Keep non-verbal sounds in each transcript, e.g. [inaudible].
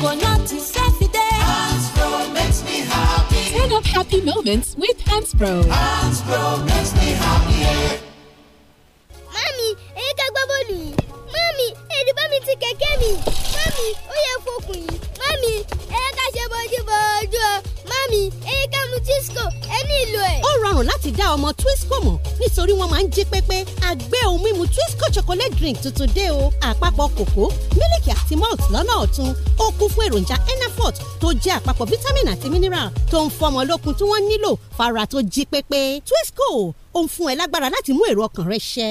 Turn up happy moments with Hansbro. Hansbro makes me happier. Twisco ẹ nílò ẹ̀. ó rọrùn láti dá ọmọ Twisco mọ̀ nítorí wọ́n máa ń jí pépé àgbẹ̀ ohun mímu Twisco chocolate drink tuntun dé o àpapọ̀ kòkó mílìkì àti malt lọ́nà ọ̀tun ó kún fún èròjà enafort tó jẹ́ àpapọ̀ vitamin àti mineral tó ń fọmọ lókun tí wọ́n nílò fara tó jí pépé Twisco ó ń fún ẹ lágbára láti mú èrò ọkàn rẹ ṣẹ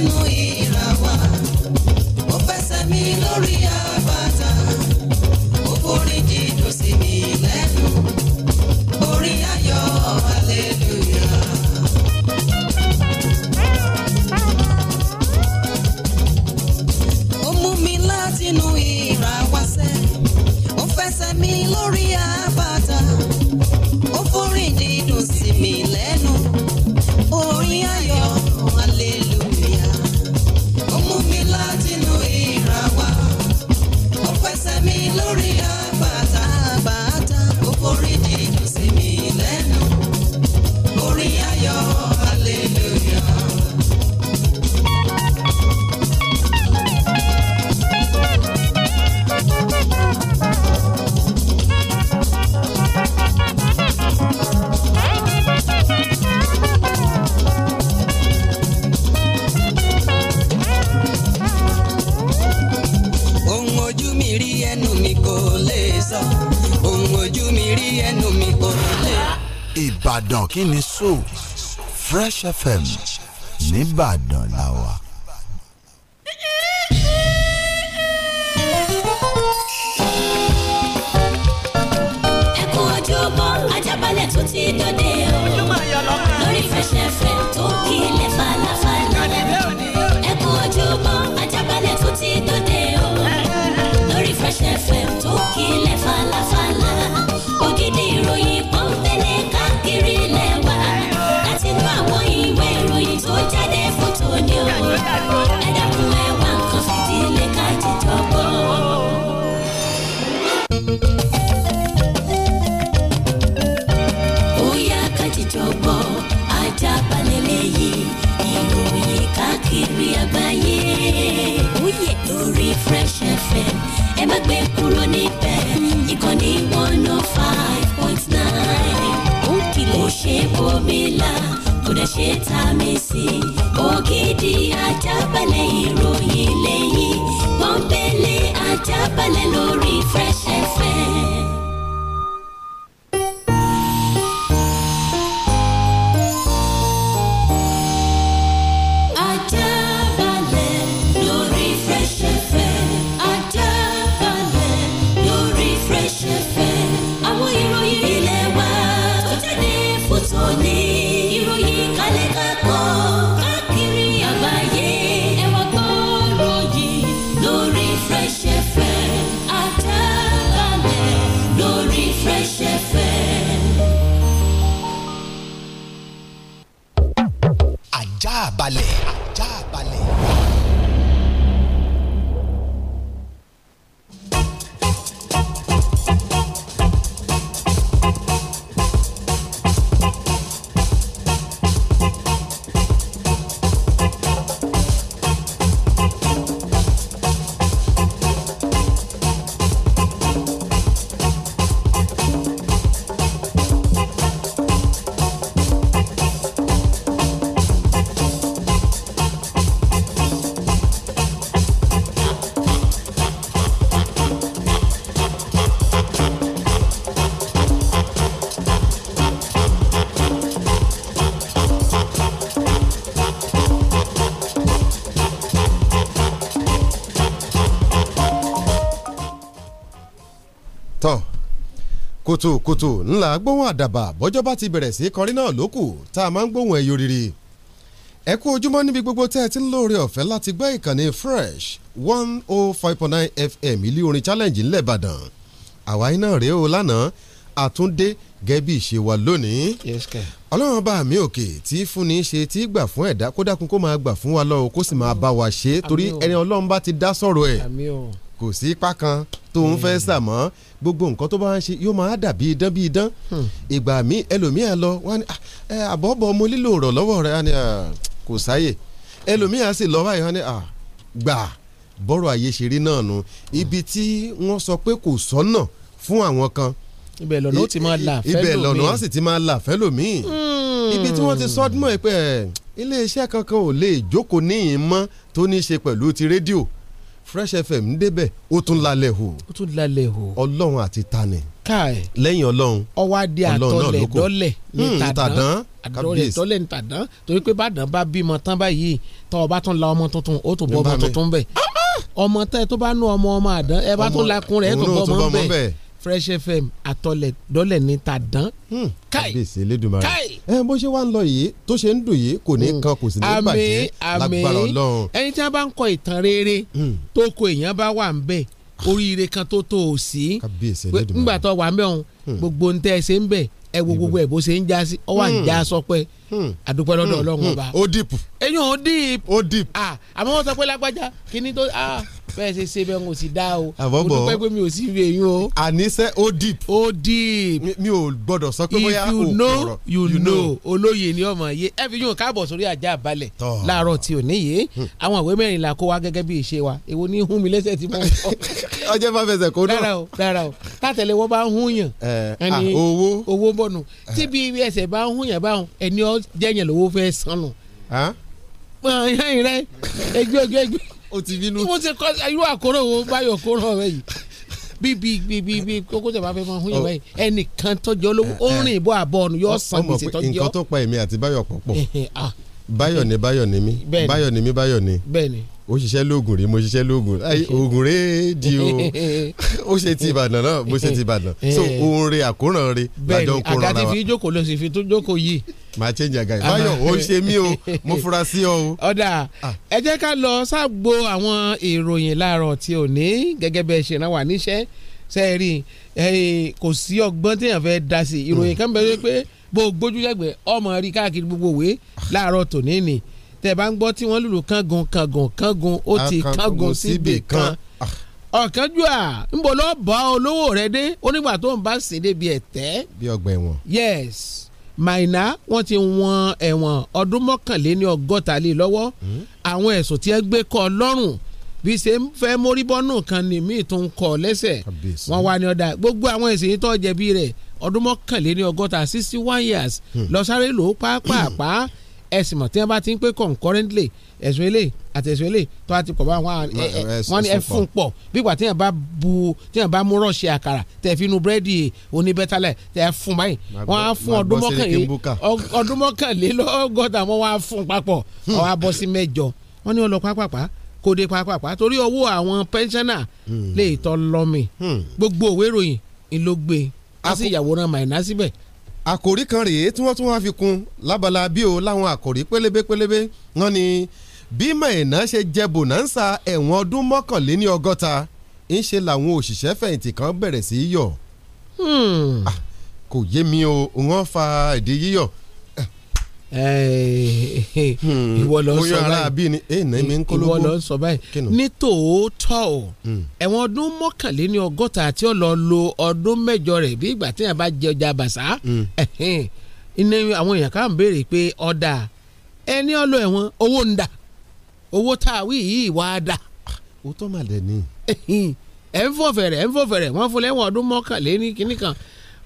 nínú ìyìnrà wa ó fẹsẹ̀ mi lórí àbàtà ó forí dídùn sí mi lẹ́nu orin ayọ̀ hallelujah. ó mú mi látinú ìyìnrà wá sẹ́ ó fẹsẹ̀ mi lórí àbàtà ó forí dídùn sí mi lẹ́nu orin ayọ̀. sọ ohun ojú mi rí ẹnu mi kò lè. Ìbàdàn kí ni so Fresh FM nìbàdàn làwà. ṣe ta mi sí i ògidì ajábalẹ̀ ìròyìn lẹ́yìn pọ́npẹ́lẹ́ ajábalẹ̀ lórí Fresh kùtùkùtù ńlá gbóhùn àdàbà bọ́jọ́ bá ti bẹ̀rẹ̀ sí kọrin náà lókù tá a máa ń gbóhùn ẹyọ rírì ẹ kú ojúmọ́ níbi gbogbo tẹ́ ẹ ti ń lóore ọ̀fẹ́ láti gbọ́ ìkànnì fresh one oh five point nine fm ilé orin challenge ńlẹ̀ ìbàdàn àwa iná rèé o lánàá àtúndé gẹ́bí ṣe wà lónìí ọlọ́run bá mi òkè tí fúnni ṣe tí gbà fún ẹ̀dá kó dákun kó máa gbà fún wa lọ́wọ́ kó sì máa bá wa ṣe torí ẹni ọlọ́run bá ti dá sọ̀rọ̀ ẹ̀ kò sí ipá kan tó ń fẹ́ hmm. sà mọ́ gbogbo nǹkan tó bá ń ṣe yóò máa dàbí idán bí idán hmm. ìgbà mi ẹlòmíà lọ wọn ni ah, àbọ̀bọ̀ mo lílo ọ̀rọ̀ lọ́wọ́ rẹ̀ ni ah, kò sáyè ẹlòmíà sì lọ́wọ́ yìí wọn ni ah, gbà bọ́rọ̀ ayé ṣe rí náà nu ibi tí wọ́n sọ pé kò sọ́nà fún àwọn kan ibẹ̀ lọ́nà ó ti máa là fẹ́lòmíì ibẹ̀ lọ́nà ó sì ti máa là fẹ́lòmíì hmm. ibi tí wọ́n ti sọ́dúnmọ́ ẹ pé eh, iléeṣẹ́ kankan ò lè jókòó níyìn mọ́ tó ní í ṣe pẹ̀lú ti rédíò Fresh FM débẹ̀ ó tún lálẹ́ hò ó tún lálẹ́ hò ọlọ́run àti tani káì lẹ́yìn ọlọ́run ọwọ́ adé àtọlẹ̀ dọ́lẹ̀ nítàdán hmm, àdọ́lẹ̀ dọ́lẹ̀ nítàdán torí pé bàdàn bá bímọ tán báyìí tọ́ ọ bá tún la ọmọ tuntun ó tún bọ́ ọmọ tuntun bẹ́ẹ̀ ah, ah. ọmọ tẹ́ tó bá nú ọmọ ọmọ àdán ẹ bá tún lakun rẹ̀ ẹ tún bọ́ ọmọ bẹ́ẹ̀ fresh fm àtọlẹ dọlẹ ní tàdán. káì káì. ẹ bó ṣe wá ń lọ yìí tó ṣe ń dùn yìí kò ní hmm. kan kò sì ní bàjẹ́ lágbára ọlọ́run. ẹni tí a bá ń kọ ìtàn rere hmm. tó ko èèyàn bá wà ń bẹ̀ oríire kan tó tó o sí. kábíyèsí ẹlẹ́dùnmáà nígbà tó wà ń bẹ̀ òun hmm. gbogbo ń tẹ́ ẹ ṣe ń bẹ̀ ẹ wo gbogbo ẹ bó ṣe ń já sí ọ wà ń já sọpẹ́ àdúpẹ́ ọba. ó dìpù. eyín ó dìpù. ó dìpù. àmọ́ wọ́n sọ pé lágbájá kíní tó bẹ́ẹ̀ ṣe ṣe bẹ́ẹ̀ mo sì dá o mo dúpẹ́ pé mi ò sí ibi èyí o. àníṣe ó deep. ó deep. mi ò gbọ́dọ̀ sọ pé bóyá o kọ̀rọ̀ you know you know olóye ni ọmọ yé ẹ fi yún káàbọ̀ sórí ajá balẹ̀ láàárọ̀ tí ò níye hmm. àwọn ìwé mẹ́rin la kó wa gẹ́gẹ́ bí ìṣe wa èwo ni hún mi lẹ́sẹ̀ tí mo ń kọ́. [laughs] ọjọ́ bá fẹsẹ̀ kó náà. rárá o rárá o tàtẹ̀lẹ̀ wọ́n bá ń hún yàn. ẹni owó owó bọ̀nù tíbi ẹsẹ̀ bá ń hún yàn báwọn ẹni ọ jẹ́yàn lówó fẹ́ sànù. mọ̀ ẹ̀yìn rẹ ẹgbẹ́ ẹgbẹ́ ẹgbẹ́ o ti bínú. mo ti kọ́ irú àkóràn wo báyọ̀ kóràn rẹ yìí bí bí bí bí bí kókó tẹ̀ bá fẹ́ máa hún yẹn báyìí ẹnìkan tọ́jú olówó ó rìn ìbò àbọ̀ ọ̀nù yóò san gbèsè tọ́jú yọ. nǹkan tó pa èmi àti báyọ̀ pọ̀ pọ̀ ah. báyọ̀ ni báyọ̀ ni mí báyọ̀ ni mí báyọ̀ ni. bẹ́ẹ̀ni ó ṣiṣẹ́ lóògùn rèé mo ṣiṣẹ́ lóògùn ayi oògùn rèé di o [laughs] ó ṣe ti ìbàdàn náà mo ṣe ti ìbàdàn eh. so òun re àkóràn re lájọ ń kóra wa. bẹ́ẹ̀ni àgàtì fi jókòó lọ sí fi tó jókòó yìí. màá change àga yìí báyọ̀ ó ṣe mí o mo [laughs] fura sí ọ o. ọ̀dà ah. ẹ jẹ́ ká lọ ságbo àwọn ìròyìn láàárọ̀ tí ò ní gẹ́gẹ́ bẹ́ẹ̀ ṣe náà wà níṣẹ́ sẹ́ẹ̀rì kò sí ọgbọ́n téèyàn fẹ́ dá sí ìròyìn hmm. kan bẹ́ẹ̀ pé ọmọ rí káàkiri gbogbo òwe láàárọ̀ tòní ni tẹ̀ bá ń gbọ́ tí wọ́n lùlù kángun kángun kángun ó ti kángun síbì kan ah. ọ̀kánjúà ń bọ̀ lọ́ọ́ bá olówó rẹ dé onígbà tó ń bá sìn débi ẹ̀tẹ́. bí ọgbà ẹ̀wọ̀n. yes maina wọ́n ti wọ́n ẹ̀wọ̀n ọdún mọ́kànléní ọgọ́ta lé lọ́wọ́ hmm. àwọn ẹ̀sùn tí ẹ gbé kọ́ lọ́rùn bí ṣe ń fẹ́ mórí bọ́nù kan ní míì tó ń kọ́ lẹ́sẹ̀ wọ́n wá ní ọ̀dà gbogbo àwọn ẹ̀sìn yìí tó jẹ̀bi rẹ̀ ọdún mọ́kànléní ọgọ́ta sixty one years hmm. lọ sáré lò ó pàápàá [clears throat] ẹ̀sìn mọ̀ tí wọ́n bá ti ń pé concurrently ẹ̀sùn eléyìí àti ẹ̀sùn eléyìí tó a ti pọ̀ bá wọn ẹ fún pọ̀ bígbà tí wọ́n bá bu tí wọ́n bá mú rọ̀ṣì àkàrà tẹ̀ fi inú búrẹ́dì oníbẹ́tálẹ̀ tẹ̀ fún báyìí wọ́n á fún ọdún mọ́kànlélọ́gọ́ta wọ́n á fún papọ̀ wọ́n á bọ́ sí mẹ́jọ wọ́n ní ọlọ́ pápápá kò dé pápápá torí owó àwọn pẹ́ńsánà hmm. lè tọ́ lọ́mì hmm. gbogbo òwe ìròyìn ìlógbé á sì yàwòrán màìná síbẹ̀ àkòrí kan rèé tí wọ́n tún wá fi kún lábala bí o láwọn àkòrí pélébé pélébé wọ́n ní bí Maina ṣe jẹ bonanza ẹ̀wọ̀n ọdún mọ́kànléní ọgọ́ta ń ṣe làwọn òṣìṣẹ́ fẹ̀yìntì kan bẹ̀rẹ̀ sí í yọ̀ hmm. ah, kò yé mi o wọ́n fa ìdí yíyọ̀ [laughs] Hmm. ìwọ lọ sọ báyìí eh, ìwọ lọ sọ báyìí ní tòótọ́ o hmm. ẹ̀wọ̀n ọdún mọ́kànléní ọgọ́ta àti ọ̀lọ́ lo ọdún mẹ́jọ rẹ̀ bí ìgbà tí yàrá bá jẹ ọjà bàṣá hmm. ní àwọn èèyàn ká ń béèrè pé ọ̀dà ẹni ọlọ ẹ̀wọ̀n owó ń dà owó tá a wí yìí wá dà. ó tọ́ mà dẹ̀ ni. ẹ̀ ń fọ̀ fẹ̀rẹ̀ ẹ̀ ń fọ̀ fẹ̀rẹ̀ wọ́n fún lẹ́wọ̀n ọdún mọ́kànléní kìnnìkan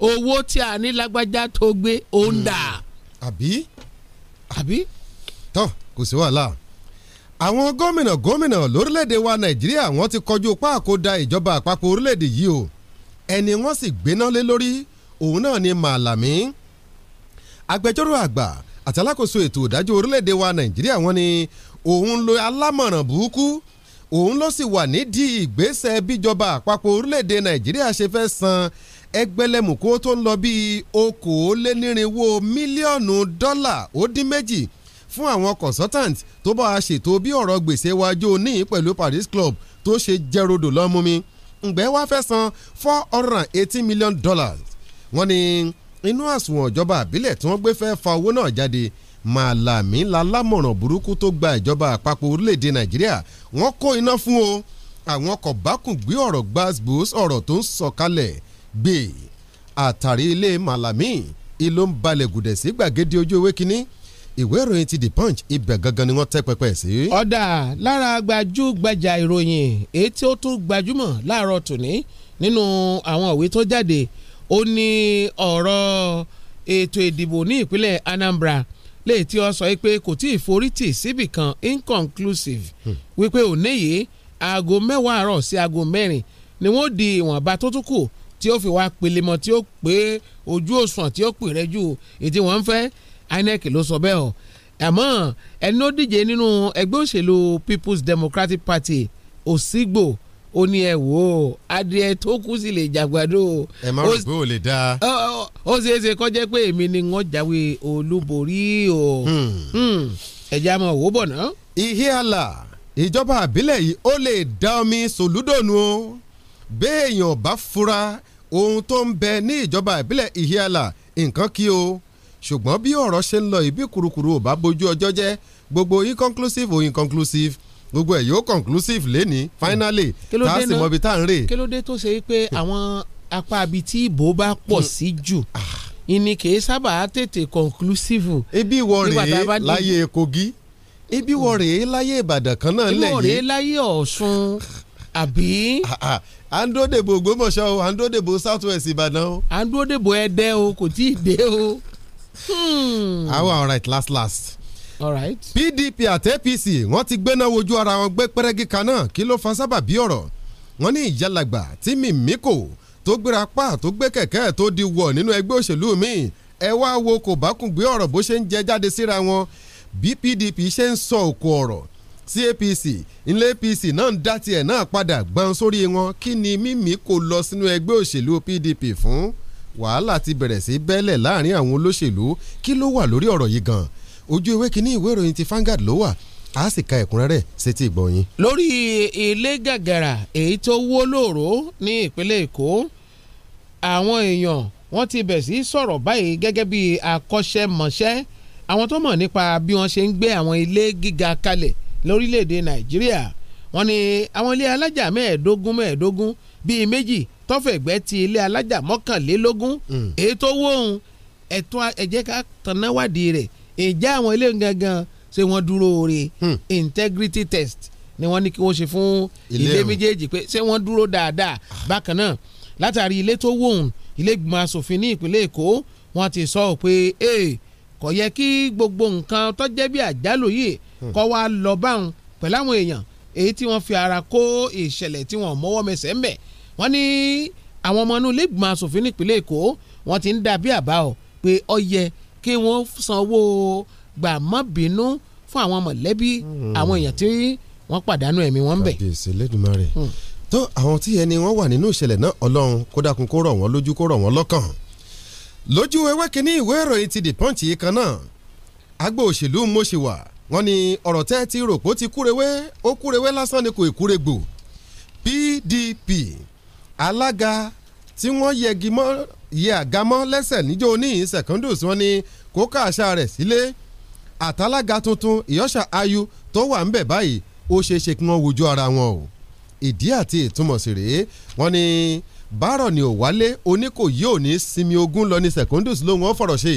owó tí a ní lágbájá tó gbé ó ń dà. àbí àbí tán kò sí wàhálà àwọn gómìnà gómìnà lórílẹ̀‐èdè wa nàìjíríà wọ́n ti kọjú páàkóda ìjọba àpapọ̀ orílẹ̀‐èdè yìí o ẹni wọ́n sì gbéná lé lórí òun náà ni màlàmí agbẹjọ́rò àgbà àti alákòóso ètò ìdájọ́ orílẹ̀‐èdè wa nàìjíríà wọ́n ní òun lo alámọ̀ràn burúkú òun ló sì wà nídìí ìgbésẹ̀ bíjọba àpapọ̀ orílẹ̀‐èdè nàìjíríà ṣe fẹ́ san ẹgbẹ̀lẹ́mù kó tó ń lọ bíi okòólénírínwó mílíọ̀nù dọ́là ó dín méjì fún àwọn consultant tó bá a ṣètò bí ọ̀rọ̀ gbèsè wájú ní pẹ̀lú Paris Club tó ṣe jẹ́rodò lọ́mú mi ǹgbẹ́ wá fẹ́ san four hundred and eighty million dollars wọ́n ní inú àsùnwọ̀n ìjọba àbílẹ̀ tí wọ́n gbé fẹ́ fa owó náà jáde màlàmí lalámọ̀ràn burúkú tó gba ìjọba àpapọ̀ orílẹ̀‐èdè Nàìjíríà wọ́n kó iná fún o àwọn kọ̀bákùn gbé ọ̀rọ̀ gbàgbó ọ̀rọ̀ tó ń sọ̀kalẹ̀ so gbè àtàrí ilé màlàmí ìlú ń balẹ̀ gùdẹ̀ sí gbàgede ojú ewé kínní ìwé ìròyìn ti the punch ibẹ̀ gangan ni wọ́n tẹ́ pẹpẹ sí. ọ̀dà lára gbajú-gbajà ìròyìn èyí tí ó tún gbajúmọ̀ láàárọ̀ tòní nínú àwọn òwe tó jáde ó ní ọ̀rọ̀ ètò ìdìbò ní ìpínlẹ̀ Anambra léè tí ó sọ pé kò tí ì forítì síbì kan inconclusive hmm. wípé òní yìí aago mẹ́wàá àárọ̀ sí aago mẹ́rin ni wọ́n di ìwọ̀nba tó tún kù tí ó fi wá pelemọ tí ó pé ojú òsùn tí ó pè rẹ jù ètí wọ́n ń fẹ́ INEC ló sọ bẹ́ẹ̀ o àmọ́ ẹni ó díje nínú ẹgbẹ́ òṣèlú People's Democratic Party Òsígbò ó ní ẹ wò ó adìẹ tó kú sí lè jàgbádò. ẹ má rò pé ò lè dáa. ó ṣeé ṣe kó pé èmi ni wọ́n jáwé olúborí o. ẹ̀jẹ̀ àmọ́ òwò bọ̀ náà. ìhí àlà ìjọba àbílẹ̀ yìí ó lè dá omi sòlúdònù o béèyàn bá fura ohun tó ń bẹ ní ìjọba ìbílẹ̀ Ihiala nǹkan kí o ṣùgbọ́n bí ọ̀rọ̀ ṣe ń lọ ìbí kurukuru ò bá bójú ọjọ́ jẹ́ gbogbo inconclusive o inconclusive gbogbo ẹ̀ yóò conclusive lẹ́ni hmm. finally tá a sì mọ ibi tá à ń rè. kí ló dé tó ṣe pé àwọn apá ibi tí ìbò bá pọ̀ sí hmm. jù ah. ìní kì í sábà tètè conclusive. ibi ìwọ rèé láyé Kogi ebi ìwọ hmm. rèé láyé Ìbàdàn kan náà lẹ́yìn. ibi ìwọ rèé láyé Ọ̀ṣun ah àbí. Ah, ah. à ń dúró dèbò Ògbómọ̀ṣọ́ o à south west Ìbàdàn o. à ń dúró dèbò Ẹdẹ o kò tí ì dé o. Hmm. Hmm. àwọn all right last last. all right. PDP àti APC wọ́n ti gbéná wojú ara wọn gbé pẹ́rẹ́gì kan náà kí ló fa sábàbí ọ̀rọ̀ wọ́n ní ìyálàgbà tí mímíkò tó gbéra pa tó gbé kẹ̀kẹ́ tó di wọ̀ nínú ẹgbẹ́ òṣèlú míì ẹ wá wo kò bá kùn gbé ọ̀rọ̀ bó ṣe ń jẹ jáde síra wọn bí PDP ṣe ń sọ òkò ọ̀rọ̀ tí APC ilé APC náà ń dá tiẹ̀ náà padà gbọ́n sórí wọn kí ni mímí kò lọ sínú ẹgbẹ́ òṣèlú PDP fún wàhálà ti bẹ̀rẹ̀ sí bẹ́lẹ̀ láàrin àwọn olóṣèlú kí ló wà lórí ọ̀rọ̀ yìí gan ojú ewé kínní ìwé ìròyìn ti Vanguard ló wà a sì ka ẹ̀kúnrẹ́rẹ́ sétí ìgbọ̀nyìn. lórí ilé gàgàrà èyí tó wó lóòró ní ìpínlẹ̀ Èkó àwọn èèyàn wọ́n ti bẹ̀ sí sọ̀rọ̀ báyìí gẹ́gẹ́ bí akọ́ṣẹ́mọṣẹ́ àwọn tó mọ̀ nípa bí wọ́n ṣe ń gbé àwọn ilé gíga kalẹ̀ lórílẹ̀‐èdè nàìjíríà wọ́n ní àwọn ilé alájà mẹ́ẹ̀ẹ́dógún mẹ́ẹ̀ẹ́dógún bíi méjì tọ́fẹ̀gbẹ́ ti ilé alájà mọ́kànlélógún hmm. èyí tó wóhun ẹ̀tún ẹ̀jẹ̀ ká tanáwádìí rẹ̀ ìjà àwọn ilé gangan ṣé wọ́n dúró re hmm. integrity test ni wọ́n ní kí wọ́n ṣe fún ilé méjèèjì pé ṣé wọ́n dúró dáadáa bákan náà látàrí ilé tó wóhun ilé ìgbìmọ̀ asòfin ní ìpínlẹ̀ èkó wọ́n ti sọ pé ee. Hey, kò yẹ kí gbogbo nǹkan tó jẹ́ bí àjálù yìí hmm. kó wá lọ báwọn pẹ̀lú àwọn èèyàn èyí tí wọ́n fi ara kó ìṣẹ̀lẹ̀ tí wọ́n mọ́wọ́ mẹsẹ̀ ńbẹ̀ wọ́n ní àwọn ọmọ inú ilégbìmọ̀ asòfin nípínlẹ̀ èkó wọ́n ti ń dà bí àbá ọ̀ pé ó yẹ kí wọ́n sanwó gbàmọ́bínú fún àwọn mọ̀lẹ́bí hmm. àwọn èèyàn tí wọ́n pàdánù ẹ̀mí wọn bẹ̀. Hmm. tó àwọn tí ẹni wọn wà nínú ìṣẹ̀lẹ̀ lójú ewé kínní ìwé ìròyìn ti The Punch kan náà agbo òṣèlú mo ṣe wà wọ́n ní ọ̀rọ̀ tẹ́ ti rò pé ó ti kúrewé ó kúrewé lásán ni kò ìkúre PDP alága tí wọ́n yẹgi mọ́ yẹ àga mọ́ lẹ́sẹ̀ níjó oníyìn Secondus wọ́n ní kó káàṣà rẹ̀ sílé àtàlága tuntun ìyọ́ṣà ayu tó wà ńbẹ̀ báyìí ó ṣeé ṣe kí wọ́n wojú ara wọn o ìdí àti ìtumọ̀ sí rèé wọ́n ní bárọ̀ ni ò wálé oníkòyí ò ní sinmi ogún lọ ní Secondus lóhùn ó fọ̀rọ̀ ṣe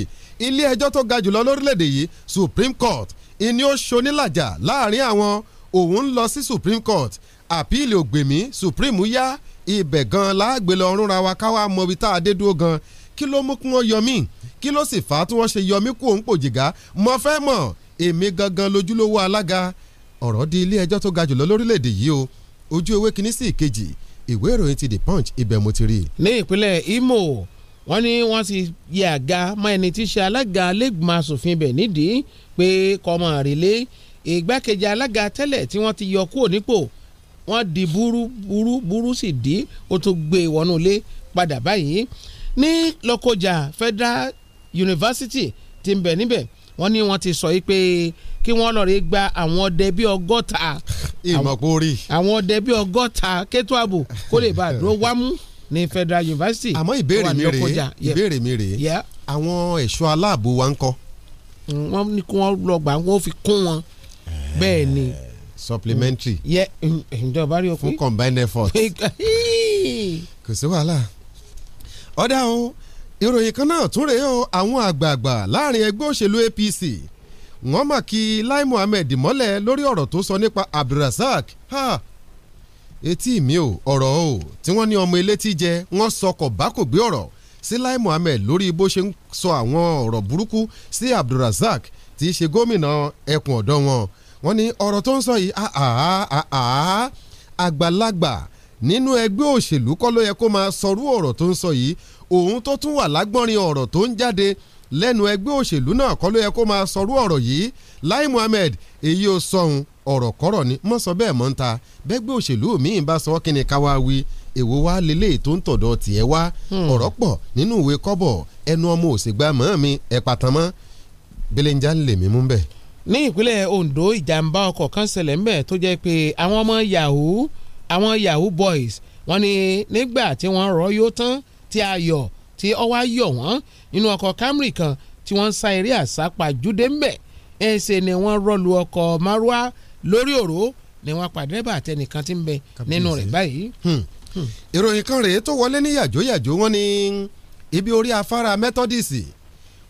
ilé ẹjọ́ tó ga jùlọ lórílẹ̀‐èdè yìí Supreme Court ìní ó ṣonílàjà láàrin àwọn òun ń lọ sí Supreme Court àpíìlì ògbèmí Supreme yá ibẹ̀ gan láàgbé lọ rúnra wa káwá mọ ibi tá a dé dúró gan kí ló mú kí wọ́n yọ mí kí ló sì fà á tí wọ́n ṣe yọ mí kú òun pò jìgá mo fẹ́ mọ̀ èmi gangan lójúlówó alága ọ̀rọ̀ di ilé ẹjọ́ tó ga jùlọ lórílẹ̀‐èdè yìí o ojú ewé kínní sí ìkejì ìwé ìròyìn ti the punch ibẹ̀ mo ti rí i. ní ìpínlẹ̀ Imo wọ́n ní wọ́n ti yẹ àga mọ́ ẹni tí í ṣe alága lẹ́gbọ̀n asòfin ibẹ̀ nídìí pé kọ́mọ àrèlé ìgbákejì alága tẹ́lẹ̀ tí wọ́n ti yọ kúrò nípò wọ́n di burú burú burú sì dí ó tún gbé e wọnú ilé padà báyìí ní Lọ́kọjà Federal University ti ń bẹ̀ níbẹ̀ wọ́n ní wọ́n ti sọ yìí pé kí wọ́n lọ́ọ́ rí gba àwọn ọdẹ bíi ọgọ́ta ìmọ̀pórí àwọn ọdẹ bíi ọgọ́ta kẹ́tọ́ ààbò kó lè bá àdúró wámú ní Federal University àmọ́ ìbéèrè mi rèé ìbéèrè mi rèé àwọn ẹ̀ṣọ́ aláàbò wa ń kọ́. Mm, wọ́n ní kí wọ́n lọ gbà wọ́n fi kún wọn eh, bẹ́ẹ̀ ni. supplementary. Mm, yẹ mm, ìjọba rí o pé fún combined effort. [laughs] kò sí wàhálà. ọ̀dà o ìròyìn kan náà tún rèé o àwọn àgbààgbà láàrin ẹgbẹ́ òṣèlú APC wọ́n mà kí Lai Muhammed mọ́lẹ̀ lórí ọ̀rọ̀ tó sọ nípa Abdulrasaq ha etí mi ò ọ̀rọ̀ o tí wọ́n ní ọmọ elétí jẹ wọ́n sọkọ̀ bá kò gbé ọ̀rọ̀ sí Lai Muhammed lórí bó ṣe ń sọ àwọn ọ̀rọ̀ burúkú sí Abdulrasaq tí í ṣe gómìnà ẹkùn ọ̀dọ́ wọn wọ́n ní ọ̀rọ̀ tó ń sọ yìí ah, ah, ah, àgbàlagbà nínú ẹgbẹ́ òṣèlú kọ́ ló yẹ kó máa sọrú ọ̀rọ̀ tó ń sọ yìí òun tó tún wà lágbọ́nrin ọ̀rọ̀ tó ń jáde lẹ́nu ẹgbẹ́ òṣèlú náà kọ́ ló yẹ kó máa sọrú ọ̀rọ̀ yìí Lai Muhammed èyí ò sọhun ọ̀rọ̀ kọ́rọ̀ ni mọ́ sọ bẹ́ẹ̀ mọ́ ń ta bẹ́gbẹ́ òṣèlú mi bá sọ kí ni ká wá wí èwo wá lélẹ̀ tó ń tọ̀dọ̀ tiẹ̀ wá hmm. ọ̀rọ̀ pọ̀ nínú ìwé kọ́bọ̀ ẹnu ọmọ òsègbà mọ́ mi ẹ̀ pàtàmọ́ belenja ń lè mí mú bẹ́ẹ̀. ní ìpínlẹ̀ Ondo ìjàmbá ọkọ̀ kan ṣẹlẹ̀ ńbẹ̀ tó jẹ́ pé àwọn ọmọ yahoo àwọn yahoo boys wọ́n ni nígbà tí wọ́n rọ́ yóò tán tí a yọ̀ tí ọwọ́ ayọ̀ wọ́n nínú ọkọ̀ Camry kan tí wọ́n ń sá eré àsápajúdé ńbẹ̀ ẹ̀sẹ̀ ni wọ́n rọ́lu ọkọ̀ márúwá lórí òró ni wọ́n pàdé bá àtẹnìkan tí ń bẹ nínú rẹ̀ báyìí. Hmm. Hmm. ìròyìn kan rèé tó wọlé ní yàjóyàjó wọn ni ibi orí afárá Methodist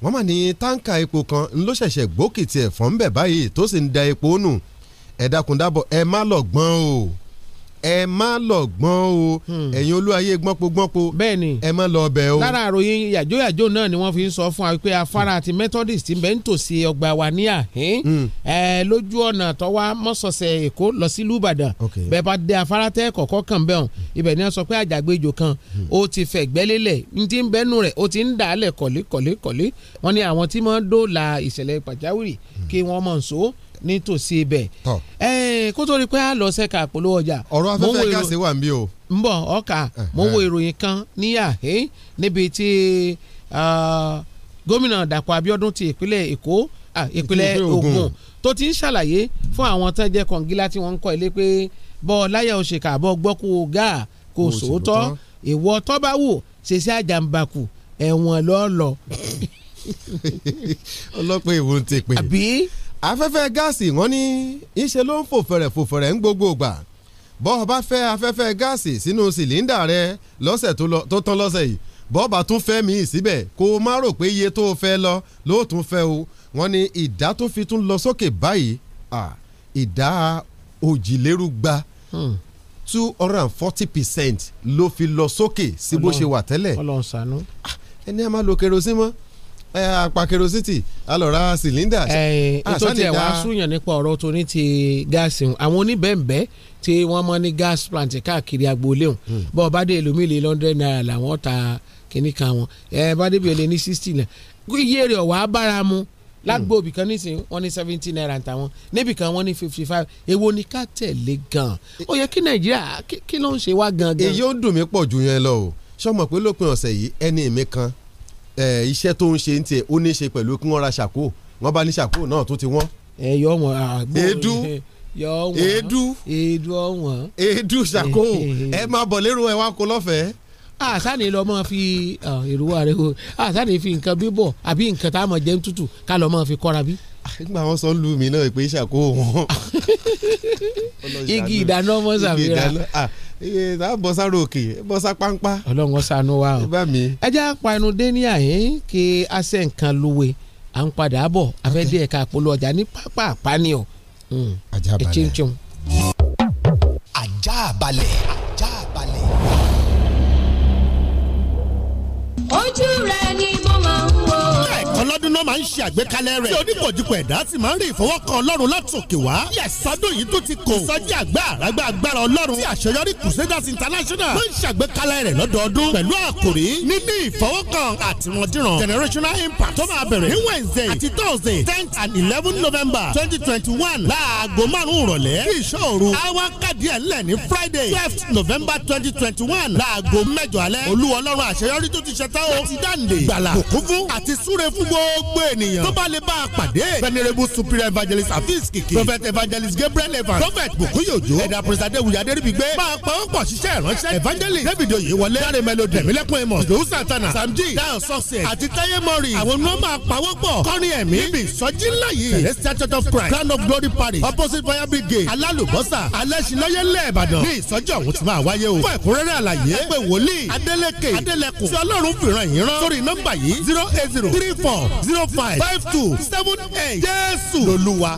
wọ́n mà ní táǹkà epo kan ló ṣẹ̀ṣẹ̀ gbókìtì ẹ̀fọ́ ńbẹ̀ báyìí tó sì ń da epo nù ẹ dákun dábọ̀ ẹ má lọ gbọ́n o ẹ má lọ gbọ́n o hmm. ẹ̀yin olúwayé gbọ́npo gbọ́npo bẹ́ẹ̀ni ẹ má lọ bẹ̀ o. lára àròyìn yàjóyàjó náà ni wọ́n fi ń sọ fún wa pé afárá àti methodist ń bẹ ń tòsí ọgbà wa ní àhín hmm. ẹ lójú ọ̀nà tọ́wá mọ́sọ̀sẹ̀ èkó lọ sí lùbàdàn bẹ́ẹ̀ bá dé afárá tẹ́ kọ̀kọ́ kàn bẹ́ẹ̀ hàn ibẹ̀ ni wọ́n sọ pé àjàgbéjò kan hmm. ó ti fẹ̀ gbẹ́lélẹ̀ ní ti ń bẹ́nu rẹ̀ ó ti ń dà kọ̀lékọ̀lékọ̀lé wọ́n ní àwọn tí wọ́n dóòlà ìṣẹ̀lẹ̀ pàjáwìrì kí wọ́n mọ̀ nsọ́ nítòsí ibẹ̀ kó tó rí pé a lọ sẹ́ka àpolówó ọjà. ọ̀rọ̀ afẹ́fẹ́ gáàsì wà ń o. ń bọ̀ ọkà eh, mo wo eh. ìròyìn kan níyà níbi tí gómìnà Dàpọ̀ Abíọ́dún ti ìpínlẹ̀ Èkó ìpínlẹ̀ Ògùn tó ti ń ṣàlàyé fún àwọn tán jẹ́ kọ̀ǹgílá tí wọ́n ń kọ́ ilé pé bọ́ láyà òṣèkà bọ́ gbọ́kú gáà kò sòótọ́ ìwọ tọ́ bá wù ṣèṣe àjàǹbàkù ẹ̀wọ̀n lọ́ọ́ lọ. [laughs] [laughs] ọlọ́pàá ìwò ń ti pè. àbí. afẹ́fẹ́ gáàsì wọ́n ní ìṣe ló ń fò fẹ̀rẹ̀ fò fẹ̀rẹ̀ ń gbogbo ìgbà bọ́ ọ bá fẹ́ afẹ́fẹ́ gáàsì sínú sìlíńdà rẹ lọ́sẹ̀ tó tán lọ́sẹ̀ yìí bọ́ọ̀bà tún fẹ́ mi síbẹ̀ kó o má rò pé iye tó o fẹ́ lọ ló tún fẹ́ o wọ́n ní ìdá tó fi tún lọ sókè báyìí ìdá òjìlérúgba hmm. two hundred and forty percent ló fi lọ sókè sí bó ṣe wà tẹ́lẹ̀ ah, ẹni a máa lo kerosene mọ́ apá kerositi a lọ ra sìlíndà. ètò tiẹ̀ wá súnyàn nípa ọ̀rọ̀ tó ní ti gáàsì àwọn oníbẹ̀ǹbẹ̀ tí wọ́n mọ́ ní gas plant káàkiri agboolé hùn hmm. bọ́ọ̀ bá dé ẹlòmíì lé lọ́ndẹ̀ náírà làwọn ta kínní kan wọn ẹ bá débi olè ní sixty náà iye rẹ̀ wàá bára mu lágbo hmm. ibì nísìnyí wọ́n ní seventy naira tàwọn níbì kan wọ́n ní fifty five èwo ni ká tẹ̀lé gan-an ó yẹ kí nàìjíríà kí ló ń ṣe wá gan-an. èyí ó dùn mí pọ̀ jù yẹn lọ o sọmọ pé lópin ọ̀sẹ̀ yìí ẹni mi kan iṣẹ́ tó ń ṣe ń tiẹ̀ ó ní í ṣe pẹ̀lú kí wọ́n ra ṣàkó wọ́n bá ní ṣàkó náà tó ti wọ́n. ẹ yọ wọn àgbo [laughs] èédú èédú èédú ọwọn. èédú ṣàkó [laughs] ẹ máa bọ̀ lérò ẹ wá kó lọ́fẹ̀ẹ́. àṣàní lọ máa fi èrò wa rẹ o àṣàní fi nǹkan bíbọ̀ àbí nǹkan tá a mọ̀ jẹ́ ń tútù ká lọ máa fi kọ́ra bí nígbà wọn sọ lù mí náà pé ṣàkó wọn. [laughs] igi ìdáná ọmọ sàmìlà tá a bọ́ sára òkè bọ́ sá páńpá. ọlọ́run wa o ẹ jẹ́ àpanu dé ní kí a ṣe nǹkan lówe à ń padà bọ̀ abẹ́dẹ́ ẹ̀ka àpolú ọjà ní pápá àpáni o. Hmm. ajá balẹ̀ ajá balẹ̀. ló máa ń ṣe àgbékalẹ̀ rẹ̀. tí oníkòjìkò ẹ̀dá sì máa ń rí ìfọwọ́kàn ọlọ́run látòkè wá. yẹ̀sádò yìí tó ti kò. ìsọjí àgbà àràgbà agbára ọlọ́run. tí àṣeyọrí Crusaders International máa ń ṣàgbékalẹ̀ rẹ̀ lọ́dọọdún. pẹ̀lú àkòrí níní ìfọwọ́kàn àtìrandíran. generational impact tó máa bẹ̀rẹ̀ ní Wednesday àti Thursday tenth and eleven November twenty twenty one láago márùn-ún ìrọ̀lẹ́. kí ìṣòro àwọn kàdí ẹ̀ lẹ̀ ní Friday twelfth November twenty twenty one láago mẹ́jọ alẹ́. olúwọlọ́run àṣeyọrí tó ti ṣe tán o. ti dáǹdè gbàlà kòkó fún àti súre fún gbogbo gbogbo ènìyàn tó bá lè bá a pàdé venerable superior evangelist afis kìkì prophet evangelist gabriel evans prophet bukuyojo ẹ̀dà pẹ̀sàdé wùyàdẹ́rìbìgbé máa pawọ́pọ̀ ṣiṣẹ́ ìránṣẹ́ evangelist david oyewọlé dáre melody ẹ̀mílẹ́kùn ẹ̀mọ́ ìdòwú santana samji dayo success àti taye mori àwọn ni wọ́n máa pawọ́pọ̀ kọrin ẹ̀mí níbi ìsọjí ńlá yìí celestial church of christ crown of glory parish opposite fire brigade alálùbọ́sà alẹ́sìnlọ́yẹ́lẹ̀ ìbàdàn ní ìsọjí ọ̀hún ti máa wáyé o fún ẹ̀kúnrẹ́rẹ́ àlàyé pé wòlíì zero five five two seven eight jésù lolúwa.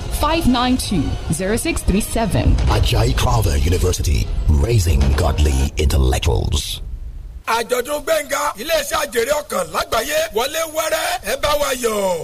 592-0637. Ajay Carver University, raising godly intellectuals. àjọ̀dún gbẹ̀ngà iléeṣẹ́ àjèrè ọkàn lágbàáyé wọlé wẹ́rẹ́ ẹ bá wa yọ̀.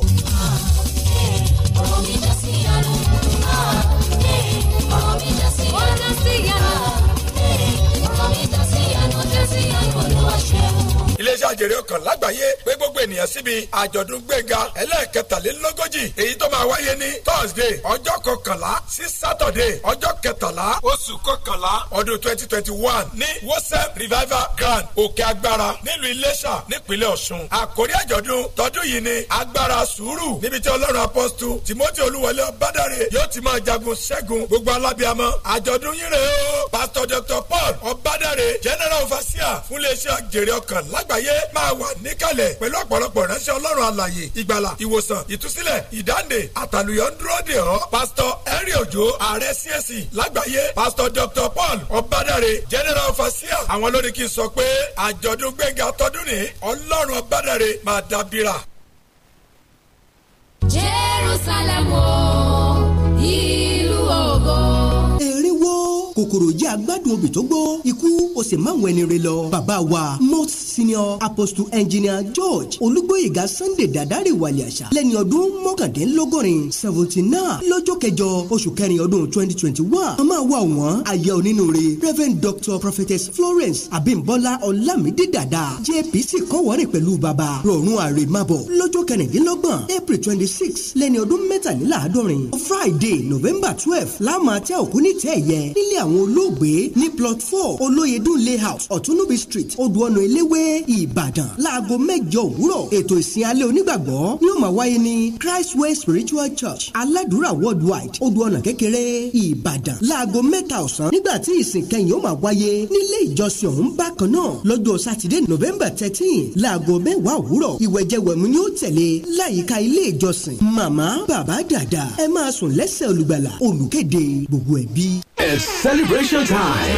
iléeṣẹ́ àjèrè ọkàn lágbàáyé pé gbogbo ènìyàn síbi àjọ̀dún gbẹ̀ngà ẹlẹ́ẹ̀kẹtàlélógójì èyí tó máa wáyé ní thursday ọjọ́ kọkànlá sí saturday ọjọ́ kẹtàlá oṣù kọkànlá ọdún twenty twenty one ní wosem revival grand òkè agbára nílùú iléṣà nípínlẹ̀ ọ̀ṣun àkórí àjọ̀dún tọdún yìí ni agbára sùúrù níbi tí ọlọ́run apọ́sítù timothy olúwọlé ọbádàrẹ yóò ti máa jagun ṣẹ́gun gbogbo alábíàmọ́ àjọ̀dún yìí rèé o pastor dr paul ọbádàrẹ general overseer fúnléeṣẹ́ àjèrè ọkàn lágbàáyé àgbáyé máa wà níkàlẹ̀ pẹ̀lú ọ̀pọ̀lọpọ̀ ránṣẹ́ ọlọ́run àlàyé ìgbàlà ìwòsàn ìtúsílẹ̀ ìdáǹdè àtàlùyọ̀ ọ́ pásítọ̀ ẹ̀rí òjò ààrẹ CAC e lágbàáyé pásítọ̀ dr paul ọ̀bádàrẹ general fasia àwọn lórí kí n sọ pé àjọ̀dún gbẹ̀ngà tọdún ní ọlọ́run ọ̀bádàrẹ máa dábìrà. jerusalem yìí kòkòrò jẹ́ agbádùn obì tó gbó ikú o sì máa ń wẹni re lọ. bàbá wa most senior apostle engineer george olúgbóyèga sunday dadari wàlẹ̀ àṣà lẹ́ni ọdún mọ́kàndínlọ́gọ́rin seventy nine lọ́jọ́ kẹjọ oṣù kẹrin ọdún twenty twenty one a máa wá wọn ayé onínúure reverend doctor prophetess florence abimbola olamide dada jpc kọ́wọ́rẹ́ pẹ̀lú bàbá rọ̀rùn àrèmábọ̀ lọ́jọ́ kẹrìndínlọ́gbọ̀n april twenty six lẹ́ni ọdún mẹ́tàléláàádọ́rin friday november twelve láàmú àtẹ òkú nítẹ̀ẹ̀yẹ nílẹ̀ àwọn olóògbé ní plot four olóyedùn layout ọ̀túnúbi street odùọ̀nà eléwé ìbàdàn láago mẹ́jọ òwúrọ̀ ètò ìsìn alẹ́ onígbàgbọ́ ni ó máa wáyé christ way spiritual church aládùúrà worldwide odùọ̀nà kékeré ìbàdàn láago mẹ́ta ọ̀sán nígbà tí ìsìn kẹyìn ó máa wáyé nílé ìjọsìn ọ̀hún bákan náà lọ́jọ́ sátidé november thirteen láago mẹ́wàá òwúrọ̀ ìwẹ̀jẹwẹ̀mú ni ó tẹ̀lé láyìíká ilé ìjọsìn màmá bàbá dàda ẹ máa sùn lẹ́sẹ̀ olùgbàlà It's celebration time.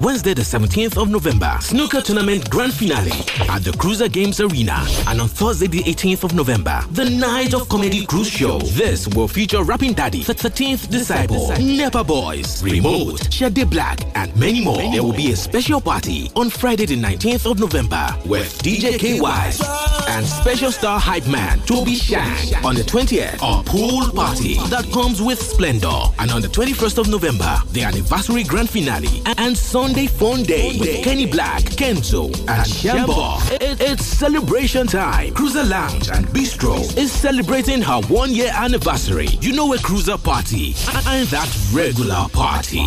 Wednesday, the 17th of November, Snooker Tournament Grand Finale at the Cruiser Games Arena. And on Thursday, the 18th of November, the Night of Comedy Cruise Show. This will feature Rapping Daddy, The 13th Disciple, Nepa Boys, Remote, Shade Black, and many more. There will be a special party on Friday, the 19th of November with DJ KY and special star hype man Toby Shang on the 20th. A pool party that comes with splendor. And on the 21st of November, the anniversary grand finale and Sunday Monday Phone Day with Kenny Black, Kenzo, and Shambo. It's celebration time. Cruiser Lounge and Bistro is celebrating her one year anniversary. You know a cruiser party and that regular party.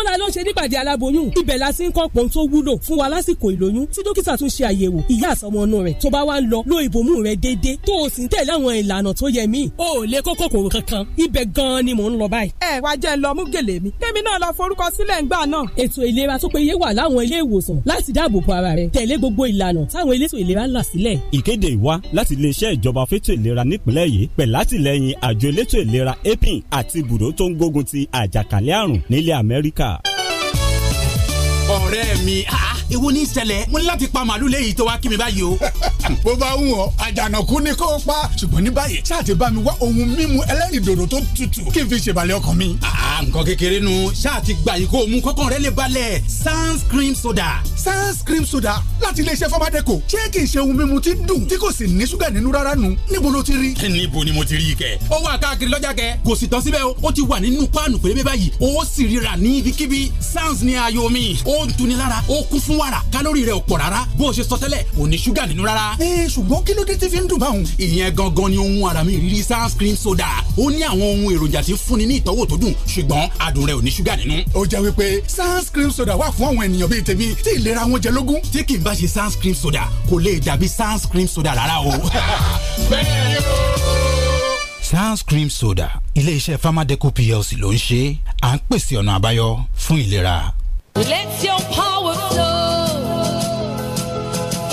Abisola ló ń ṣe nípàdé aláboyún. Ibẹ̀ la sì ń kọ́ pọ́n tó wúlò fún wa lásìkò ìlóyún tí dókítà tún ṣe àyẹ̀wò ìyá àsọmọnú rẹ̀ tó bá wá ń lọ lo ìbomú rẹ̀ déédéé tó o sì ń tẹ̀lé àwọn ìlànà tó yẹ míì. O ò lè kó kòkòrò kankan. Ibẹ̀ gan-an ni mò ń lọ báyìí. Ẹ wá jẹ́ lọ mú gèlè mi. Kémi náà lọ forúkọ sílẹ̀ ńgbà náà. Ètò ìlera tó péye wà láwọn ilé ìwòsàn láti dáàbò bo ara rẹ̀. Tẹ̀lé gbogbo ìlànà táwọn elétò ìlera là sílẹ̀. Ìkéde ìwá láti iléeṣẹ́ ìjọba fétò ìlera nípìnlẹ̀ yìí pẹ̀lú àtìlẹ́yìn àjọ elétò ìlera APIN àti ibùdó tó ń gbógun ti àjàkálẹ̀ àrùn nílẹ̀ Amẹ́ríkà. ọ̀rẹ́ mi. Ah, èwo ní ìṣẹ̀lẹ̀ mo ní láti pa màálù léyìí tó wá kí mi báyìí o. [laughs] bó bá wù ọ́ àjànàkú ni kò pa ṣùgbọ́n ní báyìí ṣáà ti bá mi wá ohun mímu ẹlẹ́rìndòdò tó tutù kí n fi ṣèbalẹ̀ ọkàn mi. Ah, ah, nǹkan kékeré nu ṣáà ti gbà yìí kó o mú kọ́kàn rẹ lè balẹ̀ sans cream soda. sans cream soda láti iléeṣẹ́ fọ́mádẹ́kọ̀ ṣé kì í ṣe ohun mímu tí dùn tí kò sì ní ṣúgà nínú rárá nu níbo ló ti rí. [laughs] níbo ni mo ti rí i kẹ. ó wà káàkiri lọ́jà kẹ kò sì tán síbẹ̀ o ó ti wà nínú páànù pérébé báyìí ó sì ríra ní ibikíbi sans ni ayọ̀ mi ó ń tuni lára ó kún fún wàrà kálórì rẹ̀ ò pọ̀ rárá bó o ṣe sọ tẹ́lẹ̀ ò ní ṣúgà nínú rárá. ẹ ṣùgbọ́n kí ló dé tí fi ń dùn báwọn. ìyẹn gangan ni ohun ara mi rírí sunscreen soda ó ní àwọn ohun èròjà tí fúnni ní ìtọ́wò tó dùn ṣùgbọ́n adùn rẹ̀ ò ní ṣúgà nínú. ó jẹ́ wípé sunscreen soda wà fún àwọn ènìyàn bíi tèmi tí ìlera wọn jẹ lógún. tí kì í bá ṣe sunscreen soda kò lè dàbí sunscreen soda rárá o. [laughs] bẹ́ẹ̀ soda ilé-iṣẹ́ farmadeco plc ló ń ṣe à ń pèsè ọ̀nà àbáyọ fún ìlera. let your power.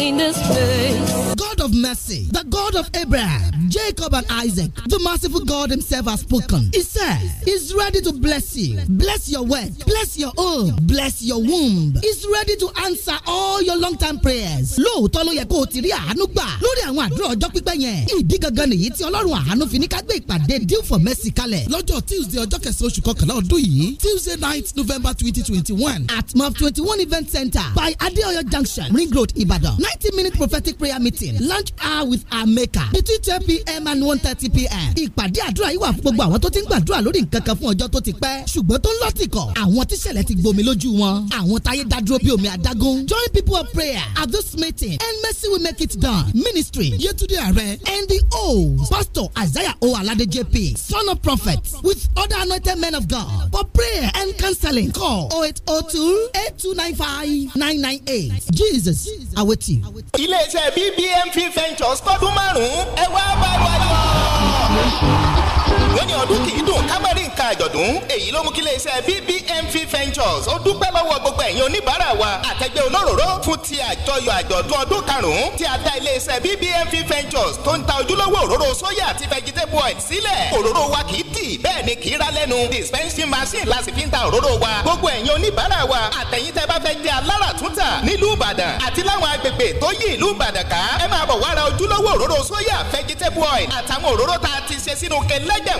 in place. God of mercy, the God of Abraham, Jacob, and Isaac, the merciful God Himself has spoken. He says He's ready to bless you, bless your work, bless your home, bless your womb. He's ready to answer all your long time prayers. Lóòótọ́ ló yẹ kó o ti rí àánú gbà lórí àwọn àdúrà ọjọ́ pípẹ́ yẹn. Ìdí gangan nìyí tí Ọlọ́run àánú fi ní ká gbé ìpàdé deal for mercy kalẹ̀. Lọ́jọ́ Tuesday ọjọ́ kẹsàn oṣù kọkànlá ọdún yìí Tuesday night November twenty twenty one at MAV twenty one event center by Adeoyo junction Ring Road Ibadan ninety minute prophetic prayer meeting lunch hour with our maker between ten pm and one thirty pm. ìpàdé àdúrà yìí wà fún gbogbo àwọn tó ti ń gbàdúrà lórí nǹkan kan fún ọjọ́ tó ti pẹ́ ṣùgbọ́n tó ń lọ tìkọ̀ àwọn tíṣẹ̀lẹ̀ ti gbomi lójú wọn àwọn táyé dádúró bí omi adágún. join people of prayer at this meeting and mercy will make it done ministry yetunde ààrẹ NDO pastor Isaiah O Alade JP son of prophet with other anointed men of God for prayer and counseling call 0802 8295 998 Jesus await you. ilé iṣẹ́ bbm Ventures fọ́dún márùn-ún ẹ wá bá wa yọ lónìí ọdún kì í dùn ká má rí nǹkan àjọ̀dún èyí ló mú kí iléeṣẹ́ BBMV Ventures ó dúpẹ́ lọ́wọ́ gbogbo ẹ̀yin oníbàárà wa àtẹgbẹ́ olóróró fún ti àjọyọ̀ àjọ̀dún ọdún karùn-ún tí a iléeṣẹ́ BBMV Ventures tó ń ta ojúlówó òróró sóyà àti vegetable oil sílẹ̀ òróró wa kì í tì bẹ́ẹ̀ ni kì í ra lẹ́nu dispensing machine la fi ń ta òróró wa gbogbo ẹ̀yin oníbàárà wa àtẹ̀yin tẹ́ bá fẹ́ jẹ́ aláràtúntà nílùú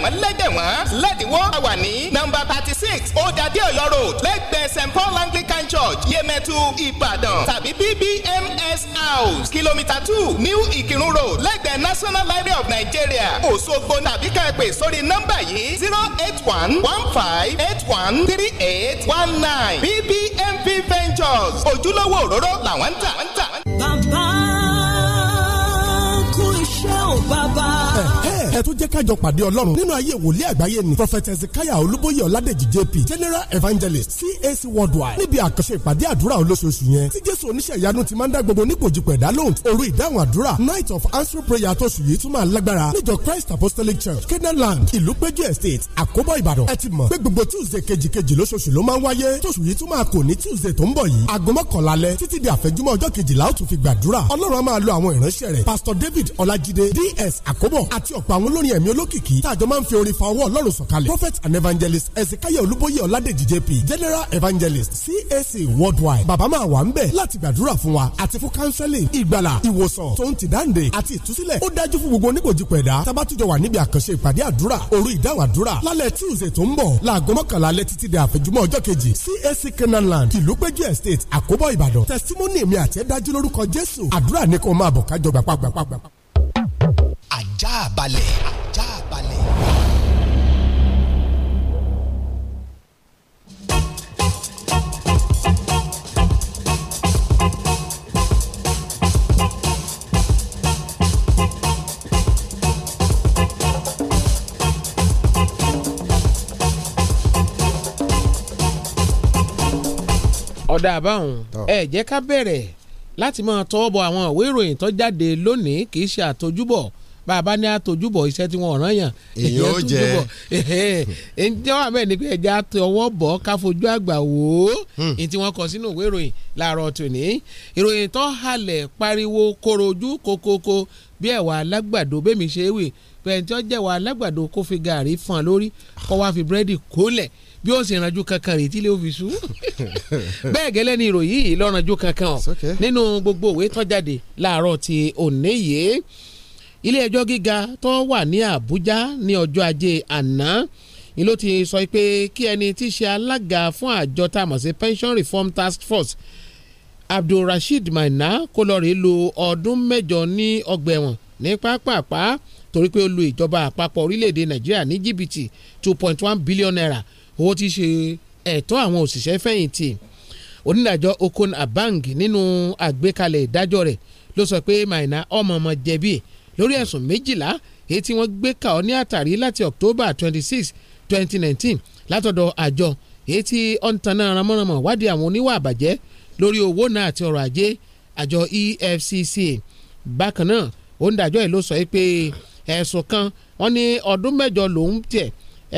wọ́n lẹ́gbẹ̀wọ́n lẹ́dínwó a wà ní nọ́mbà thirty six Odadé Ọ̀yọ́ road lẹ́gbẹ̀ẹ́ St Paul Anglican Church Yemẹtu Ìbàdàn tàbí BBMS house kìlómítà two New Ìkírun road lẹ́gbẹ̀ẹ́ National Library of Nigeria Òṣogbo tàbí kẹ́pẹ́ sórí nọ́mbà yìí zero eight one one five eight one three eight one nine BBMP Ventures ojúlówó òróró làwọn ń tà. bàbá kú iṣẹ́ ò bàbá ẹ tún jẹ́ kájọ pàdé ọlọ́run nínú ayé wòlíì àgbáyé ni prophet ezekiah olúbóyè ọládèjì jp general evangelist cac worldwide níbi àkànṣe ìpàdé àdúrà olóṣooṣù yẹn tí jésù oníṣẹ́ ìyanu ti máa ń dá gbogbo nípòjìpẹ̀ dálóhùn òru ìdáhùn àdúrà night of answer prayer tóṣù yìí tún máa lágbára níjọ christ apostolic church kenaland ìlúpéjú estate àkóbọ̀ ìbàdàn ẹ ti mọ̀ pé gbogbo tuesday kejìkejì lóṣooṣù ló máa ń wáyé tóṣù yìí tún máa kò ní tuesday tó ń bọ̀ yìí aago mọ́kànlá alẹ́ títí di àfẹ́júmọ́ ọjọ́ kejìlá ó tún fi gbàdúrà ọlọ́run á máa lo àwọn ìránṣẹ́ pastor david ọlájídé ds àkóbọ̀ àti ọ̀pọ̀ àwọn àwọn olórin ẹ̀mí olókìkí tá a jọ máa ń fi orin fa ọwọ́ ọlọ́run sọ̀kalẹ̀ prophet and evangelist ezekiel olúbóyè ọládèjì jp general evangelist cac worldwide bàbá máa wà ń bẹ̀ láti gbàdúrà fún wa àti fún counseling ìgbàlà ìwòsàn tó ń ti dáǹde àti ìtúsílẹ̀ ó dájú fún gbogbo onígbòjì pẹ̀dá tabatijọ́ wà níbi àkànṣe ìpàdé àdúrà òru ìdáwàdúrà lálẹ́ tuesday tó ń bọ̀ láago mọ́kànlá alẹ́ títí di àfẹ̀júmọ́ ọjọ́ kejì cac canaanland estate àkóbọ̀ ìbàdàn testimony mi àti ẹ̀dájú lórúkọ jésù àdúrà ní kó máa bọ̀ Ajabale, ajabale. ajá balẹ̀. ọ̀dà àbáhùn ẹ jẹ́ ká bẹ̀rẹ̀ láti máa tọwọ́ bọ àwọn ìwé ìròyìn tó jáde lónìí kì í ṣe àtọ́júbọ̀ bàbá ní àtòjúbọ̀ iṣẹ́ tí wọ́n rán yàn èyí ó jẹ́ ǹjẹ́ wà bẹ́ẹ̀ ni pé ẹja tọwọ́ bọ̀ káfojú àgbà wò ó ní hmm. tí wọ́n kọ sínú ìwé ìròyìn láàárọ̀ tòní ìròyìn tó halẹ̀ pariwo korojú kokoko bí ẹ̀wà alágbàdo bẹ́ẹ̀ mi ṣe é wì pẹ̀ntì ọ̀jẹ̀wà alágbàdo kó fi gàrí fún lórí kó wá fi búrẹ́dì kólẹ̀ bí ó sì rànjú kankan rèé tí ilé òfin sùn [laughs] bẹ́ẹ̀ gẹ́lẹ́ ni ìròyìn yìí lọ́rànjú kankan nínú gbogbo òwe tó jáde láàárọ̀ ti òní yìí ilé ẹjọ́ gíga tó wà ní Àbújá ní ọjọ́ ajé àná ni ló ti sọ pé kí ẹni tí í ṣe alága fún àjọ tá a mọ̀ sí pension reform task force Abdulrasheed Maina kó lọ rèé lo ọdún mẹ́jọ ní ọgbà ẹ̀wọ̀n ní pápápá torí pé ó lu ìjọba àpapọ̀ orílẹ̀-èdè Nàìjíríà ní jìbìtì two point one billion naira owó tí í ṣe ẹ̀tọ́ àwọn òṣìṣẹ́ fẹ̀yìntì onídàájọ́ Okon Abang nínú àgbékalẹ̀ ìdájọ́ rẹ̀ ló sọ pé Maina ọmọ ọmọ jẹ̀bi lórí ẹ̀sùn méjìlá èyí tí wọ́n gbé kà ní àtàrí láti October twenty six twenty nineteen látọ̀dọ̀ àjọ èyí tí ó ń tanná ramọ́ramọ́ wádìí àwọn oníwà àbàjẹ́ lórí owó náà àti ọrọ̀ ajé àjọ EFCC bákan náà onídàájọ́ yìí ló sọ pé ẹ̀sùn kan wọ́n ní ọdún mẹ́jọ lòún tiẹ̀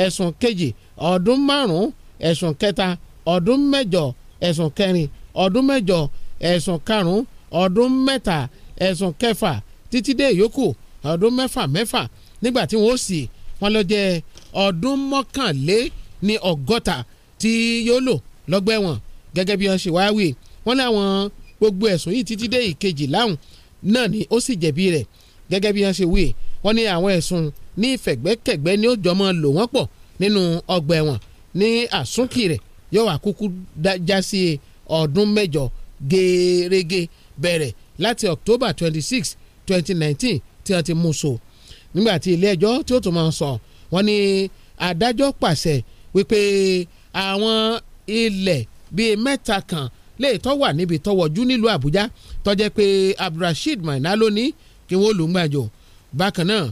ẹ̀sùn kejì ọdún márùn-ún ẹ̀sùn kẹta ọdún mẹ́jọ ẹ̀sùn kẹrin ọdún mẹ́jọ ẹ̀sùn karùn-ún ọdún mẹ́ta ẹ̀sùn kẹfà títí dé ìyókù ọdún mẹ́fà mẹ́fà nígbà tí wọ́n sì wọ́n lọ jẹ́ ọdún mọ́kànlé ní ọgọ́ta tí yóò lò lọ́gbà ẹ̀wọ̀n gẹ́gẹ́ bí wọ́n ṣe wá wí wọ́n láwọn gbogbo ẹ̀sùn yìí títí dé ìkejì láhùn náà ni ó sì jẹ̀bi rẹ̀ gẹ́gẹ́ bí wọ́n ṣe wí wọ́n ní àwọn ẹ̀sùn ní ìfẹ̀gbẹ́kẹ̀gbẹ́ ni ó jọ mọ́ lò wọ́n pọ̀ nínú ọgbà ẹ̀wọ̀n ní àsúnkì rẹ̀ yóò wá kúkú já sí ọdún mẹ́jọ gẹ́rẹ́gẹ́ bẹ̀rẹ̀ láti October twenty six twenty nineteen tí wọ́n ti mú so nígbà tí ilé ẹjọ́ tí ó tún máa sọ wọ́n ní adájọ́ pàṣẹ wípé àwọn ilẹ̀ bíi mẹ́ta kan lè tọ́ wà níbi tọ́wọ́jú nílùú Àbújá tó pé Abdulrasheed Maina ló kí wọ́n lù ú gbàjọ bákan náà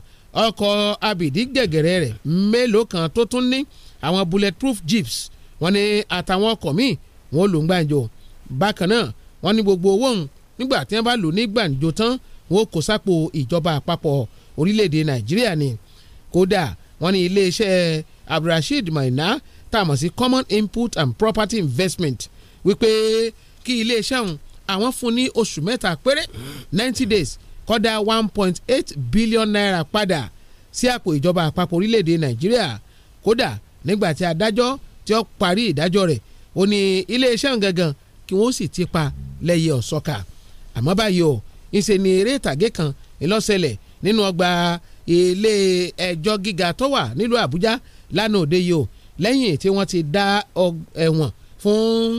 ọkọ̀ abìdí gẹ̀gẹ̀rẹ̀ rẹ̀ mélòó kan tó tún ní àwọn bulletproof jeeps wọ́n ní àtàwọn ọkọ̀ míì wọ́n lù ú gbàjọ bákan náà wọ́n ní gbogbo owó òun nígbà tí wọ́n bá lù ní gbàǹjo tán wọn kò sápò ìjọba àpapọ̀ orílẹ̀-èdè nàìjíríà ni kódà wọ́n ní iléeṣẹ́ abdulrasheed maina tààmọ̀ sí common input and property investment wípé kí iléeṣẹ́ ọ̀hún àwọn fún ní oṣù mẹ́ta péré ninety days kọ́dà one point eight billion naira padà sí àpò ìjọba àpapọ̀ orílẹ̀-èdè nàìjíríà kódà nígbà tí adájọ́ tí ó parí ìdájọ́ rẹ̀ ó ní iléeṣẹ́ ọ̀hún gangan kí wọ́n sì ti pa lẹ́yẹ ọ̀sọ́ka àmọ́ báyìí o ìṣe ni eré ìtàgé kan ìlọ́sẹ̀lẹ̀ nínú ọgbà ilé ẹjọ́ gíga tó wà nílùú Àbújá lánàá òde yìí o lẹ́yìn tí wọ́n ti dá ẹ̀wọ̀n fún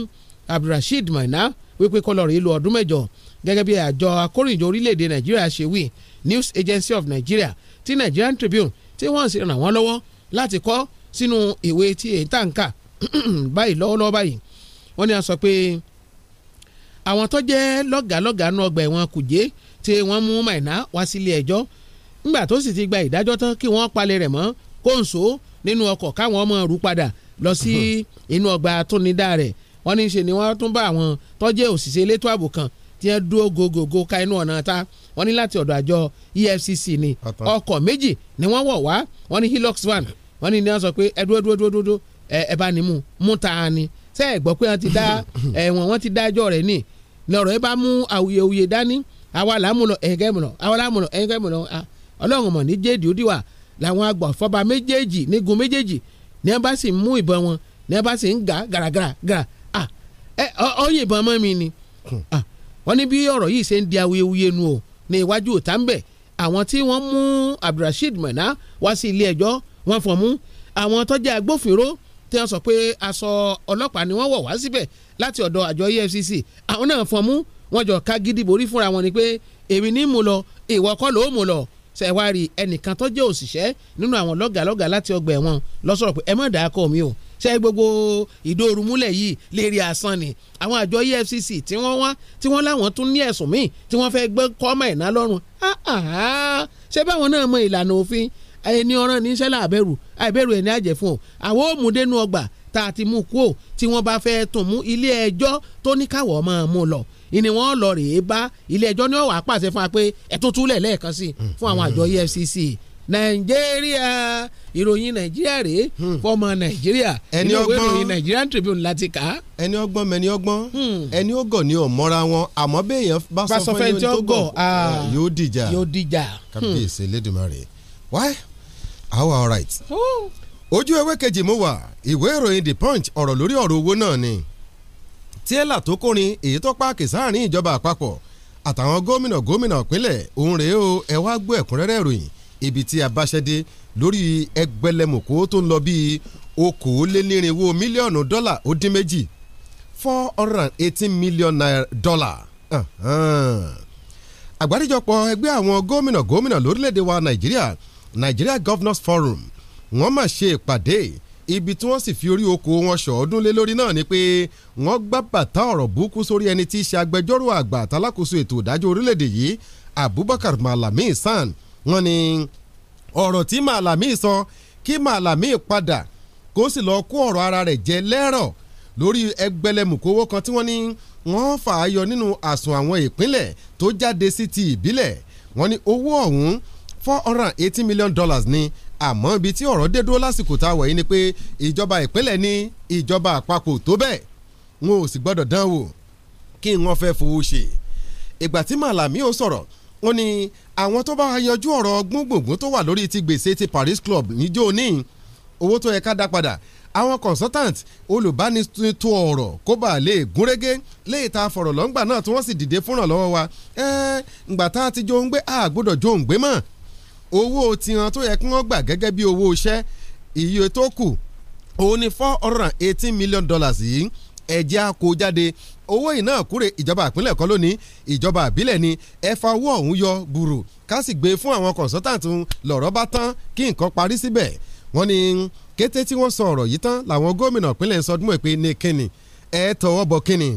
Abdulrasheed Maina wípé kọlọ́rì ìlú ọdún mẹ́jọ gẹ́gẹ́ bí àjọ akórìnjọ orílẹ̀-èdè Nàìjíríà ṣe wí News Agency of Nigeria ti Nigerian Tribune tí wọ́n sì ràn wọ́n lọ́wọ́ láti kọ sínú ìwé tí èyí tà ń kà [clears throat] báyìí lọ́wọ́lọ́wọ́ báyìí wọ́n ní a sọ pé àwọn tó jẹ́ lọ́gàálọ́gàá nu ọgbà ẹ̀wọ̀n kùjé tí wọ́n mú Maina wá sílé ẹjọ́ ńgbà tó sì ti gba ìdájọ́ tán kí wọ́n palẹ̀ rẹ̀ mọ́ kóńsó nínú ọkọ̀ káwọn ọmọ rú padà lọ sí [laughs] inú ọgbà tónídá rẹ̀ wọ́n ní í ṣe ni wọ́n tún bá àwọn tó jẹ́ òṣìṣẹ́ elétò ààbò kan tí wọ́n dúró gogogo ka inú ọ̀nà ta wọ́n ní láti ọ̀dọ̀ àjọ EFCC ni ọkọ̀ méjì ni wọ́n wọ̀ wá wọ́n ní Hilux van wọ́n ní ní wọ́n sọ pé ẹ dúró dúró dúró dúró ẹ bá ní mú mú ta ni ṣé gbọ́ pé wọ́n ti dá [laughs] ẹ̀wọ̀n wọ́n ti dá ẹjọ́ rẹ̀ ní lọ́rọ̀ ẹ bá mú awuyewuye dání àwa là ń múlò ẹ̀ǹkẹ́ múlò àwa là ń múlò ẹ̀ǹkẹ́ múlò ọlọ́run mọ̀ ní jéèdì ó dìwà làwọn agbọ̀fọ́ba méjèèjì nígun méjèèjì ní ẹ bá sì mú ìbọn wọn ní ẹ bá sì ń gà gàràgàrà gàrà à ẹ ọ yìnbọn mọ́ mi ni wọ́n ní bí ọ̀rọ̀ yìí ṣe ń di awuyewuye nu o ní iwájú òtá ń bẹ̀ àwọn tí wọ́n mú Abdulrasheed Mọ̀nà wá sí ilé ẹjọ́ wọ́n fọ̀ mú àwọn tó agbófinró tí wọ́n sọ pé aṣọ ọlọ́pàá ni wọ́n wọ̀ wá síbẹ̀ láti ọ̀dọ̀ àjọ EFCC àwọn náà fọ́n mú wọ́n jọ ká gidi borí fúnra wọn ni pé èmi ní mú lọ ìwọ kọ́ ló mú lọ ṣẹ̀wárì ẹnìkan tó jẹ́ òṣìṣẹ́ nínú àwọn lọ́gàlọ́gà láti ọgbà ẹ̀wọ̀n lọ́sọ̀rọ̀ pé ẹ má dàá kọ́ mi o ṣe gbogbo ìdóorùmúlẹ̀ yìí lè asán ni àwọn àjọ EFCC tí wọ́n wá tí wọ́n láwọn tún ní ẹ̀sùn míì tí wọ́n fẹ́ gbé kọ́mọ ìná lọ́rùn ṣé báwọn náà mọ ìlànà òfin ẹni ọ̀ràn ní sẹ́lá àbẹ̀rù àbẹ̀rù ẹ̀ ní àjẹ́ fún ọ àwọn òmùdénú ọgbà tá a ti mú kú ò tí wọ́n bá fẹ́ tún mú ilé ẹjọ́ tó ní káwọ́ máa mú lọ ìní wọn lọ rèé bá ilé ẹjọ́ ní ọ̀wà pàṣẹ fún wa pé ẹ̀tún túlẹ̀ lẹ́ẹ̀kan sí hmm. fún àwọn àjọ EFCC nàìjíríà ìròyìn nàìjíríà rèé hmm. fọmọ nàìjíríà ẹni ọgbọ́n ìròyìn Nigerian Tribune láti kà á. ẹni ọgbọ́n mẹni ọgbọ́n hmm. ẹni ọgọ̀ ni ò mọ́ra wọn àmọ́ béèyàn bá sọ fún ẹni tó gọ̀ yóò dìjà yóò dìjà kábíyèsí Elédùmarè wáyé àwa alright. Oh. ojú ewé kejì mo wà ìwé ìròyìn the punch ọ̀rọ̀ lórí ọ̀rọ̀ owó náà ni tíẹ́là tó kórin èyí tó páàkì sáàrin ìjọba àpapọ̀ àtàwọn gómìnà gómìnà ìpínlẹ̀ òun rèé o ẹ wá gbọ́ ẹ̀kúnrẹ́rẹ́ ìròyìn ibi tí a bá ṣẹ́dé lórí ẹgbẹ̀lẹ́mùkó tó ń lọ bíi okòólénírínwó mílíọ̀nù dọ́là ó dín méjì four hundred and eighteen million naira dollar. àgbáríjọpọ̀ ẹgbẹ́ àwọn gómìnà gómìnà lórílẹ̀‐èdè wa nàìjíríà Nigeria Governors Forum wọ́n mà ṣe ìpàdé ibi tí wọ́n sì fi orí oko wọn ṣọ̀ọ́dún lé lórí náà ni pé wọ́n gbá bàtà ọ̀rọ̀ burúkú sórí ẹni tí í ṣe agbẹjọ́rò àgbà àtàlákòóso ètò ìdájọ́ orílẹ̀ yìí Abubakar Malami San wọ́n ní ọ̀rọ̀ tí Malami sọ kí Malami padà kó sì lọ kó ọ̀rọ̀ ara rẹ̀ jẹ lẹ́rọ̀ lórí ẹgbẹ̀lẹ́mùkówó kan tí wọ́n ní wọ́n fà á yọ nínú àsùn àwọn ìpínlẹ̀ tó jáde sí ti ìbílẹ̀ wọ́n ní owó ọ̀hún four hundred and eighty million dollars ni àmọ́ ibi tí ọ̀rọ̀ dé dúró lásìkò tá a wọ̀ yìí ni pé ìjọba ìpínlẹ̀ ní ìjọba àpapọ̀ tó bẹ́ẹ̀ wọn ò sì gbọ́dọ̀ dán wò kí wọ́n fẹ́ fowó ṣe ìgbà tí Màlàmí ò sọ̀rọ̀ ó ní àwọn tó bá yanjú ọ̀rọ̀ gbùngbùngbùn tó wà lórí ti gbèsè ti Paris Club níjó ní owó tó yẹ ká dá padà àwọn consultant olùbánitó ọ̀rọ̀ kó bá lè gúnrégé lè ta fọ̀rọ̀lọ́ngbà náà tí wọ́n sì dìde fúnràn lọ́wọ́ wa ẹ̀ẹ́n gbàtà àtijọ́ ń gbé àgbọ̀dọ̀ jó ń gbé mọ́ owó tiwọn tó yẹ kí wọ́n gbà gẹ́gẹ́ bí owó iṣẹ́ iye tó kù òun ni four hundred and eighteen million dollars yìí ẹ̀jẹ̀ a kó jáde owó iná àkúrè ìjọba àpínlẹ̀ kọ́ lónìí ìjọba àbílẹ̀ ni ẹ fa owó ọ̀hún yọ bùrù ká sì gbé e fún àwọn consultant lọ̀rọ̀ bá tán kí nǹkan parí síbẹ̀ wọ́n ní kété tí wọ́n sọ ọ̀rọ̀ yìí tán làwọn gómìnà ìpínlẹ̀ sọdúnmọ̀ pé ní kíni ẹ tọwọ́ bọ kíni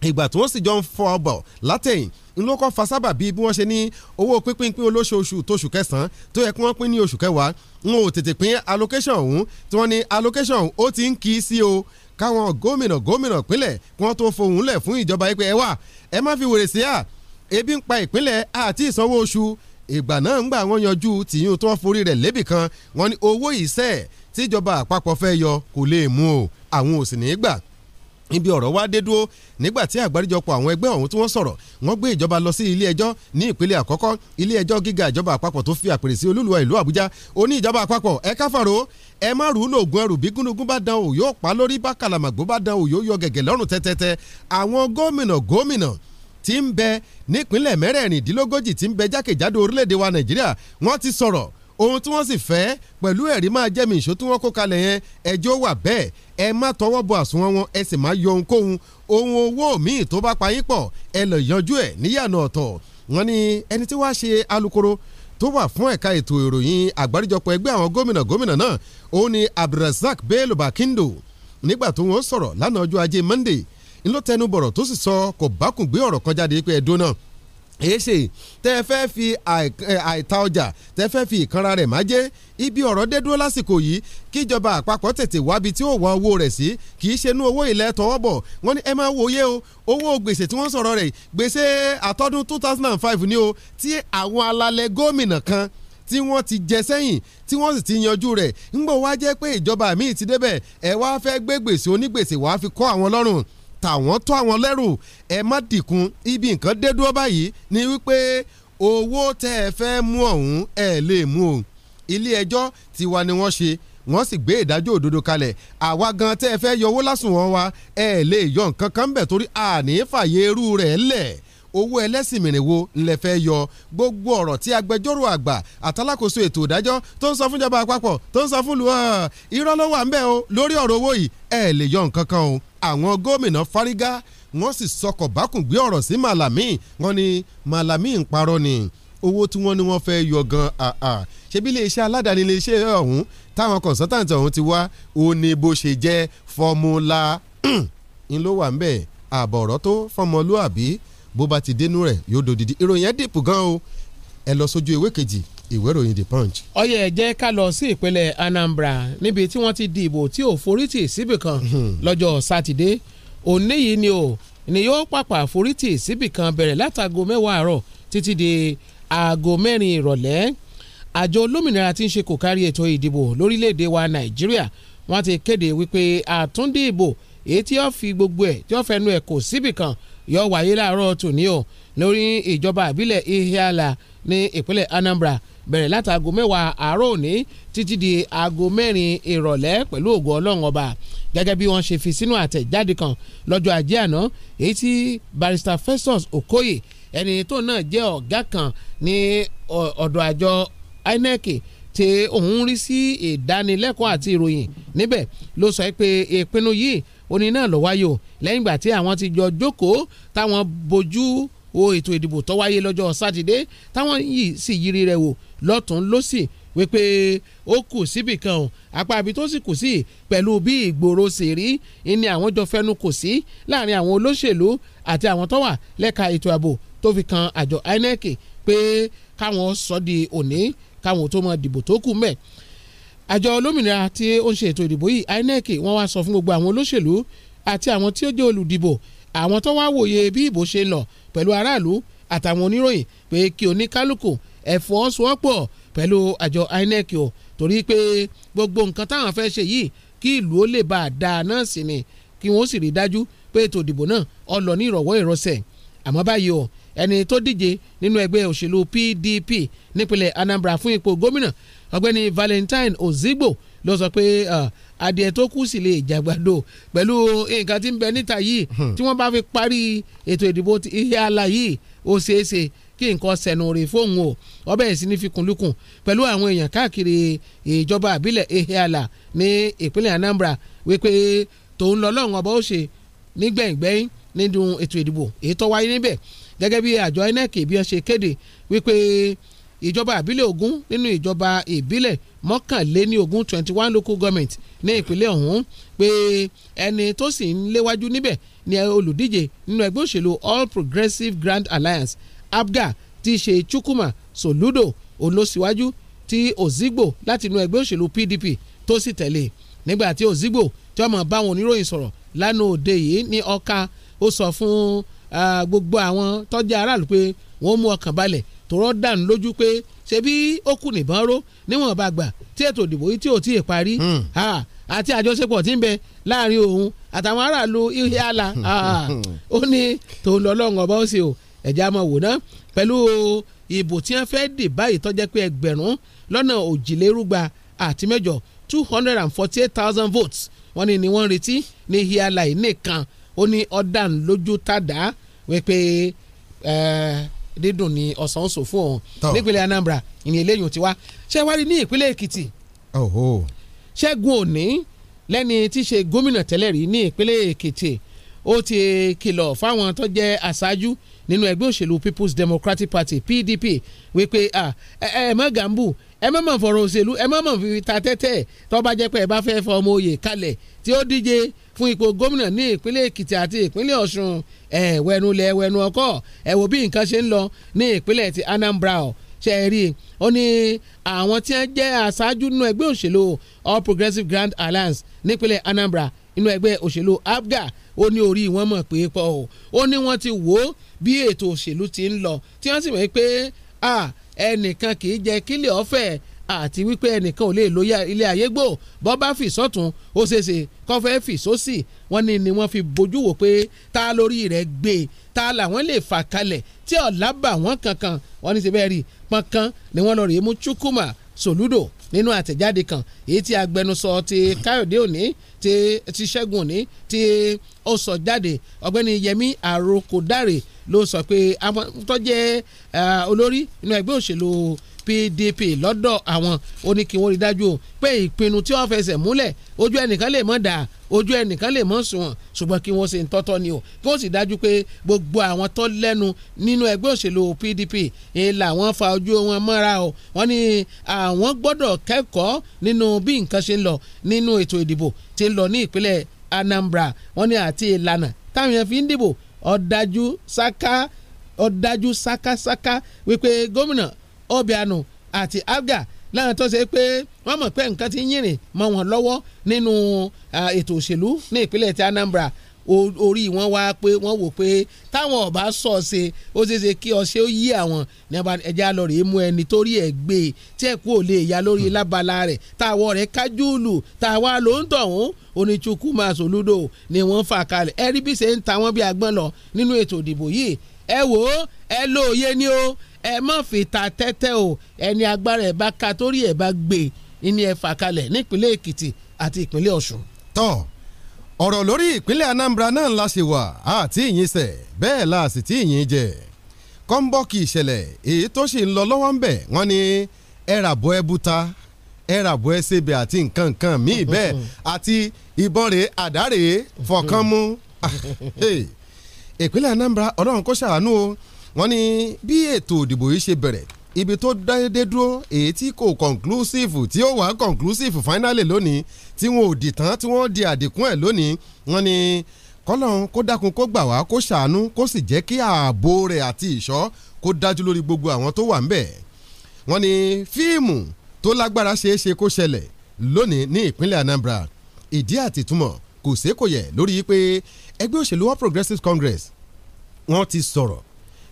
ìgbà tí wọ́n sì jọ ń fọ ọbọ̀ látẹ̀yìn n ló kọ́ fa sábà bíi bí wọ́n ṣe ní owó pínpín olóṣooṣù tóṣù kẹsàn-án tó yẹ kí wọ́n pín ní oṣù kẹwàá n ò tètè pín allocation ọ̀hún tí wọ́n ní allocation ó ti ń kí sí o káwọn gómìnà gómìnà pínlẹ̀ kí wọ́n tó fohùn lẹ̀ fún ìjọba yìí pé ẹ wà ẹ má fi wèrè sí à ebi ń pa ìpínlẹ̀ àti ìsanwó oṣù ìgbà náà ń gbà wọ́n yanjú tìyún tó forí rẹ̀ lébì kan wọ́n ní owó ìṣẹ́ tíjọba àpapọ̀ fẹ́ yọ kò lè mú o àwọn ò ní í gbà níbi ọ̀rọ̀ wá dé dúró nígbà tí àgbáríjọpọ̀ àwọn ẹgbẹ́ ọ̀hún tí wọ́n sọ̀rọ̀ wọ́n gbé ìjọba lọ sí ilé ẹjọ́ ní ìpele àkọ́kọ́ ilé ẹjọ́ gíga ìjọba àpapọ̀ tó fi àpèrè sí olúluwa ìlú àbújá ó ní ìjọba àpapọ̀ ẹ káfàró ẹ má rù ú lóògùn ẹrù bí gúnugún bá dán o yóò pa lórí bá kàlàmàgbò bá dán o yóò yọ gẹ̀gẹ̀ lọ́rùn tẹ́tẹ́tẹ́ àwọn gómìnà gómìnà tí ń bẹ nípínlẹ̀ mẹ́rẹ̀ẹ̀rìndínlógójì tí ń bẹ jákèjádò orílẹ̀-èdè wa nàìjíríà wọ́n ti sọ̀rọ̀ ohun tí wọ́n sì fẹ́ pẹ̀lú ẹ̀rí máa jẹ́mi ìṣó tí wọ́n kó kalẹ̀ yẹn ẹjọ́ wà bẹ́ẹ̀ ẹ má tọwọ́ bọ àsùnwọ̀n wọn ẹ sì má yọ ohunkóhun ohun owó míì tó bá payín pọ̀ ẹ lọ yanjú ẹ̀ níyànà ọ̀tọ̀ wọ́n ní ẹni tí wàá ṣe alukoro tó wà fún ẹ̀ka ètò ìròyìn àgbáríjọpọ̀ ẹgbẹ́ àwọn gómìnà gómìnà náà òun ni Abdulrasaq Bello Bakindo nígbà tó wọ́n sọ̀rọ̀ lánàá ọjọ́ ajé Monday ńlọtẹnubọ̀rọ̀ tó sì sọ kò bákùngbé ọ̀rọ̀ kan jáde pé ẹ̀dọ́ náà èsè tẹ fẹ́ fi àìta ọjà tẹ fẹ́ fi ìkanra rẹ̀ májẹ́ ibi ọ̀rọ̀ dé dúró lásìkò yìí kíjọba àpapọ̀ tètè wábi tí ó wọ owó rẹ̀ sí kì í ṣe inú owó ilẹ̀ tọwọ́ bọ̀ wọ́n ní ẹ máa wo yé o owó gbèsè tí wọ́n sọ̀rọ̀ rẹ̀ gbèsè àtọ́dún two thousand and five ni o tí àwọn alalẹ̀ gómìnà kan tí wọ́n ti jẹ sẹ́yìn tí wọ́n sì ti yanjú rẹ̀ ńgbọ́ wá jẹ́ pé ìjọba míì ti débẹ̀ ẹ wá fẹ́ gbé gbèsè onígbèsè wàá fi kọ́ àwọn lọ́rùn tà wọ́n tó àwọn lẹ́rù ẹ má dìkun ibi nǹkan dé báyìí ni wípé owó tẹ́ ẹ fẹ́ mú ọ̀hún ẹ lè mú o ilé ẹjọ́ tiwa ni wọ́n ṣe wọ́n sì gbé ìdájọ́ òdodo kalẹ̀ àwa gan tẹ́ ẹ fẹ́ yọ owó lásùnwọ̀n wa ẹ lè yọ nǹkan kan bẹ̀ torí àní fàyè irú rẹ̀ lẹ̀ owó ẹlẹ́sìn mìrìnwó ńlẹ̀ fẹ́ yọ gbogbo ọ̀rọ̀ tí agbẹjọ́rò àgbà àtàlákòóso ètò ìdájọ́ tó ń sọ fúnjọba àpapọ̀ tó ń sọ fún lu irọ́ ló wà ń bẹ̀ o lórí ọ̀rọ̀ owó yìí ẹ lè yọ nǹkan kan o àwọn gómìnà fárígá wọ́n sì sọkọ̀ bákùn gbé ọ̀rọ̀ sí màlàmí wọ́n ní màlàmí ń parọ́ ni owó tí wọ́n ní wọ́n fẹ́ yọ gan ṣebí iléeṣẹ́ aládàáni iléeṣẹ́ ọ̀hún táwọn consultant ọ̀hún ti wá ó ní bó ṣe jẹ́ fọ́múlà ń [clears throat] ló wà ń bẹ̀ àbọ̀rọ̀ tó fọmọlúàbí bó bá ti dénú rẹ̀ yóò dòdìdí ìròyìn ẹ̀ dìpọ̀ gan o ẹ lọ sójú ìwé kejì ìwé ìròyìn the punch. ọyẹ jẹ́ ká lọ sí ìpínlẹ̀ Anambra níbi tí wọ́n ti di ìbò tí ò forítì síbì kan hmm. lọ́jọ́ sátidé òní yìí ni o ni yóò pàpà forítì síbì kan bẹ̀rẹ̀ látago mẹ́wàá àárọ̀ títí di aago mẹ́rin ìrọ̀lẹ́ àjọ olómìnira tí ń ṣe kò kárí ètò ìdìbò lórílẹ̀ wa Nàìjíríà wọ́n ti kéde wípé àtúndì ìbò èyí tí wọ́n fi gbogbo ẹ̀ tí wọ́n fẹnu ẹ̀ kò síbì kan yọ wáyé láàárọ̀ tòní o lórí ìjọba ìbílẹ̀ Ihiala ní ìpínlẹ̀ Anambra bẹ̀rẹ̀ látago mẹ́wàá àárọ̀ òní títí di aago mẹ́rin ìrọ̀lẹ́ pẹ̀lú ògo ọlọ́run ọba gẹ́gẹ́ bí wọ́n ṣe fi sínú àtẹ̀jáde kan lọ́jọ́ ajé àná èyí tí barrister Festus Okoye ẹni tó náà jẹ́ ọ̀gá kan ní ọ̀dọ̀ àjọ INEC tí òun rí sí ìdánilẹ́kọ̀ọ́ àti ìròyìn níbẹ̀ ló sọ pé ìpinnu yìí oni náà lọ wáyé o lẹ́yìn ìgbà tí àwọn ti jọ jókòó táwọn bojú wo ètò ìdìbò tó wáyé lọ́jọ́ sátidé táwọn yìí sì yiri rẹ̀ wò lọ́tún lọ́sì wípé ó kù síbì kan o apá ibi tó sì kù sí pẹ̀lú bí ìgboro sì rí ni àwọn jọ fẹnu kò sí láàrin àwọn olóṣèlú àti àwọn tó wà lẹ́ka ètò ààbò tó fi kan àjọ INEC pé káwọn sọ di òní káwọn tó mọ dìbò tó kù mẹ́ẹ̀ àjọ olómìnira tí ó ń ṣe ètò ìdìbò yìí INEC wọ́n wá sọ fún gbogbo àwọn olóṣèlú àti àwọn tí ó jẹ́ olùdìbò àwọn tó wá wòye bí ìbò ṣe lọ pẹ̀lú aráàlú àtàwọn oníròyìn pé kí oníkálukú ẹ fọwọ́sowọ́pọ̀ pẹ̀lú àjọ INEC o torí pé gbogbo nǹkan táwọn fẹ́ ṣe yìí kí ìlú ó lè bá a dá a náà sí ni kí wọ́n sì rí dájú pé ètò ìdìbò náà ó lọ ní ìrọ̀wọ́ ìrọsẹ̀ àmọ́ báyìí o ẹni tó díje nínú ẹgbẹ́ òṣèlú PDP nípínlẹ̀ Anambra fún ipò gómìnà ọ̀gbẹ́ni Valentine Ozigbo ló sọ pé adìẹ tó kú sí lè jàgbàdo pẹ̀lú nǹkan tí ń bẹ níta yìí hmm. tí wọ́n bá fi parí ètò ìdìbò ihe ala yìí ó ṣeéṣe kí nǹkan sẹ̀nù rè fóun o ọbẹ̀ yìí sì ní fi kùnlùkùn pẹ̀lú àwọn èèyàn káàkiri ìjọba àbílẹ̀ ihe ala ní ìpínlẹ̀ Anambra wípé tòun lọ́lọ́run ọba ó ṣe nígbẹ̀ngbẹ́yìn nínú ètò ìdìbò èyí tó wáyé níbẹ̀ gẹ́gẹ́ bí àjọ INEC bí wọ́n ṣe kéde wípé ìjọba àbílẹ̀ ogún nínú ìjọba ìbílẹ̀ mọ́kànléní ogún twenty one local government ní ìpínlẹ̀ ọ̀hún pé ẹni tó sì ń léwájú níbẹ̀ ni olùdíje nínú ẹgbẹ́ òṣèlú All Progressive Grand Alliance abga ti ṣe Chukwuma Soludo olóṣìwájú ti Ozigbo láti inú ẹgbẹ́ òṣèlú PDP tó sì tẹ̀lé nígbà tí Ozigbo tí wọ́n mọ̀ báwọn oníròyìn sọ̀rọ̀ lánàá òde yìí ní ọ̀ka ó sọ fún ah, gbogbo àwọn tọ́jú aráàlú pé wọ́n mú ọkàn balẹ̀ tòrọ́ dànù lójú pé ṣebí ó kù nìbọn ró níwọ̀n bá gbà tí ètò ìdìbò yìí tí ò tí ì parí hmm. àti àjọṣepọ̀ tí ń bẹ láàrin òun àtàwọn aráàlú ìhàlà hmm. ó ní tòun lọ́lọ́run ọba ó sì o ẹ̀já máa wò ná pẹ̀lú ìbò tí wọ́n fẹ́ dì báyìí tó pé ẹgbẹ̀rún lọ́nà òjìlérúgba àti mẹ́jọ two hundred and forty eight thousand votes wọ́n ní ni wọ́n ń retí ní ìhàlà yìí nìkan ó ní ọ̀dàn lójú tàdá wípé ẹ̀ẹ́ dídùn ni ọ̀sán ń sò fún òun nípínlẹ̀ Anambra ìní eléyìí ti wá ṣé wá rí ní ìpínlẹ̀ Èkìtì Ṣẹ́gun Òní lẹ́ni tí í ṣe gómìnà tẹ́lẹ̀ rí ní ìpínlẹ̀ Èkìtì ó ti kìlọ̀ fáwọn tó jẹ́ aṣáájú nínú ẹgbẹ́ òṣèlú People's Democratic Party PDP wípé ẹ ẹ Gambu ẹ má máa fọ̀rọ̀ òṣèlú ẹ má máa fi ta tẹ́tẹ́ tó bá jẹ́ pé ẹ bá fẹ́ fọ ọmọ oyè kalẹ̀ tí ó díje fún ipò gómìnà ní ìpínlẹ̀ Èkìtì àti ìpínlẹ̀ Ọ̀ṣun ẹ wẹnu lẹ wẹnu ọkọ ẹ wò bí nǹkan ṣe ń lọ ní ìpínlẹ̀ ti Anambra ọ̀ ṣe é rí i ó ní àwọn tí wọ́n jẹ́ aṣáájú nínú ẹgbẹ́ òṣèlú All Progressives Grand Alliance nípínlẹ̀ Anambra inú ẹgbẹ́ òṣèlú APGA ó ní orí wọn mọ̀ pé pọ̀ ó ní wọ́n ti wò ó bí ètò òṣèlú ti ń lọ tí wọ́n sì mọ̀ pé ẹnìkan kì í jẹ kílẹ̀ ọ̀fẹ́ àti wípé ẹnìkan ò lè lo ilé ayé gbò bọ́ bá fi sọ́tún ó ṣeéṣe kọ́ fẹ́ fi sósì wọ́n ní ni wọ́n fi bójú wò pé ta lórí rẹ̀ gbé ta làwọn lè fà kalẹ̀ tí ọ̀la bà wọ́n kankan wọ́n ní síbẹ̀ rí pọnkan ni wọ́n lọ rèé mú Chukwuma Soludo nínú àtẹ̀jáde kan èyí tí agbẹnusọ ti Káyọ̀dé òní ti Ṣẹ́gun òní tí ó sọ jáde ọ̀gbẹ́ni Yẹmí Àròkọ̀dáre ló sọ pé àwọn tó jẹ́ olórí inú ẹgbẹ́ òṣèlú PDP lọ́dọ̀ àwọn ó ní kí wọ́n rí dájú o pé ìpinnu tí wọ́n fẹsẹ̀ múlẹ̀ ojú ẹnìkan lè mọ̀ dà ojú ẹnìkan lè mọ̀ sùn ṣùgbọ́n kí wọ́n ṣe ń tọ́tọ́ ni o kí wọ́n sì dájú pé gbogbo àwọn tó lẹ́nu nínú ẹgbẹ́ òṣèlú PDP ń là wọ́n fa ojú wọn mọ́ra o wọ́n ní àwọn gbọ́dọ̀ kẹ́kọ̀ọ́ nínú bí nǹkan ṣe ń lọ nínú ètò ìdìbò tí ń lọ ní ìpínlẹ̀ Anambra wọ́n ní àti ìlànà táwọn yẹn fi ń dìbò ọ̀dájú sáká ọ̀dájú sákásáká wípé gómìnà Obiano àti Abga láwọn tó ṣe pé wọ́n mọ̀ pé nǹkan ti yìnrìn mọ́ wọn lọ́wọ́ nínú ètò òṣèlú ní ìpínlẹ̀ ti Anambra orí wọn wá pé wọ́n wò pé táwọn ọba sọ ṣe ó ṣe ṣe kí ọṣẹ ó yí àwọn nípa ẹja lọ rèé mú ẹni torí ẹ gbé e, tí ẹ kú ò lè ya lórí hmm. lábala rẹ táwọ rẹ kájúlù táwa ló ń tọ̀hún Onichukuma Soludo ni wọ́n fà kalẹ̀ ẹ rí bí ṣe ń ta wọ́n bí agbọ́n lọ nínú ètò ìdìbò yìí ẹ wò ó ẹ lo òye ni o ẹ mọ̀ fi ta tẹ́tẹ́ o ẹni agbára ẹ̀ bá ka torí ẹ̀ bá gbé ní ẹ fà kalẹ̀ nípínlẹ̀ Èkìtì àti ìpínlẹ̀ Ọ̀ṣun. tọ́ ọ̀rọ̀ lórí ìpínlẹ̀ Anambra náà la ṣe wà àti ìyìn sẹ̀ bẹ́ẹ̀ la sì ti ìyìn jẹ kọ́ńbọ́ọ̀kì ìṣẹ̀lẹ̀ èyí tó sì ń lọ lọ́wọ́ ń bẹ̀ wọ́n ní ẹ̀ràbọ̀ ẹ̀bùta ẹ̀ràbọ̀ ẹ̀sẹ̀bẹ̀ àti nǹkan nǹkan míì bẹ́ẹ̀ [laughs] àti ìbọn rèé àdá rèé fọ̀kan mú [laughs] ìpínlẹ̀ Anambra ọlọ́run kó ṣàánú o wọ́n ní bí ètò òdìbò yìí ṣe bẹ̀rẹ̀ ibi tó dédé dúró èyí tí kò conclusive tí ó wà conclusive finally lónìí tí wọn ò dì tán tí wọ́n di àdìkún ẹ̀ lónìí wọ́n ní kọ́lọ́run kó dákun kó gbà wá kó ṣàánú kó sì jẹ́ kí ààbò rẹ̀ àti ìṣọ́ kó dájú lórí gbogbo àwọn tó wà ń bẹ̀ wọ́n ní fíìmù tó lágbára ṣeé ṣe kó ṣẹlẹ̀ lónìí ní ìpínlẹ̀ Anambra ìdí àtìtúmọ̀ kò sékòyẹ̀ lórí pé ẹgbẹ́ òṣèlú All Progressives Congress wọ́n ti sọ̀rọ̀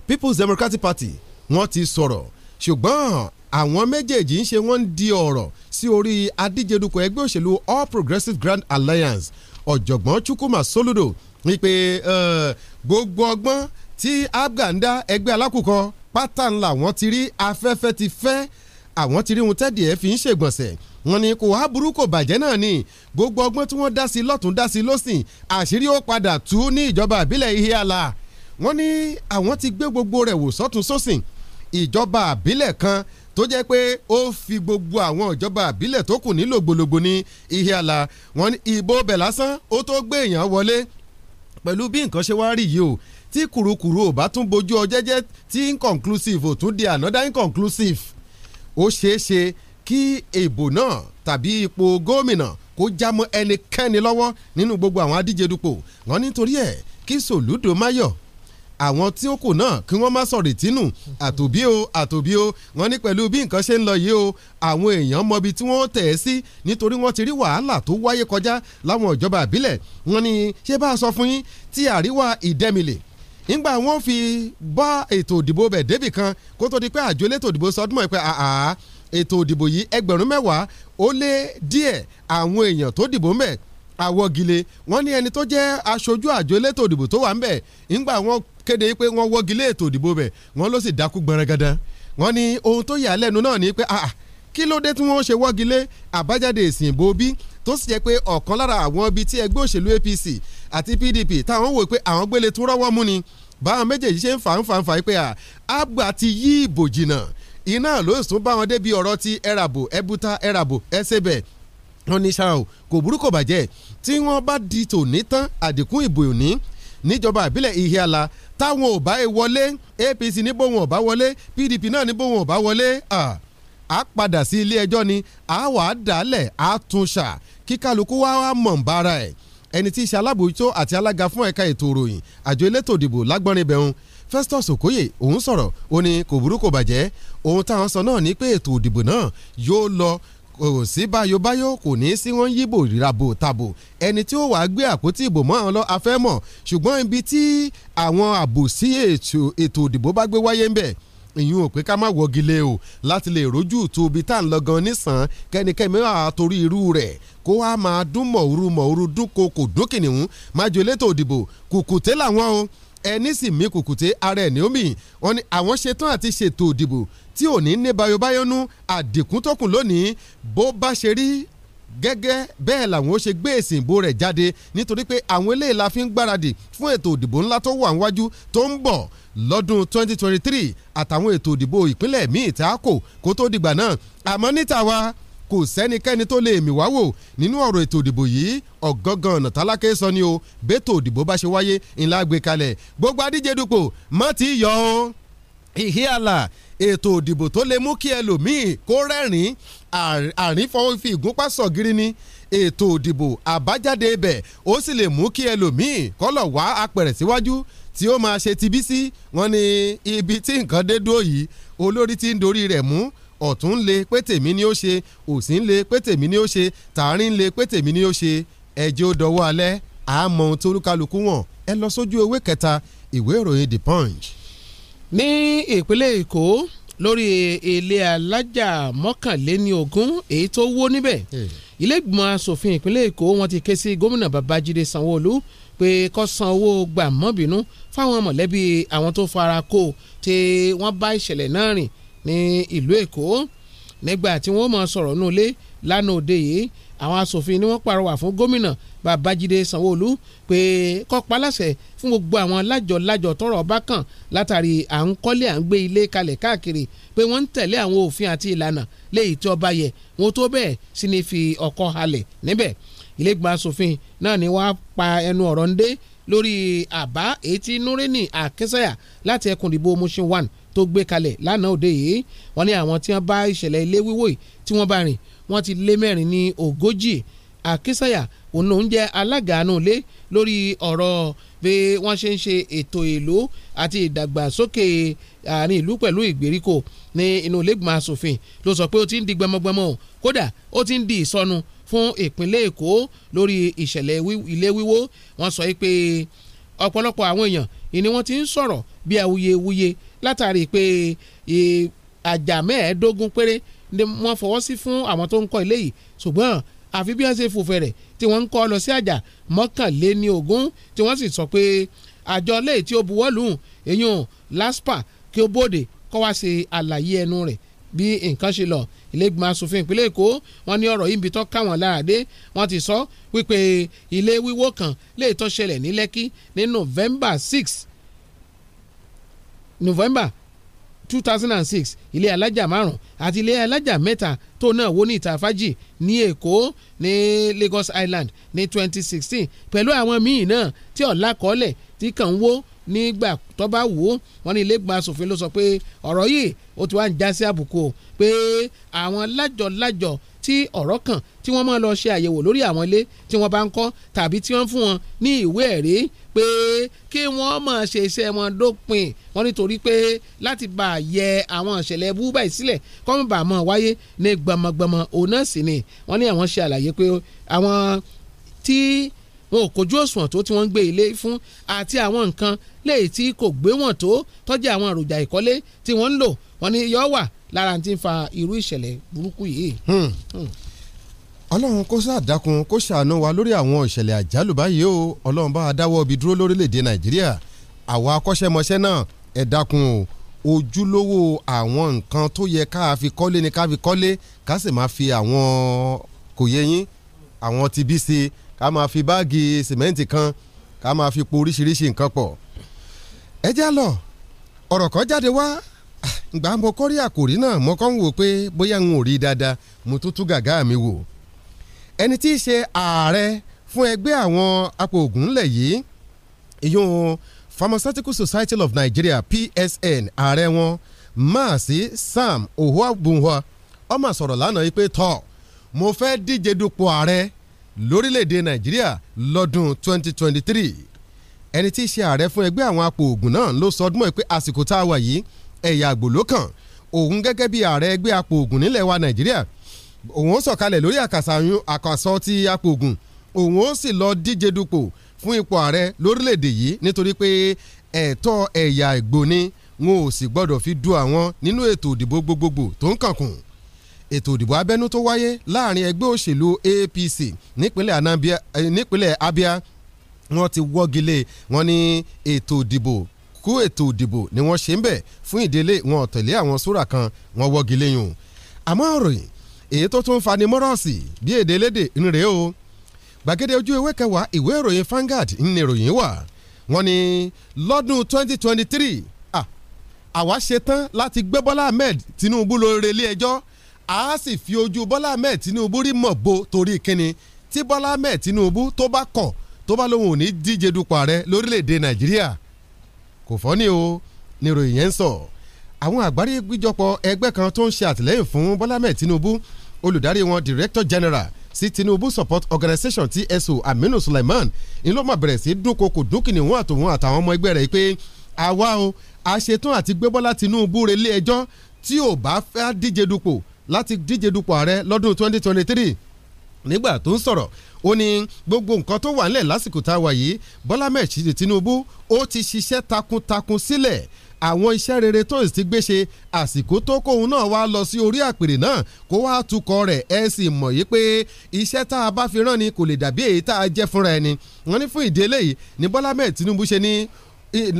People's Democratic Party wọ́n ti sọ̀rọ̀ ṣùgbọ́n àwọn méjèèjì ń ṣe wọ́n ń di ọ̀rọ̀ sí orí adíjedukọ̀ ẹgbẹ́ òṣèlú All Progressives Grand Alliance ọ̀jọ̀gbọ́n Chukwuma Soludo wípé gbogbo ọgbọ́n tí abga ń dá ẹgbẹ́ alákùkọ pátá ńlá wọn ti rí afẹ́fẹ́ ti fẹ́ àwọn ti rí ohun tẹ́dì ẹ̀ fi ń ṣègbọ̀nsẹ̀ wọ́n ní kò háburú kò bàjẹ́ náà ni gbogbo ọgbọ́n tí wọ́n dá sí lọ́tún dá sí lọ́sìn àṣírí ó padà tú ní ìjọba àbílẹ̀ Ihiala wọ́n ní àwọn ti gbé gbogbo rẹ̀ wò sọ́tún sósìn ìjọba àbílẹ̀ kan tó jẹ́ pé ó fi gbogbo àwọn ìjọba àbílẹ̀ tó kù nílò gbòlògbò ní Ihiala wọ́n ní ìbò bẹ̀ lásán ó tó gbé èèyàn wọlé pẹ̀lú bí nǹkan ṣe wá rí yìí o tí kùrukùru ò bá tún bojú ọ jẹ́jẹ́ tí inconclusive ò tún di another inconclusive ó ṣeé ṣe kí ìbò náà tàbí ipò gómìnà kó já mọ́ ẹnikẹ́ni lọ́wọ́ nínú gbogbo àwọn adíje dupò wọn nítorí ẹ̀ kí Sòlúdò Máyọ̀ àwọn tí ó kù náà kí wọ́n má sọ̀rọ̀ ìtínú àtòbí o àtòbí o wọ́n ní pẹ̀lú bí nǹkan ṣe ń lọ yìí o àwọn èèyàn mọbi tí wọ́n tẹ̀ ẹ́ sí nítorí wọ́n ti rí wàhálà tó wáyé kọjá láwọn ìjọba àbílẹ̀ wọ́n ní ṣé bá a sọ fún yín tí àríwá ìdẹ́milẹ̀ nígbà wọn fi bá ètò òdìbò bẹ̀ débì kan kó tó di pé àjọ elétò òdìbò sọdúnmọ́ ẹ̀ pé àhà ètò òdìbò yìí ẹgbẹ̀rún mẹ́wàá ó lé díẹ̀ àwọn èèyàn tó dìbò mẹ́ àwọ̀gilé wọ́n ní ẹni tó jẹ́ aṣojú àjọ elétò òdìbò tó wà ń bẹ̀ nígbà wọn kéde pé wọ́n wọ́gilé ètò òdìbò bẹ̀ wọ́n ló sì dákú gbọ̀nrẹ́gàdán wọ́n ní ohun tó yà lẹ́nu náà ni pé àhà kí ló dé tí wọ́n ṣe wọ́gilé àbájáde èsì ìbò bí tó sì jẹ́ pé ọ̀kan lára àwọn ibi tí ẹgbẹ́ òṣèlú APC àti PDP táwọn wò pé àwọn gbélé tún rọ́wọ́ mú ni báwọn méjèèjì ṣe ń fà ń fà ń fà pé àgbà ti yí ìbò jìnnà iná ló sún báwọn débi ọ̀rọ̀ ti ẹ̀ràbò ẹ̀bùtà ẹ̀ràbò ẹ̀sẹ̀bẹ̀ wọn ní ṣáà kò burú bàjẹ́ tí wọ́n bá di tòní tán àdínkù ìbò òní níjọba ìbílẹ̀ Ihiala táwọn ò bá e wọlé APC ní bóun ò bá wọlé PDP náà ní bóun ò bá wọlé a padà sí ilé ẹjọ́ ni a wà á dálẹ̀ a tún ṣà kí kálukú wá mọ̀ ń bára ẹ̀ ẹni tí í ṣe alábòójútó àti alága fún ẹ̀ka ètò ìròyìn àjọ elétò ìdìbò lágbọ́nrin bẹ̀rùn Festus Okoye òun sọ̀rọ̀ ó ní kò burú kò bàjẹ́ ohun táwọn sọ náà ni pé ètò ìdìbò náà yóò lọ kò sí báyọ̀báyọ̀ kò ní sí wọ́n yíbò ìrabò tàbò ẹni tí ó wàá gbé àpótí ìbò mọ́ àwọn afẹ́ mọ̀ ṣùgbọ́n ibi tí àwọn àbòsí ètò ìdìbò bá gbé wáyé ń ìyún ò pé ká má wọgi lé o láti lè rójú tu ibi tá à ń lọ gan nísàn kẹ́nikẹ́ni wà torí irú rẹ̀ kó wá máa dún mọ̀ọ́rú mọ̀ọ́rú dúnkokò dúnkìnìún májò elétò òdìbò kùkùté làwọn o ẹni sì mí kùkùté ara ẹ̀ ní omi wọn ni àwọn ṣetán àti ṣètò òdìbò tí ò ní ní bayobayọ́nú àdìkún tó lónìí bó bá ṣe rí gẹ́gẹ́ bẹ́ẹ̀ làwọn ó ṣe gbé èsì ìbò rẹ̀ jáde nítorí pé àwọn eléyìí la fi ń gbáradì fún ètò òdìbò ńlá tó wà níwájú tó ń bọ̀ lọ́dún 2023 àtàwọn ètò òdìbò ìpínlẹ̀ míì tá a kò kó tó dìgbà náà àmọ́ níta wa kò sẹ́nikẹ́ni tó lè mì wá wò nínú ọ̀rọ̀ ètò òdìbò yìí ọ̀gángan ọ̀nà tálákè sọ ni o bẹ́tò òdìbò bá ṣe wáyé ńlá gbé kalẹ̀ gbogbo adíje dupò mọ́ ti yọ ìhí àlà ètò òdìbò tó lè mú kí ẹlòmíì kó rẹ́rìn-ín àrín fọwọ́ fi ìgúnpá sọ̀gírí ni ètò òdìbò àbájáde ibẹ̀ ó sì lè mú kí ẹlòmíì kọ́lọ̀ wá apẹ̀rẹ̀ síwájú tí ó máa ṣe ti bí sí wọn ni ibi tí nǹkan dé dúró yìí olórí ti ń dorí rẹ̀ mú ọ̀tún ń le pé tèmi ni ó ṣe òsì ń le pé tèmi ni ó ṣe tààrin ń le pé tèmi ni ó ṣe ẹjẹ́ ó dọwọ́ alẹ́ àmọ́ ohun tó olúkálukú wọn ẹ lọ sójú ewé kẹta ìwé ìròyìn The Punch. ní ìpínlẹ̀ Èkó lórí ilé alájà mọ́kànléní ogún èyí tó wó níbẹ̀ ilé ìgbìmọ̀ asòfin ìpínlẹ̀ èkó wọn ti ké sí gómìnà babájídé sanwó-olú pé kó san owó gbàmọ́bínú fáwọn mọ̀lẹ́bí àwọn tó fara kó tí wọ́n bá ìṣẹ̀lẹ̀ náà rìn ní ìlú èkó nígbà tí wọ́n mọ̀ sọ̀rọ̀ nulẹ̀ lánàá òde yìí àwọn asòfin ni wọ́n pàrọwà fún gómìnà babájídé sanwóolu pé kó pa láṣẹ fún gbogbo àwọn lájọ-lájọ tọrọ ọba kan látàrí à ń kọ́lé à ń gbé ilé kalẹ̀ káàkiri pé wọ́n ń tẹ̀lé àwọn òfin àti ìlànà léyìí tí ọba yẹ wọn tó bẹ́ẹ̀ sì ni fi ọkọ̀ halẹ̀ níbẹ̀ ilégbèmọ̀ asòfin náà ni wọ́n pa ẹnu ọ̀rọ̀ ń dé lórí àbá etí núrẹ́nì àkẹ́sàyà láti ẹkùn ìdìbò Mushin one tó gbé kalẹ̀ lánàá òde yìí wọ́n ní àwọn tí wọ́n bá ìṣẹ̀lẹ̀ ilé wíwò yìí tí wọ́n bá rìn wọ́n ti lé mẹ́rin ní ogójì Akínsàyà òun lòún jẹ́ alága àánú ilé lórí ọ̀rọ̀ bí wọ́n ṣe ń ṣe ètò ìlú àti ìdàgbàsókè àárín ìlú pẹ̀lú ìgbèríko ní inú ilégbèmọ̀ asòfin ló sọ pé ó ti ń di gbẹmọgbẹmọ o kódà ó ti ń di ìsọnù fún ìpínlẹ̀ Èkó lórí ìṣẹ̀lẹ̀ ilé wíwó wọ́n sọ pé ọ̀pọ̀lọpọ̀ àwọn èèyàn ìní wọ́n ti ń sọ̀rọ̀ bí awuyewuye látàrí pé àjà mẹ́ẹ̀ẹ́dógún péré ni wọ́n fọwọ́ sí fún àwọn tó ń kọ́ ilé yìí ṣùgbọ́n àfi bí wọ́n ṣe fòfẹ́ rẹ̀ tí wọ́n ń kọ́ lọ sí àjà mọ́kànléní ogún tí wọ́n sì sọ pé àjọ lẹ́yìn tí ó buwọ́ lù èyàn LASPA kí ó bóde kọ́ wá ṣe àlàyé ẹnu rẹ̀ bí nǹkan ṣe lọ ilégbèmọ̀ asòfin ìpínlẹ̀ Èkó wọ́n ní ọ̀rọ̀ yìí ibi tó káwọn lára dé wọ́n ti sọ wípé ilé wíwó kan lè tó ṣẹlẹ̀ ní Lẹ́kí ní November six November two thousand and six ilé alájà márùn àti ilé alájà mẹ́ta tó náà wó ní ìtàfájì ní èkó ní Lagos Island ní twenty sixteen pẹ̀lú àwọn míì náà tí ọ̀la kọ́lẹ̀ tí kàn ń wó nígbà tó bá wò ó wọn ní ilé ìgbìmọ̀ asòfin ló sọ pé ọ̀rọ̀ yìí ó ti wá ń já sí àbùkù o pé àwọn lájọ̀lájọ̀ tí ọ̀rọ̀ kàn tí wọ́n máa lọ ṣe àyẹ̀wò lórí àwọn ilé tí wọ́n bá ń kọ́ tàbí tí wọ́n fún wọn ní ìwé ẹ̀rí pé kí wọ́n máa ṣe iṣẹ́ wọn dópin wọ́n nítorí pé láti bá a yẹ àwọn ìṣẹ̀lẹ̀ búbá ìsílẹ̀ kọ́mọ̀bà mọ̀ wáyé ní gbọmọgbọmọ òun náà sì ni wọ́n ní àwọn ṣe àlàyé pé àwọn tí wọn ò kojú òṣùwọ̀n tó tí wọ́n ń gbé ilé fún àti àwọn nǹkan léyìí tí kò gbé wọn tó tọ́jú àwọn èròjà ìkọ́lé tí wọ́n ń lò wọ́n ní yọ wà lára tí ń fa irú ìṣẹ̀lẹ̀ burúkú yìí. Hmm. Hmm ọlọ́run kó sàdákun kó ṣàánú wa lórí àwọn ìṣẹ̀lẹ̀ àjálù báyìí o ọlọ́run bá a dáwọ́ ibi dúró lórílẹ̀‐èdè nàìjíríà àwa akọ́ṣẹ́mọṣẹ́ náà ẹ dákun o ojúlówó àwọn nǹkan tó yẹ ká fi kọ́lé ni ká fi kọ́lé ká sì máa fi àwọn kò yẹ yín àwọn ti bí se ká máa fi báàgì sìmẹ́ǹtì kan ká máa fi po oríṣiríṣi nǹkan pọ̀ ẹ já lọ ọ̀rọ̀ kan jáde wá ah, ìgbà mo àkòrí náà mo kàn ń wò pé bóyá n ò rí dáadáa mo tún tú gàgá mi wò ẹni tí í ṣe ààrẹ fún ẹgbẹ́ àwọn apòògùn ńlẹ̀ yìí ìyóhun Pharmaceutical Society of Nigeria PSN ààrẹ wọn máàsí Sam Ohuabunwa ọmọ sọ̀rọ̀ lánàá yìí pé tọ́ mo fẹ́ díje dupò ààrẹ lórílẹ̀‐èdè Nàìjíríà lọ́dún 2023 ẹni tí í ṣe ààrẹ fún ẹgbẹ́ àwọn apòògùn náà ló sọ ọdún mọ́ pé àsìkò tá a wà yìí ẹ̀yà àgbò ló kàn òun gẹ́gẹ́ bí ààrẹ ẹgbẹ́ apòògùn nílẹ̀ wa Nàìjíríà òun ó sọ̀kalẹ̀ lórí àkàsọ̀ ti apògùn òun ó sì lọ díje dupò fún ipò ààrẹ lórílẹ̀‐èdè yìí nítorí pé ẹ̀tọ́ ẹ̀yà Ìgbò ni wọn ò sì gbọ́dọ̀ fi du àwọn nínú ètò ìdìbò gbogbogbò tó ń kànkùn ètò ìdìbò abẹ́nú tó wáyé láàrin ẹgbẹ́ òṣèlú APC nípínlẹ̀ Abia wọ́n ti wọ́gilé wọ́n ní ètò ìdìbò kú ètò ìdìbò ni wọ́n ṣe ń bẹ̀ fún ìdílé wọn tẹ̀lé àwọn sóra kan wọ́n wọ́gilé yùn àmọ́ ọ̀rọ̀ yìí èyí tó tún fani mọ́rọ́ọ̀sì bí èdè elédè ń rèé o gbàgede ojú ewé kẹwàá ìwé ìròyìn Vanguard ń ìròyìn wà wọ́n ní lọ́dún 2023 àwa ṣetán láti gbé Bọ́lá Ahmed Tinubu lọ relé ẹjọ́ a sì fi ojú Bọ́lá Ahmed Tinubu rí mọ̀ bo torí kíni tí Bọ́lá Ahmed Tinubu tó bá kọ̀ tó bá lóun ò ní díje dupò ààrẹ lórílẹ̀‐èdè Nàìjíríà kò fọ́ ni o ni ìròyìn yẹn ń sọ àwọn àgbárí ẹgbẹ́ kan tó ń ṣe àtìlẹ́yìn fún Bọ́lá Ahmed Tinubu olùdarí wọn director general sí Tinubu support organisation TSO Aminu Suleiman ńlọ́mọ bẹ̀rẹ̀ sí dúnkokò dúnkìní wọn àtòwọn àtàwọn ọmọ ẹgbẹ́ rẹ̀ pé àwa o àṣetán àti gbé Bọ́lá Tinubu relé ẹjọ́ tí ò bá fẹ́ díje dupò láti díje dupò ààrẹ lọ́dún 2023 nígbà tó ń sọ̀rọ̀ ó ní gbogbo nǹkan tó wà nílẹ̀ lásìkò tá a wà yìí Bọ́lá mẹ́ẹ̀ẹ́sì Tinubu ó ti ṣiṣẹ́ takuntakun sílẹ̀ si àwọn iṣẹ́ rere tó sì ti gbé ṣe àsìkò tó kóun náà wá lọ sí orí àpèrè náà kó wá tukọ̀ rẹ̀ ẹ sì mọ̀ yí pé iṣẹ́ tá a bá fi rán ni kò lè dàbí èyí tá a jẹ́ fúnra ẹni wọ́n ní fún ìdí eléyìí ní Bọ́lá mẹ́ẹ̀ Tinubu ṣe ní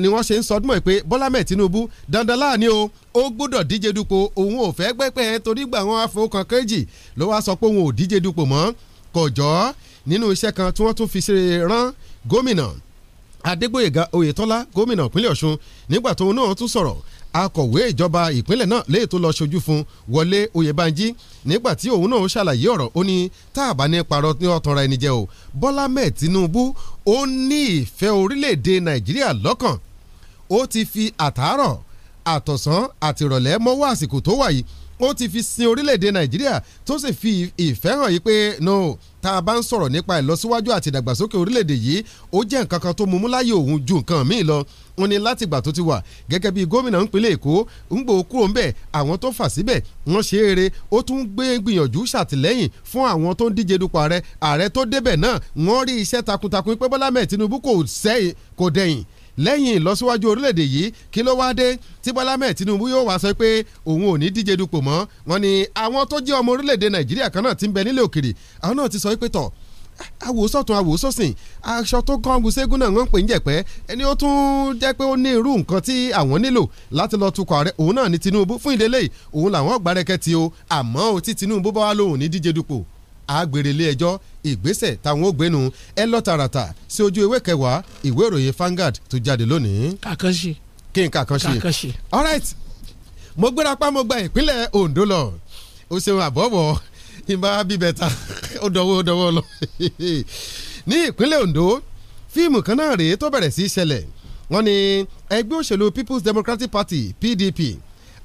ni wọ́n ṣe ń sọdún pé Bọ́lá mẹ́ẹ̀ Tinubu dandan láàní o ó gbọ́dọ̀ díje dupò òun ò fẹ́ gbẹ́pẹ́ torí gbà wọn afọwọ́kan kejì ló wá sọ pé òun ò díje dupò mọ́ kọjọ́ nínú iṣẹ́ kan tí wọ́n tún fi ṣe rán gómìnà adégbòyèga oyètọ́lá gómìnà ìpínlẹ̀ ọ̀ṣun nígbà tóun náà tún sọ̀rọ̀ akọ̀wé ìjọba ìpínlẹ̀ náà léè tó lọ ṣojú fún wọlé oyèbánjí nígbà tí òun náà ṣàlàyé ọ̀rọ̀ ó ní tá a ní parọ́ ní ọ̀tàn ra ẹni jẹ́ o bọ́lá mẹ́ẹ̀ tinubu ó ní ìfẹ́ orílẹ̀-èdè nàìjíríà lọ́kàn ó ti fi àtàárọ̀ àtọ̀sán àtìrọ̀lẹ́ mọ́wọ́ àsìkò tó wà yìí ó ti fi sin orílẹ̀-èdè nàìjíríà tó sì fi ìfẹ́ hàn yí pé no tá a bá ń sọ̀rọ̀ nípa ìlọsíwájú àti ìdàgbàsókè orílẹ̀-èdè yìí ó jẹ́ nǹkan kan tó mú mú láyé òun ju nǹkan míì lọ wọ́n ní látìgbà tó ti wà gẹ́gẹ́ bí gómìnà ńpínlẹ̀ èkó ń gbòó kúrò ńbẹ̀ àwọn tó fà síbẹ̀ wọ́n ṣe é re ó tún gbé gbìyànjú ṣàtìlẹ́yìn fún àwọn tó ń díje dupò ààrẹ ààrẹ tó débẹ̀ náà wọ́n rí iṣẹ́ takuntakun pé bọ́lá mẹ́ẹ̀ kò sẹ́yìn kò dẹ̀yìn lẹ́yìn ìlọsíwájú orílẹ̀-èdè yìí kí ló wá dé tí Bọ́lá mẹ́ẹ̀ Tinubu yóò wá sọ pé òun ò ní díje dupò mọ́ wọn ni àwọn tó jẹ́ ọmọ orílẹ̀-èdè Nàìjíríà kan náà ti ń bẹ nílẹ̀ òkèrè àwọn náà ti sọ pé tọ̀ àwòsọ̀tún àwòsọ̀sìn aṣọ tó kángun ségun náà ń pè ń jẹ̀pẹ́ ẹni ó tún jẹ́ pé ó ní irú nǹkan tí àwọn nílò láti lọ tukọ̀ ààrẹ òun náà ní Tinubu fún ìdélé òun làwọn ọ̀gbárẹ́kẹ́ ti o àmọ́ o tí Tinubu bá wà lóhùn ní díje dupò àgbèrè ilé ẹjọ́ ìgbésẹ̀ táwọn ó gbénu ẹ lọ tààràtà sí ojú ìwé kẹwàá ìwé ìròyìn Vanguard tó jáde lónìí. kàkànṣe kí n kàkànṣe kàkànṣe. all right mo gbéra pa mo gba ìpínlẹ̀ Ondo lọ o ṣeun àbọ̀wọ̀ ìbá bíbẹ̀ ta [laughs] ó dọwọ́ ó dọwọ́ lọ [laughs] ní ìpínlẹ̀ Ondo fíìmù kan náà rèé tó bẹ̀rẹ̀ sí ṣẹlẹ̀ wọ́n ní ẹgbẹ́ òṣèlú People's Democratic Party PDP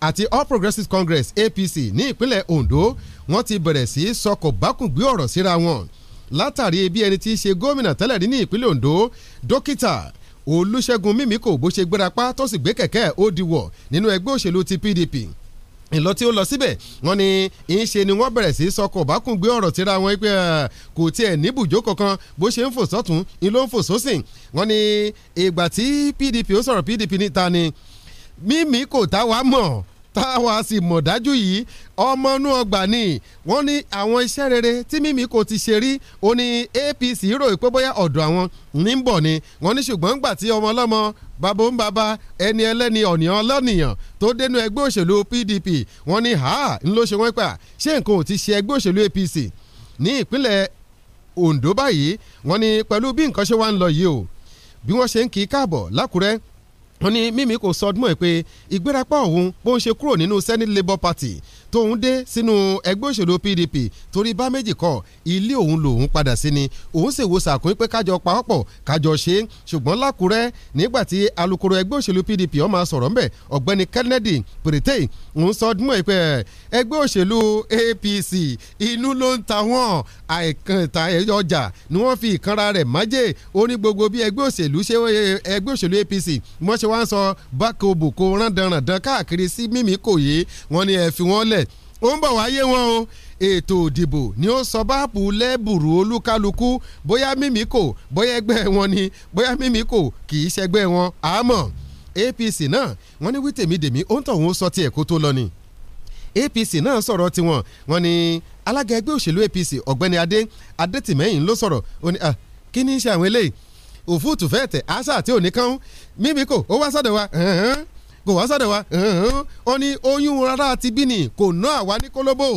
àti All Progressives Congress APC ní ìpínlẹ̀ Ondo wọ́n ti bẹ̀rẹ̀ sí í sọkò bákùngbé ọ̀rọ̀ síra wọn látàrí bí ẹni tí í ṣe gómìnà tẹ́lẹ̀ rí ní ìpínlẹ̀ Ondo dókítà Olúṣẹ́gun Mímíkò bó ṣe gbérapá tó sì gbé kẹ̀kẹ́ ó diwọ̀ nínú ẹgbẹ́ òṣèlú ti PDP ìlọ tí ó lọ síbẹ̀ wọ́n ní ìṣe ni wọ́n bẹ̀rẹ̀ sí sọkọ̀ bákùngbé ọ̀rọ̀ tíra wọn pé kò tiẹ̀ níbùjó kankan bó ṣe ń fò sọ́tún ni ló ń fò sósìn wọ́n ní ìgbà tí PDP ó sọ̀rọ̀ PDP níta ni mímí kò tá mọ̀ táwa sì mọ̀ dájú yìí ọmọ inú ọgbà ni wọ́n ní àwọn iṣẹ́ rere tí mímí kò ti ṣe rí ó ní APC rò pé bóyá ọ̀dọ̀ àwọn ní ń bọ̀ ni wọ́n ní ṣùgbọ́n gbà tí ọmọ ọlọ́mọ bàbá ń bàbá ẹni ẹlẹ́ni ọ̀nìyàn ọlọ́nìyàn tó dénú ẹgbẹ́ òṣèlú PDP wọ́n ní ha ń ló ṣe wọ́n pa ṣé nǹkan ò ti ṣe ẹgbẹ́ òṣèlú APC ní ìpínlẹ̀ Ondo báyìí wọ́n ní pẹ̀lú bí nǹkan ṣe wá ń lọ yìí o bí wọ́n ṣe ń kí káàbọ̀ lákùrẹ́ ó ní mímí kò sọ ọdún ẹ̀ pé ìgbérapá òun bó ń ṣe kúrò nínú Senate Labour Party tóun dé sínú ẹgbẹ́ òṣèlú PDP torí bá méjì kọ ilé òun lòun padà sí ni òun sì wo sàkún pé kájọ pawọ́pọ̀ kájọ ṣe ṣùgbọ́n lákùrẹ́ nígbà tí alukoro ẹgbẹ́ òṣèlú PDP ó máa sọ̀rọ̀ ńbẹ̀ ọ̀gbẹ́ni Kennedy pèrètè òun sọ ọdún ẹ̀ ẹgbẹ́ òṣèlú APC inú ló ń ta wọ́n àìkàntà ọjà ni wọ́n fi ìkanra rẹ̀ májè ó ní gbogbo bí ẹgbẹ́ òṣèlú ṣe ẹgbẹ́ òṣèlú APC wọ́n ṣe wá ń sọ bákan òbòkó rán danrandan káàkiri sí mímí kò wọ́n ní ẹ fi wọ́n lẹ̀ ó ń bọ̀ wáyé wọn o ètò òdìbò ni ó sọ báàpù lẹ́bùrú olúkálukú bóyá mímí kò bóyá ẹgbẹ́ wọn ni bóyá mímí kò kì í ṣẹgbẹ́ wọn àmọ́ APC náà wọ́n ní wí tèmídèmí ó ń tọ̀hún sọ tiẹ̀ kó tó lọ ni APC náà sọ̀rọ̀ tiwọn wọ́n ní alága ẹgbẹ́ òṣèlú APC ọ̀gbẹ́ni adé adétìmẹ́yìn ló sọ̀rọ̀ ó ní kí ni í ṣe àwọn eléyìí òfúùtù fẹ́ẹ̀ tẹ̀ àṣà àti òníkan mímí kò ó wá sọ́dọ̀ wa kò wá sọ́dọ̀ wa ó ní oyún rárá ti bí ni kò ná àwa ní kólóbó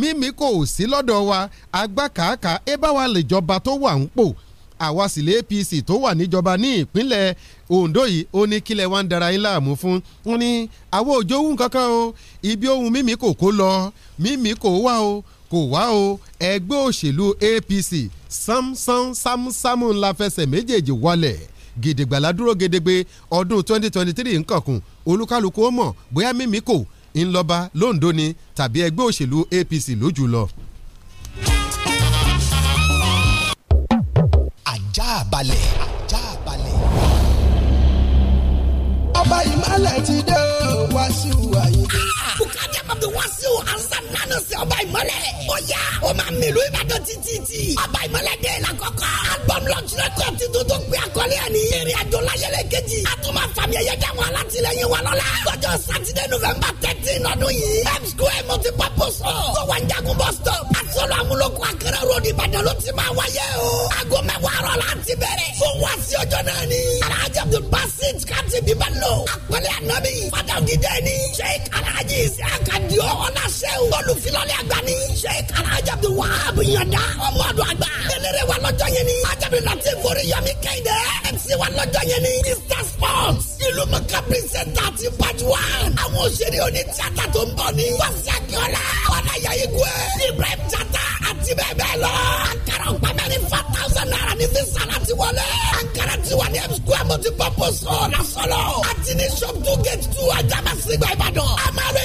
mímí kò sí lọ́dọ̀ wa agbákàákà ẹ bá wa lè jọba tó wà ń pò àwa sì lé APC tó wà níjọba ní ìpínlẹ̀ Ondo yìí ó ní kílẹ̀ wá ń dara yín láàmú fún wọn ní àwọn òjò ohun kankan o ibi ohun mímí kò kó lọ mímí kò wá o kò wá o ẹgbẹ́ òṣèlú APC sámsán sámúsámú ńlá fẹsẹ̀ méjèèjì wọlẹ̀ gidigbala dúró gedegbe ọdún 2023 ńkọ̀kùn olúkálùkù ó mọ̀ bóyá mímí kò ńlọba lóńdó ni tàbí ẹgbẹ́ òṣèlú APC lójú lọ. ajá ọba ìmọ̀lẹ̀ ti dé o wá sí ìwà yìí bukadi amadu wasiu ansan nanu sí ọba ìmọ́lẹ̀ ó yá ó máa mìlú ìbàdàn ọba ìmọ́lẹ̀ dé la kọ́kọ́ album launch record ti tuntun pé akọ́lé ẹni eré adola láyẹlẹ kejì a tún máa fàmì ẹ̀yẹ dáhùn alátìlẹyìn wa lọ́la lọ́jọ́ sátidé november thirteen ọdún yìí m square multipurpose hall tó wà ń jagun bus stop àtúnlọ amúlòkọ akẹrẹ road ìbàdàn ló ti máa wáyé o aago mẹ́wàá rọ̀ láti bẹ̀rẹ̀ fún wasi sí ọjọ́ náà ni alhaji abdul basit kati bíbá lọ àpẹẹrẹ anabi fada dídẹ ni sheikh alhaji ìsì àkàdì ọ̀nà sẹ́wù. olùfilọ́lẹ̀ àgbà ni. sheik alajabi wahab yanda ọmọdún àgbà. eléré wa lọ́jọ́ yẹn ni. ajabi láti forí yọmi kéde. mc wa lọ́jọ́ yẹn ni. mr sports ìlú mọ̀ká pírísẹ̀tà ti pàjù wa. àwọn òṣèré oní tíátà tó ń bọ̀ ni. wọ́sí akíọ́lá. ọ̀nà yẹ̀yí gbé. ibrahim tata àti bẹ́ẹ̀ bẹ́ẹ̀ lọ. àkàrà ọ̀pẹ̀mẹ́rin five thousand naira ní sísàlá ti wọlé. àkàrà ti wà ní m square multi purpose hall asọ́lọ̀. àti ní shop two gate two ajá ìbàdàn. amárè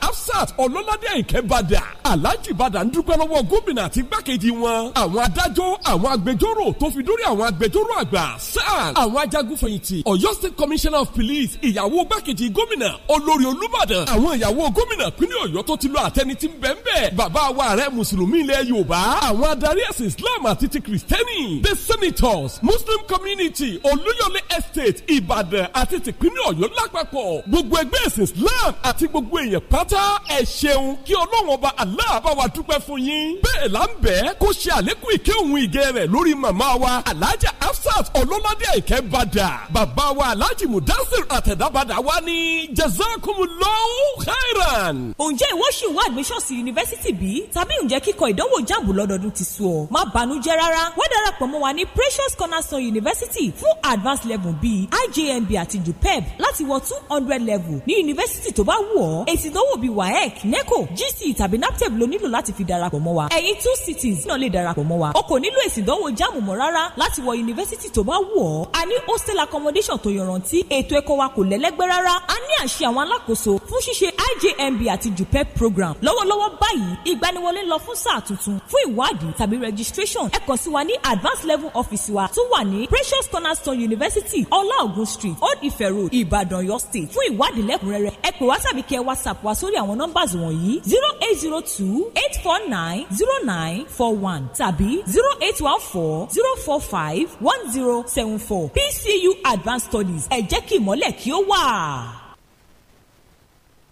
hafsat ọlọ́ládé àyìnkẹ́ bàdà alhaji bàdà ń dúpẹ́ lọ́wọ́ gómìnà àti igbákejì wọn àwọn adájọ́ àwọn agbẹjọ́rò tó fi dórí àwọn agbẹjọ́rò àgbà sars àwọn ajagunfẹ̀yìntì ọ̀yọ́ state commissioner of police ìyàwó igbákejì gómìnà olórí olúbàdàn àwọn ìyàwó gómìnà pínlẹ̀ ọ̀yọ́ tó ti lọ àtẹni tí ń bẹ́ẹ̀ bẹ́ẹ̀ bàbá wa ààrẹ mùsùlùmí ilẹ̀ yorùbá àwọn adarí ẹ̀sìn islam àti ti kìrìsìtẹ́nì the senators muslim community olúyọlé estate ìbàdàn àti tìpínlẹ̀ ọ̀yọ́ lápapọ̀ gbogbo ẹgbẹ́ ẹ̀sìn islam àti gbogbo èèyàn pátá rárá ẹ ṣeun kí ọlọ́wọ́n bá Allah wa dúpẹ́ fún yín. bẹ́ẹ̀ là ń bẹ́ẹ̀ kó ṣe àlékún ìkẹ́ òun ìgẹ̀ rẹ̀ lórí màmá wa alájà Hafsat ọlọ́ládé àìkẹ́ bàdà bàbá wa alájì mudasir àtẹ̀dábàdà wa ní jazakumullahu khairan. ǹjẹ́ ìwọ ṣì ń wá admission sí yunifásitì bí? tàbí ǹjẹ́ kíkọ ìdánwò jáàbù lọ́dọọdún ti sú ọ? má banújẹ́ rárá wá darapọ̀ mọ́ wa ní Precious Cornerstone University fún advanced level bíi IJMB àti JUPEB láti wọ two hundred level ní yunifásitì tó bá wù ọ́ èsì ìdánwò bíi waec neco gc tàbí naptep ló nílò láti fi darapọ̀ mọ́ wa ẹ̀yin two cities náà lè darapọ̀ mọ́ wa o kò nílò èsì ìdánwò jáàmù mọ́ rárá láti wọ yunifásítì tó bá wù ọ́ a ní hostel accommodation tó yọrantí ètò ẹ̀kọ́ wa kò lẹ́lẹ́gbẹ́ rárá a ní àṣẹ àwọn alákòóso fún ṣíṣe ijmb àti jupep program lọ́wọ́lọ́wọ́ báyìí ìgbaniwọlé lọ fún sáà tuntun fún ìwádìí tàbí registration ẹ kàn sí wa ní advanced level office wa tó wà ní precious cornerstone university ọláògùn street old ife road ìbàdàn yọ state fún ìwádìí lẹ́kùnrẹ́rẹ́ ẹ pè wá tàbí kẹ́ whatsapp wa sórí àwọn nọ́mbàs wọ̀nyí zero eight zero two eight four nine zero nine four one tàbí zero eight one four zero four five one zero seven four PCU advanced studies ẹ jẹ́ kí ìmọ́lẹ̀ kí ó wà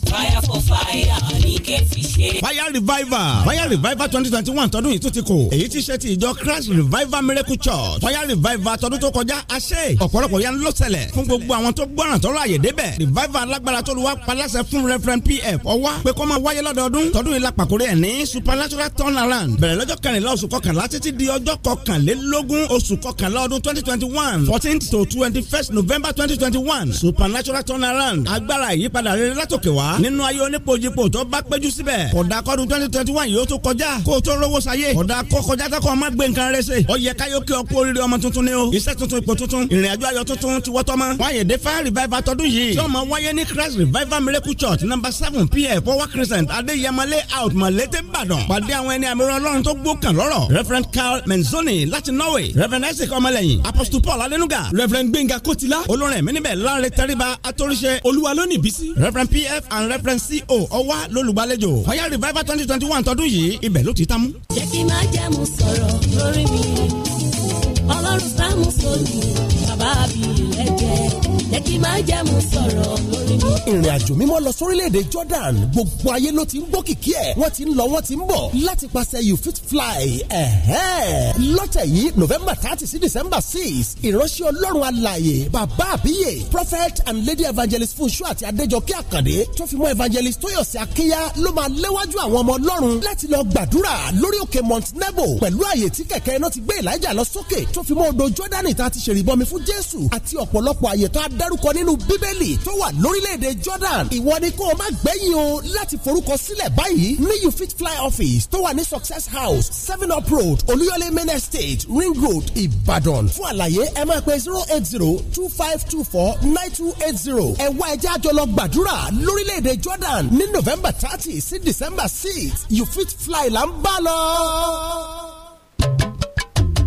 fire for fire ní kẹ́ẹ̀fì fire revival fire revival twenty twenty one tọdún yìí tún ti kù èyí ti ṣe ti ìjọ christ revival miracle church fire revival tọdún tó kọjá a ṣe ọ̀pọ̀lọpọ̀ yẹn ló ṣẹlẹ̀ fún gbogbo àwọn tó gbọ́ràn tọ́lọ́ àyè débẹ̀ revival alágbára tó lu wá paláṣẹ fún referent pf ọwá pé kó máa wáyé lọ́dọọdún tọdún yìí la pàkórí ẹ̀ ní supernatural turnaround bẹ̀rẹ̀ lọ́jọ́ kẹrìnlá oṣù kọkànlá títí di ọjọ́ kọkànlélógún oṣù kọkànlá ọdún twenty twenty one fourteen to twenty first november twenty twenty one supernatural turnaround agbára ìyípadà rere látòkè wá mẹ́wàá nínú ayé onípojípo tó bá péjú síbẹ̀ kódà kọ́dún twenty twenty one yóò tó kọjá kó o tó rówó sáyé kódà kó kọjá tó má gbé nǹkan rẹ ṣe ó yẹ káyọ̀kẹ́ ọkú oríire ọmọ tuntun ni o iṣẹ́ tuntun ipò tuntun ìrìn ayọ̀ tuntun ti wọ́tọ́ mọ́ wáyé dé revival tọdún yìí tí ó máa wáyé ní Christ revival miracle church number seven pf power crescent adéyẹmọlé out mọ̀lẹ́tẹ̀ ìbàdàn pàdé àwọn ẹni àmì ọlọ́run tó gbó kàn lọ́rọ̀ reverend carl menzoni láti norway reverend isaac ọmọlẹ́yìn apostle paul alenuga reverend gbẹ̀ngà kotila olórin ẹ̀mí níbẹ̀ láre tẹ́ríba atóríṣe olúwa lónìí bísí reverend pf and reference co ọwá lólùgbàlejò ọ̀yá revival twenty twenty one tọdún yìí ibẹ̀ ló ti tán jẹ́ kí má jẹ́ mu sọ̀rọ̀ lórí mi ọlọ́run sáà mú sóòlù bàbá mi jẹ́ kí máa jẹ́ mu sọ̀rọ̀ lórí mi. ìrìn àjò mímọ́ lọ sórílẹ̀-èdè Jordan gbogbo ayé ló ti ń gbọ́ kìkì ẹ̀ wọ́n ti ń lọ wọ́n ti ń bọ̀ láti pàṣẹ you fit fly ẹ̀hẹ́n lọ́tẹ̀ yìí November thirty sí December six ìránṣẹ́ ọlọ́run alààyè bàbá àbíyè prophet and lady evangelist Fúnṣọ́ àti Adéjọkẹ́ Àkàndé tó fi mọ́ evangelist Tóyọ̀sí Akínyá ló máa léwájú àwọn ọmọ ọlọ́run láti lọ gbàdúrà lórí òkè Mount Nebo pẹ̀lú àyè tí kẹ̀kẹ́ iná ti gbé Èlíjà lọ sókè tó fi mọ́ odò Jordan tá a ti ṣèrìbọmi fún Jésù àti ọ̀pọ̀lọpọ̀ àyè tó a dárúkọ nínú bíbélì tó wà lórílẹ̀‐èdè Jordan ìwọ ni kó o má gbẹ̀yìn o láti forúkọ sílẹ̀ báyìí ní you fit fly office tó wà ní success house seven up road olúyọlé main estate ring road Ìbàdàn fún àlàyé ẹ máa pe zero eight zero two five two four nine two eight zero ẹ wá ẹjẹ́ àjọlọ gbàdúrà lórílẹ̀‐èdè Jordan ní November thirty sí December six you fit fly là ń bá lọ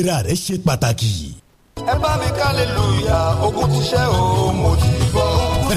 ìlera rẹ ṣe pàtàkì ẹ bá mi hallelujah ogun ti ṣẹ́ o mo ti bọ́. [laughs]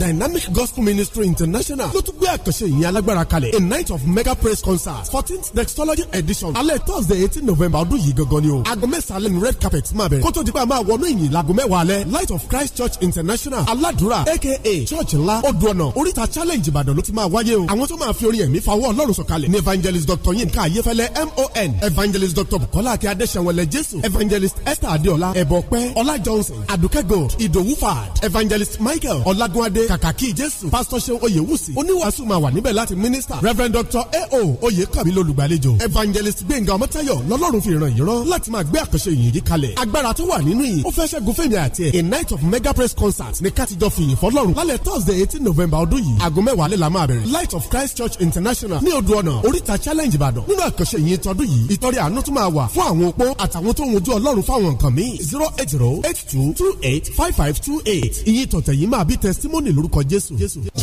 Dynamic Gospel Ministry International ló tún gbé àkànṣe ìyẹn alágbára kalẹ̀ a night of mega praise concert fourteenth dextology edition alẹ́ thursday eighteen november ọdún yìí gangan ni o aago mẹ́sàn-án lẹ́nu red carpet máa bẹ̀rẹ̀ kótó dípẹ́ máa wọnú ìyìn laago mẹ́wàá alẹ́ light of christ church international aládùúrà aka church ńlá odò ọ̀nà oríta challenge ìbàdàn ló ti máa wáyé o àwọn tó máa fi orin ẹ̀mí fawọ́ ọlọ́run sọ̀kalẹ̀ ni evangelist dr yinka ayefẹlẹ mon evangelist dr bukola akíndéṣẹwẹlẹ jésù evangelist esther adé akínọlá ẹbọpẹ ọlá johnson aduke gold ìdòwú evangelist michael ọlágúnadé kàkàkí jésù pastor seun oyewusi oníwàásù máa wà níbẹ̀ láti minister reverend doctor ao oyèkàmí lolùgbàlejò evangelist gbẹ̀ngà ọmọtayọ lọ́lọ́run fi ràn yín rán láti máa gbé àkànṣe ìyìn yìí kalẹ̀ agbára tó wà nínú yìí ó fẹ́ ṣẹ́gun fèmí àti ẹ̀ a night of mega praise concert ní kátijọ́ fìyìn fọlọ́run lálẹ́ thursday eighteen november ọdún yìí aago mẹ́wàá lè la máa bẹ̀rẹ̀ light of christ church international ní odò ọ̀nà oríta challenge ìbàdàn nínú àkànṣe ìyìn tọdún yìí ìtọ́rí àánú tún máa wà fún àwọn opó àtàwọn tó ń wojú ọlọ́run fáwọn nǹkan mi míì zero eight zero eight two two eight five five two eight ìyìn tọ̀tẹ̀ yìí máa bí testimony lórúkọ Jésù.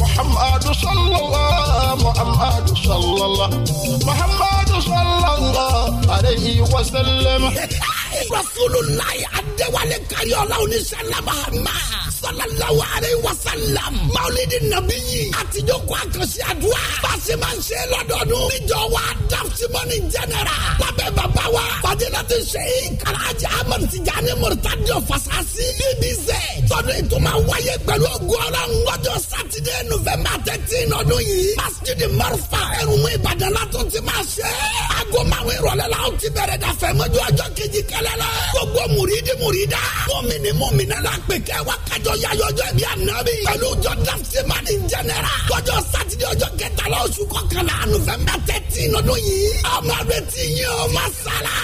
Muhammadu sallallahu Muhammadu sallallahu Muhammadu sallallahu alayhi wa sallam. [laughs] Rasulullah Adéwálé Kariola oníṣẹ́ lábàámà. Sallallahu alayhi wa sallam. Mawulidi Nabi yìí. Àtijọ́ kọ́ àkànṣe àdúrà. Báṣe máa ń Níjọ wa Daftimoni General. Lábẹ́ bàbá wa. Fadila ti ṣe é. Kalaji Amadu Tijani Murtadio Fasasi. DBZ. Tọ́dún ìtumọ̀ wáyé pẹ̀lú ògùn ọlọ́run lọ́jọ́ Sátidé Nùfẹ̀mbà thirteen ọdún yìí. Masjid Marfa Ẹ̀rùn Ìbàdàn látún ti máa ṣe. Aago márùn-ún ìrọ̀lẹ́ la ó ti bẹ̀rẹ̀ dàfẹ́ mọ́jú ọjọ́ kejì kẹlẹ́ dala. gbogbo muridi murida. mọ̀mìnì mọ̀mìnà la pè kẹ́ wa kájọ yayọjọ ibi ànábì. pẹ̀lú jọ dafsemani jẹnẹra. kọjọ sátidé ọjọ́ kẹtàlá oṣù kọkànlá nùfẹ̀mbà tẹ́tì nọdún yìí. a máa retí yín o ma sara.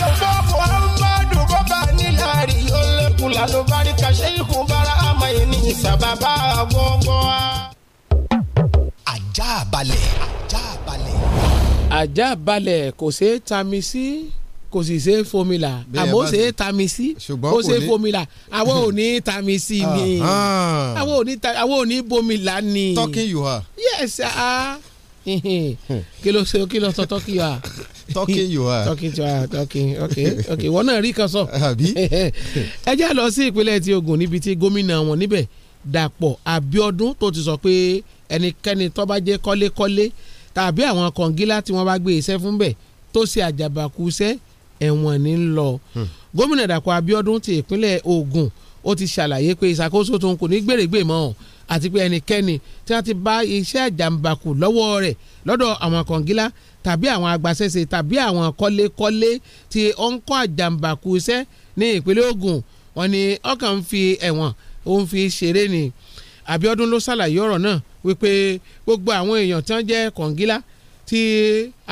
yọ̀fọ̀ muhammadu kò bá níláàrí yóò lẹ́kùn lálùbárí kàṣẹ́ ìkùn bára àmọ́ yìí ní ìsàbàbà gbọ́ngbọ́n wa. ajá balẹ̀ ajá balẹ̀. kò ṣeé tami kò sì ṣe é fomi là àmọ́ ṣe é tami sí ó ṣe é fomi là àwọn ò ní tami sí ni àwọn ò ní bomi là ni. talking you are. yes ah kí ló ṣe kí ló sọ talking you are. talking you are. talking you are talking okay okay wọn náà rí kan sọ. [laughs] ẹ jẹ́ lọ sí ìpínlẹ̀ tí Ògùn níbi tí gómìnà wọn níbẹ̀ Dàpọ̀ Abíọ́dún tó ti sọ pé ẹnikẹ́ni tó bá jẹ́ kọ́lékọ́lé tàbí àwọn kọ̀ǹgílá tí wọ́n bá gbé iṣẹ́ fún bẹ̀ tó ṣe àjàbàkú ẹ̀wọ̀n ní ń lọ. Hmm. gómìnà Dàpọ̀ Abíọ́dún ti ìpínlẹ̀ Ògùn ó ti ṣàlàyé pé ìṣàkóso tó ń kò ní gbèrègbè mọ́ àti pé ẹnikẹ́ni tí wọ́n ti bá iṣẹ́ àjàǹbàkù lọ́wọ́ rẹ̀ lọ́dọ̀ àwọn kọ̀ǹgílá tàbí àwọn agbaṣẹ́ṣe tàbí àwọn kọ́lékọ́lé tí ó ń kọ́ àjàǹbàkù iṣẹ́ ní ìpínlẹ̀ Ògùn wọ́n ní ọkàn ń fi ẹ̀wọ̀n ó ń fi ṣeré ni Abíọ́dún ló ṣàlàyé ọ̀rọ̀ náà wípé gbogbo àwọn èèyàn tí wọ́n jẹ́ kọ̀ǹgílá tí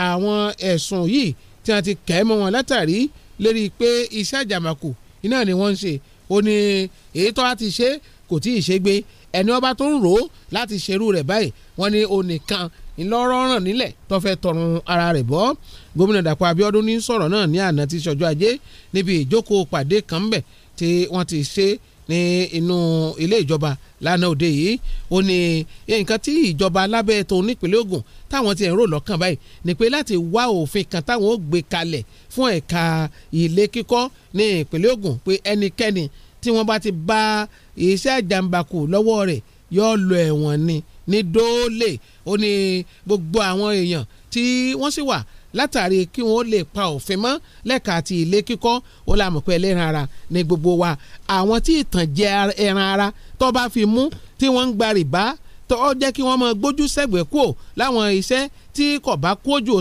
àwọn ẹ̀sùn yìí tí wọ́n ti kẹ́ mọ́ wọn látàrí lérí pé iṣẹ́ àjàmàkù iná ni wọ́n ń ṣe ó ní èyí tó a ti ṣe kò tí ì ṣe gbé ẹni ọba tó ń rò ó láti ṣerú rẹ̀ báyìí wọ́n ní onìkan ńlọrọrùn nílẹ̀ tó fẹ́ tọrùn ara rẹ̀ bọ́ gómìnà Dàpọ̀ Abíọ́dún ní sọ̀rọ̀ náà ní àná tí ṣọjọ́ ajé níbi ìjókòó pàdé kan bẹ̀ tí wọ́n ti ṣe ní inú ilé ìjọba lánàá òde yìí ó ní nǹkan tí ìjọba alábẹ́ tòun nípínlẹ̀ Ògùn táwọn ti ń rò lọ́kàn báyìí ni pé láti wá òfin kan táwọn ó gbé kalẹ̀ fún ẹ̀ka ilé kíkọ́ ní ìpínlẹ̀ Ògùn pé ẹnikẹ́ni tí wọ́n bá ti bá iṣẹ́ àjàǹbàkù lọ́wọ́ rẹ̀ yóò lọ ẹ̀wọ̀n ni ní dóòlè ó ní gbogbo àwọn èèyàn tí wọ́n sì wà látàrí kí wọ́n lè pa òfin mọ́ lẹ́ka àti ilé kíkọ́ ó la mọ̀ pé ẹlẹ́ran ara ní gbogbo wa àwọn tí ìtànjẹ ẹran ara tó bá fi mú tí wọ́n ń gba rìbá tó jẹ́ kí wọ́n máa gbójú sẹ́gbẹ̀ẹ́ kúò láwọn iṣẹ́ tí kò bá kú ojú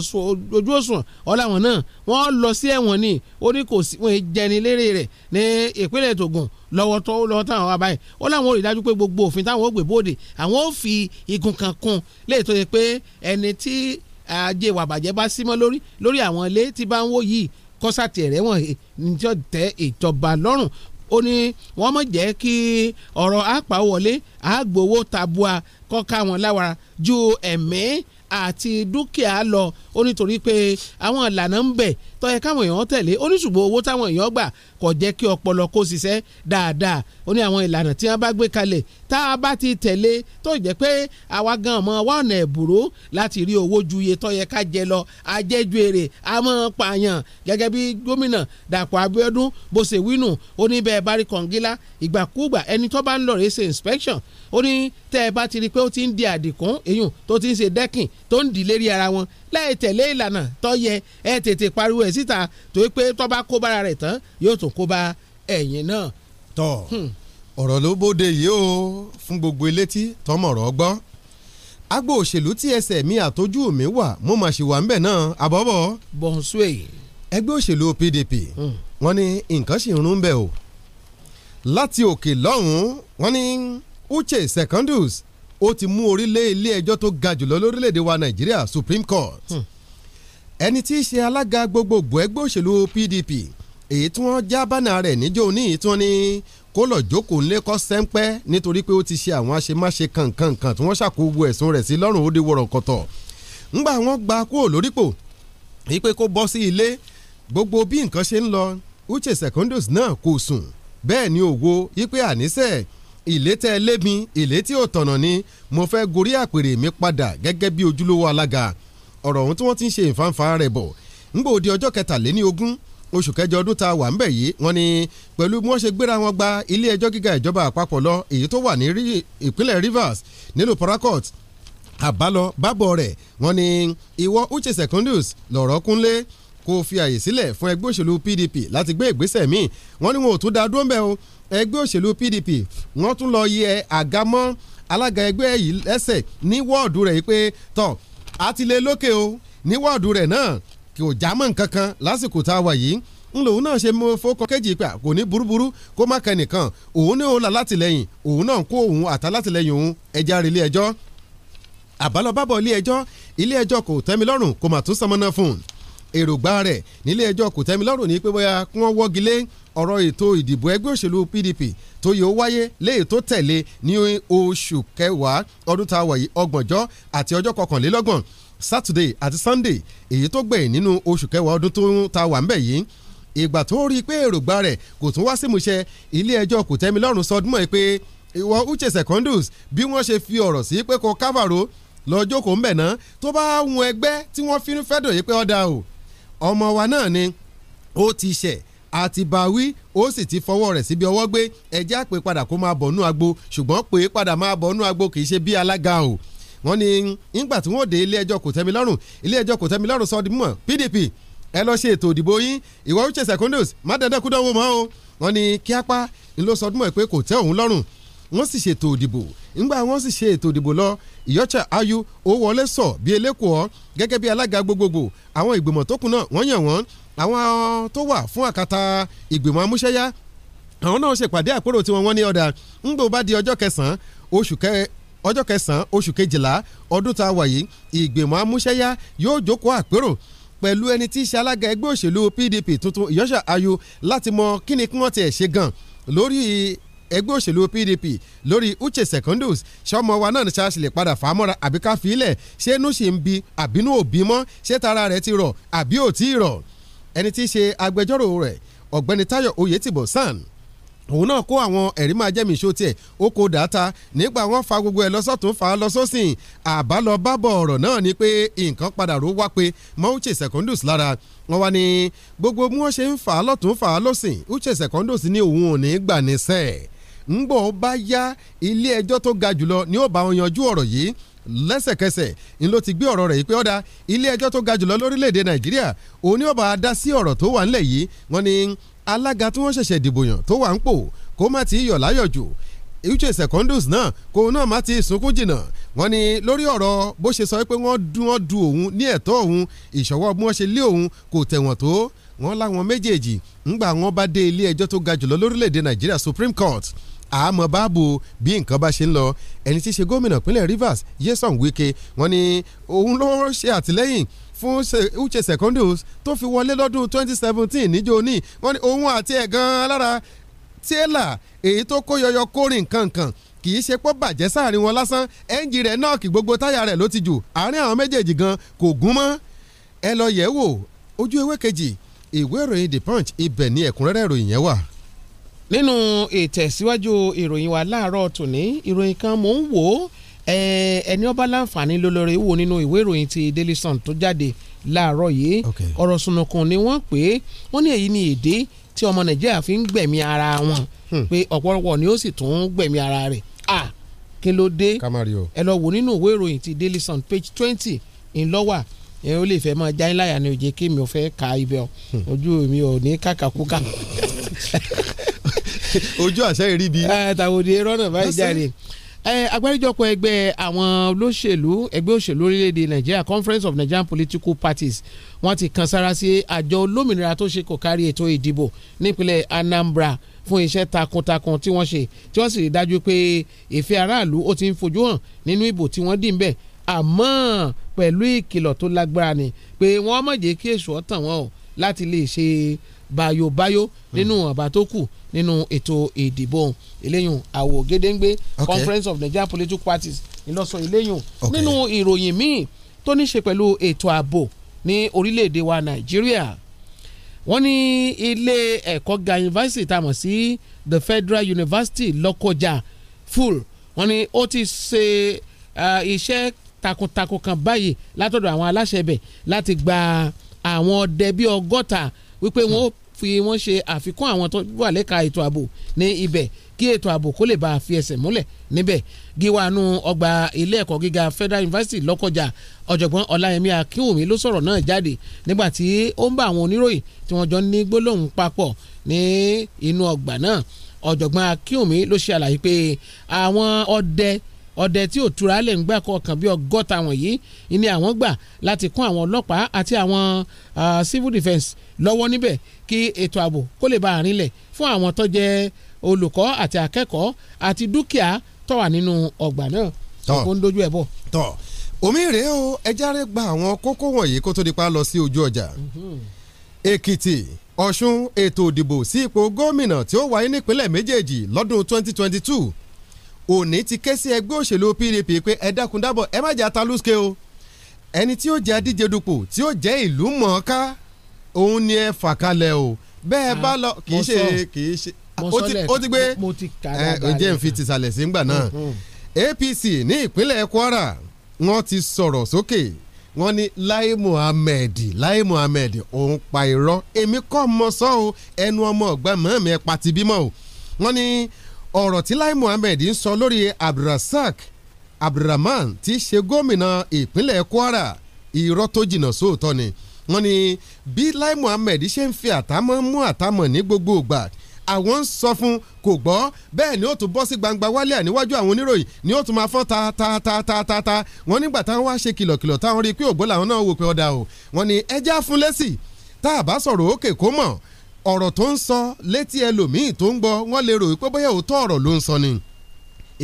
òsùn ọ̀làwọn náà wọ́n lọ sí ẹ̀wọ̀n ni ó ní kò sí wọn jẹni lérè rẹ̀ ní ìpínlẹ̀ Ògùn lọ́wọ́ tó lọ́wọ́ táwọn wá báyìí ó láwọn ò dájú pé gbogbo òfin táwọn ó gbé àwọn ó fi igun kan kún léètò yẹ pé ẹni tí ajé ìwà bàjẹ́ bá símọ́ lórí lórí àwọn ilé tí bá ń wó yìí kọ́sàtì ẹ̀rẹ́ wọn níjọ́ tẹ ìjọba lọ́rùn ó ní wọ́n mọ̀ jẹ́ kí ọ̀rọ̀ àpà wọlé àgbowó tabua kọ́ka wọn láwara ju ẹ̀mí àti dúkìá lọ ó nítorí pé àwọn ìlànà ń bẹ tó yẹ káwọn èèyàn tẹ̀lé ó ní ṣùgbọ́n owó táwọn èèyàn gbà kò jẹ́ kí ọpọlọ kó ṣiṣẹ́ dáadáa ó ní àwọn ìlànà tí wọ́n bá gbé kalẹ̀ tá a bá ti tẹ̀lé tó jẹ́ pé àwa gan ọmọ wa ọ̀nà ẹ̀bùrú láti rí owó ju iye tó yẹ ká jẹ lọ ajẹ́jú èrè àmọ́ pààyàn gẹ́gẹ́ bí gómìnà Dàpọ̀ Abíọ́dún bó ṣe wínú ó ní bẹ́ẹ̀ bá rí kọ̀ǹgílá ìgbàkúgbà ẹni tó bá ń lọ rèé ṣe inspection ó ní tẹ́ ẹ bá ti rí i pé ó ti ń di àdìkún èyùn tó ti ń ṣe dẹ́kìn tó ń dì lérí ara wọn láì tẹ̀lé ìlànà tó yẹ ẹ tètè pariwo ẹ̀ síta tó pé tó bá kó bára rẹ̀ tán yóò tún kó bá ẹ̀yìn náà. tọ hmm. ọ̀rọ̀ ló bóde yìí o fún gbogbo elétí tọmọ̀rọ̀ gbọ́ agbo òṣèlú tí ẹsẹ̀ mi àtọ́jú mi wà mo mà ṣì wà ń bẹ̀ náà àbọ̀bọ̀. bọ̀nsúwe. ẹgbẹ́ òṣèlú PDP hmm. wọ́n ní nǹkan sì ń rún bẹ́ẹ̀ o láti òkè lọ́hùn-ún wọ́n ní Uche Secondus ó ti mú orílẹ̀ ilé ẹjọ́ tó ga jùlọ lórílẹ̀‐èdè wa nàìjíríà supreme court hmm. ẹni tí í ṣe alága gbogbogbò ẹgbẹ́ òṣèlú pdp èyí tí wọ́n já bánà rẹ̀ níjó ní ìtún ni kó lọ jókòó nílé kọ́ sẹ́ńpẹ́ nítorí pé ó ti ṣe àwọn àṣemáṣe kankankan tí wọ́n ṣàkóso ẹ̀sùn rẹ̀ sí lọ́rùn ó di wọ̀rọ̀kọ̀tọ̀ ńgbà wọ́n gba kúrò lórípò wípé kó bọ́ sí ilé gbogbo bí nǹkan ṣe ń lọ uche secondus náà kò sùn bẹ́ẹ̀ ni ògo wípé àníṣe ìlétẹ́ ẹlẹ́mi ìlétí òtọ̀nà ni mo fẹ́ gorí àpèrè mi padà gẹ́gẹ́ bí ojúlówó alága ọ̀rọ̀ ọ̀hún tí wọ́n ti ń ṣe ìfànfà rẹ̀ bọ̀ ńgbò di ọjọ́ kẹtàléní ogún oṣù kẹjọ ọdún tá a wà ńbẹ̀ yìí wọ́n ní pẹ̀lú bí wọ́n ṣe gbéra wọn gba ilé ẹjọ́ gíga ìjọba àpapọ̀ lọ èyí tó wà ní ìpínlẹ̀ Rivers nílùú Port Harcourt àbálọ bábọ̀ rẹ̀ wọ́n ní ìwọ Uche Secondus lọ̀rọ̀ kúnlé kó fi àyè sílẹ̀ fún ẹgbẹ́ òṣèlú PDP láti gbé ìgbésẹ̀ míì wọ́n ní wọn ò tún da dúró ń bẹ̀ o ẹgbẹ́ òṣèlú PDP wọ́n tún lọ yẹ àgámọ́ alága ẹgbẹ́ yìí lẹ́sẹ̀ ní wọ́ọ̀dù rẹ̀ yìí pé tọ̀ àti lè lókè o ní wọ́ọ̀dù rẹ̀ náà kò já mọ́ nǹkan kan lásìkò tá a wà yìí ń lòun náà ṣe mọ fọkàn kejì pé kò ní burúburú kó má kẹ nìkan òun ní òun là látìlẹ́yìn òun náà kó òun àtà látìlẹ́yìn òun ẹja rẹ ilé ẹjọ́ àbálọbábọ ilé ẹjọ́ ilé ẹjọ́ kò tẹ́mi lọ́rùn kó mà tún sọmọ náà fún un èròǹgbà rẹ̀ nílé ẹjọ́ kòtẹ́milọ́rùn ní pé bóyá kí wọ́n wọ́gi lé ọ̀rọ̀ ètò ìdìbò ẹgbẹ́ òṣèlú PDP tó yóò wáyé léyìí tó tẹ̀lé ní oṣù kẹwàá ọdún tá a wà yìí ọgbọ̀njọ́ àti ọjọ́ kọkànlélọ́gbọ̀n Saturday àti Sunday èyí tó gbẹ̀yìn nínú oṣù kẹwàá ọdún tó ń ta wà ń bẹ̀ yìí ìgbà tó rí i pé èròǹgbà rẹ̀ kò tún wá símúṣẹ ilé ẹjọ́ kòtẹ́milọ́rùn sọdúnmọ́ ẹ pé ìwọ Uche Secondus bí wọ́n ṣe fi ọ̀rọ̀ sí pé kò kávàrò lọ́jọ́ kò ń bẹ̀ ná tó bá wọn ẹgbẹ́ tí wọ́n fi ń fẹ́ dòye pé ọ̀dà o ọmọ wa náà ni ó ti ṣẹ̀ àti báwí ó sì ti fọwọ́ rẹ̀ síbi ọwọ́ gbé ẹjẹ́ àpè padà kó máa bọ̀ agbo ṣùgbọ́n pé padà máa bọ̀ agbo kì í ṣe bí alága o wọ́n ní nígbà tí wọ́n dé ilé ẹjọ́ kò tẹ́mi lọ́rùn ilé ẹjọ́ kò tẹ́mi lọ́rùn sọ di PDP ẹ lọ ṣe ètò òdìbò yín ìwọ Uche Secondus má dandan kú dánwò mọ́ o wọ́n ní kí apá ńlọ pé kò tẹ́ òun lọ́rùn wọ́n sì ṣètò òdìbò ńgbà wọ́n sì ṣe ètò òdìbò lọ ìyọ́chà ayú ó wọlé sọ bí elékòó gẹ́gẹ́ bí alága gbogbogbò àwọn ìgbìmọ̀ tó kù náà wọ́n yàn wọ́n àwọn tó wà fún àkàtà ìgbìmọ̀ amúṣẹ́yá àwọn náà ṣèpàdé àpérò tiwọn wọ́n ní ọ̀dà ńgbò bá di ọjọ́ kẹsàn-án oṣù kẹ ọjọ́ kẹsàn-án oṣù kejìlá ọdún tá a wà yìí ìgbìmọ̀ amúṣẹ́yá yóò jókòó àpérò pẹ̀lú ẹni tí í ṣe alága ẹgbẹ́ òṣèlú PDP tuntun ìyọ́ṣà ayú láti mọ kíni kí wọ́n tiẹ̀ ṣe gan lórí ẹgbẹ́ òṣèlú PDP lórí Uche Secondus ṣọmọ wa náà ṣáà sì lè padà fà á mọ́ra àbí ká fi í lẹ̀ ṣé inú sì ń bi àbínú òbí mọ́ ṣé tara rẹ̀ ti rọ̀ àbí ò tí ì rọ̀ ẹni tí í ṣe agbẹjọ́rò rẹ̀ ọ̀gbẹ́ni Táyọ̀ Oyètìbọ̀ SAN òun náà kó àwọn ẹ̀rí máa jẹ́mi ṣó tiẹ̀ ó kó dàáta nígbà wọn fa gbogbo ẹ̀ lọ́sọ̀tún fa lọ́sọ̀sìn àbálọ́bábọ̀ ọ̀rọ̀ náà ni pé nǹkan padà ró wá pé mọ́ Secondus lára wọn wá ní gbogbo bí ń fà lọ́tún fà lọ́sìn Uche Secondus ní òun ò ní gbà ní sẹ́ẹ̀ ńgbọ́ bá yá ilé ẹjọ́ tó ga jùlọ ni ó bá wọn yanjú ọ̀rọ̀ yìí lẹ́sẹ̀kẹsẹ̀ n ló ti gbé ọ̀rọ̀ rẹ̀ yìí pé ọ̀dà ilé ẹjọ́ tó ga jùlọ lórílẹ̀‐èdè nàìjíríà òun ni ó bá dá sí ọ̀rọ̀ tó wà ńlẹ̀ yìí wọ́n ní alága tí wọ́n ṣẹ̀ṣẹ̀ dìbò yàn tó wà ń pò kó má ti yọ̀ láyọ̀ jù uche secondus náà kó náà má ti sunkún jìnnà wọ́n ní lórí ọ̀rọ̀ bó ṣe sọ pé wọ́n dún wọn du òun ní ẹ̀tọ́ òun ìṣọwọ́ bí wọ́n ṣe lé òun kò tẹ̀wọ̀n tó wọ́n láwọn méjèèjì ńgbà wọ́n bá dé ilé ẹjọ́ tó ga jùlọ lórílẹ̀‐èdè nàìjíríà supreme court àmọ́ báàbò bí nǹkan bá ṣe ń lọ ẹni tí í ṣe gómìnà ìpínlẹ̀ Rivers Yeson Wike wọ́n ní òun ló ṣe àtìlẹ́yìn fún Uche Secondos tó fi wọlé lọ́dún 2017 níjó ní wọ́n ní òun àti ẹ̀ gan-an lára tíélà èyí tó kó yọyọ kórìn kankan kì í ṣe pọ́ bàjẹ́ sáàrin wọn lásán ẹ́ńjì rẹ̀ náà kì gbogbo táyà rẹ̀ ló ti jù àárín àwọn méjèèjì gan kò gún mọ́ ẹ lọ yẹ̀ wò ojú ewé kejì ìwé ìròyìn The Punch ibẹ̀ ni ẹ̀kúnrẹ́rẹ́ ìròyìn yẹn wà nínú ìtẹ̀síwájú ìròyìn wa láàárọ̀ tòní ìròyìn kan mò ń wò ó ẹni ọba láǹfààní lólórí wò nínú ìwé ìròyìn ti Daily Sun tó jáde láàárọ̀ yìí ọ̀rọ̀ sunukun ni wọ́n pè é wọ́n ní èyí ni èdè tí ọmọ Nàìjíríà fi ń gbẹ̀mí ara wọn hmm. pé ọ̀pọ̀lọpọ̀ ni ó sì tún ń gbẹ̀mí ara rẹ̀ à kí ló dé ẹ lọ wò nínú ìwé ìròyìn ti Daily Sun page twenty ńlọ́wà ó lè fẹ́ máa jáyín láyà ni òjé kí mi ò fẹ́ ka ibẹ̀ ọ hmm. ojú mi ò ní kàkàkúkà. [laughs] ojú àṣẹ rí bi. tàwọn òde rọ́nà báyìí jáde agbáríjọpọ̀ ẹgbẹ́ àwọn olóṣèlú ẹgbẹ́ òṣèlú orílẹ̀-èdè Nigeria Conference of Nigerian Political Parties wọ́n ti kan sára sí àjọ olómìnira tó ṣe kò kárí ètò ìdìbò nípínlẹ̀ Anambra fún iṣẹ́ takuntakun tí wọ́n ṣe tí wọ́n sì rí dájú pé ìfẹ́ aráàlú ó ti ń fojú hàn nínú ìbò tí wọ́n dì ń bẹ̀ àmọ́ pẹ̀lú ìkìlọ̀ tó lágbára ni pé wọ́n má jẹ́ kí èṣù ọ̀tàn wọn o láti lè ṣe bayobayo hmm. nínú ọ̀bà tó kù nínú ètò ìdìbò eléyìn àwò gédéǹgbé Conference of Nigerian Political Parties ìlọsọ eléyìn nínú ìròyìn míì tó ní ṣe pẹ̀lú ètò ààbò ní orílẹ̀-èdè wa Nàìjíríà wọ́n ní ilé ẹ̀kọ́ ga yunifásitì tá a mọ̀ sí the Federal University Lọ́kọjà full wọ́n ní ó ti ṣe eh, iṣẹ́ takuntakun kan báyìí látọ̀dọ̀ àwọn aláṣẹ ibẹ̀ láti gba àwọn ọdẹ bíi ọgọ́ta wípé wọ́n fi wọ́n ṣe àfikún àwọn tó wà lẹ́ka ètò ààbò ní ibẹ̀ kí ètò ààbò kó lè bá a fi ẹsẹ̀ múlẹ̀ níbẹ̀ gíwánu ọgbà ilé ẹ̀kọ́ gíga Federal University Lọ́kọjà ọ̀jọ̀gbọ́n Ọláyẹmí Akínwùmí ló sọ̀rọ̀ náà jáde nígbà tí ó ń bá àwọn oníròyìn tí wọ́n jọ ń ní gbólóhùn papọ̀ ní inú ọgbà náà ọ̀jọ̀gbọ́n Akínwùmí ló ṣe àlàyé pé àwọn ọdẹ ọ̀dẹ tí ò tura lẹ̀ ń gbà kọ̀ọ̀kan bí ọgọ́ta wọ̀nyí ni àwọn gbà láti kún àwọn ọlọ́pàá àti àwọn civil defence lọ́wọ́ níbẹ̀ kí ètò ààbò kó lè bá àárín lẹ̀ fún àwọn tó jẹ́ olùkọ́ àti akẹ́kọ̀ọ́ àti dúkìá tó wà nínú ọgbà náà tó ń dojú ẹ̀ bọ̀. tọ omi rèé o ẹja rẹ gba àwọn kókó wọ̀nyí kó tó di pa lọ sí ojú ọjà mhm. Èkìtì Ọ̀ṣun ètò òdìbò sí ipò gómìnà tí ó wáyé nípínlẹ̀ méjèèjì lọ́dún 2022 òní ti ké sí ẹgbẹ́ òṣèlú PDP pé ẹ dákun dábọ̀ ẹ má jẹ́ atalúske o ẹni tí ó jẹ́ adíje dupò tí ó jẹ́ ìlú mọ̀ọ́ká òun ni ẹ fà kalẹ̀ o bẹ́ẹ̀ bá lọ kì ah, ṣe kì ṣe ó ti gbé ẹ ǹjẹ́ n fi tìsàlẹ̀ sí ngbà náà mm, mm. APC ní ìpínlẹ̀ Kwara wọ́n ti sọ̀rọ̀ sókè wọ́n ní Lai Muhammed Lai Muhammed òun pa irọ́ èmi kọ́ mọ sọ́ o ẹnu ọmọ ọ̀gbà mọ́ mi ẹ̀ pa ti bímọ o wọ́n ní ọ̀rọ̀ tí Lai Muhammed ń sọ lórí Abdulrasaq Abdulrahman tí í ṣe gómìnà ìpínlẹ̀ Kwara irọ́ tó jìnnà sóòótọ́ ni wọ́n ní bí Lai Muhammed ṣe ń fi àtàmọ́ mú àtàmọ́ ní gbogbo ìgbà àwọn ń sọ fún kò gbọ́ bẹ́ẹ̀ ni ó tún bọ́ sí gbangba wálé àníwájú àwọn oníròyìn ni ó tún máa fọ́n ta ta ta ta ta ta wọ́n nígbà táwọn wá ṣe kìlọ̀kìlọ̀ táwọn rí i pé ògbó làwọn náà wò pé ọ̀dà o wọ́n ní ẹja fún lẹ́sì tá a bá sọ̀rọ̀ òkè kó mọ̀ ọ̀rọ̀ tó ń sọ létí ẹlòmíì tó ń gbọ́ wọ́n lè rò wípé bóyá òótọ́ ọ̀rọ̀ ló ń sọ ni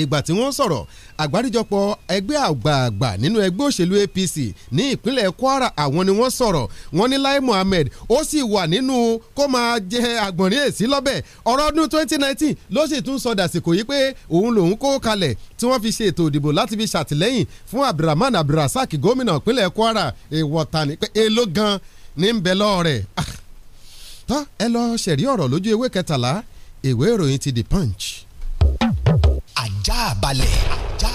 ìgbà tí wọ́n sọ̀rọ̀ àgbáríjọpọ̀ ẹgbẹ́ àgbààgbà nínú ẹgbẹ́ òṣèlú APC ní ìpínlẹ̀ Kwara àwọn ni wọ́n sọ̀rọ̀ wọ́n ní Lai Mohammed ó sì wà nínú kó máa jẹ àgbọ̀nrín èsì lọ́bẹ̀ ọ̀rọ̀ ọdún 2019 ló sì tún sọ dàsìkò yìí pé òun lòun kó kalẹ̀ tí wọ́n fi ṣe ètò ìdìbò láti fi ṣàtìlẹ́yìn fún Abdulrahman Abdulrasaq gómìnà ìpínlẹ̀ Kwara èèwọ̀ tani pé èèló gan ní ń tọ́ ẹ lọ ṣẹ̀rí ọ̀rọ̀ lójú ewé kẹtàlá ìwé ìròyìn ti The Punch. ajá balẹ̀ ajá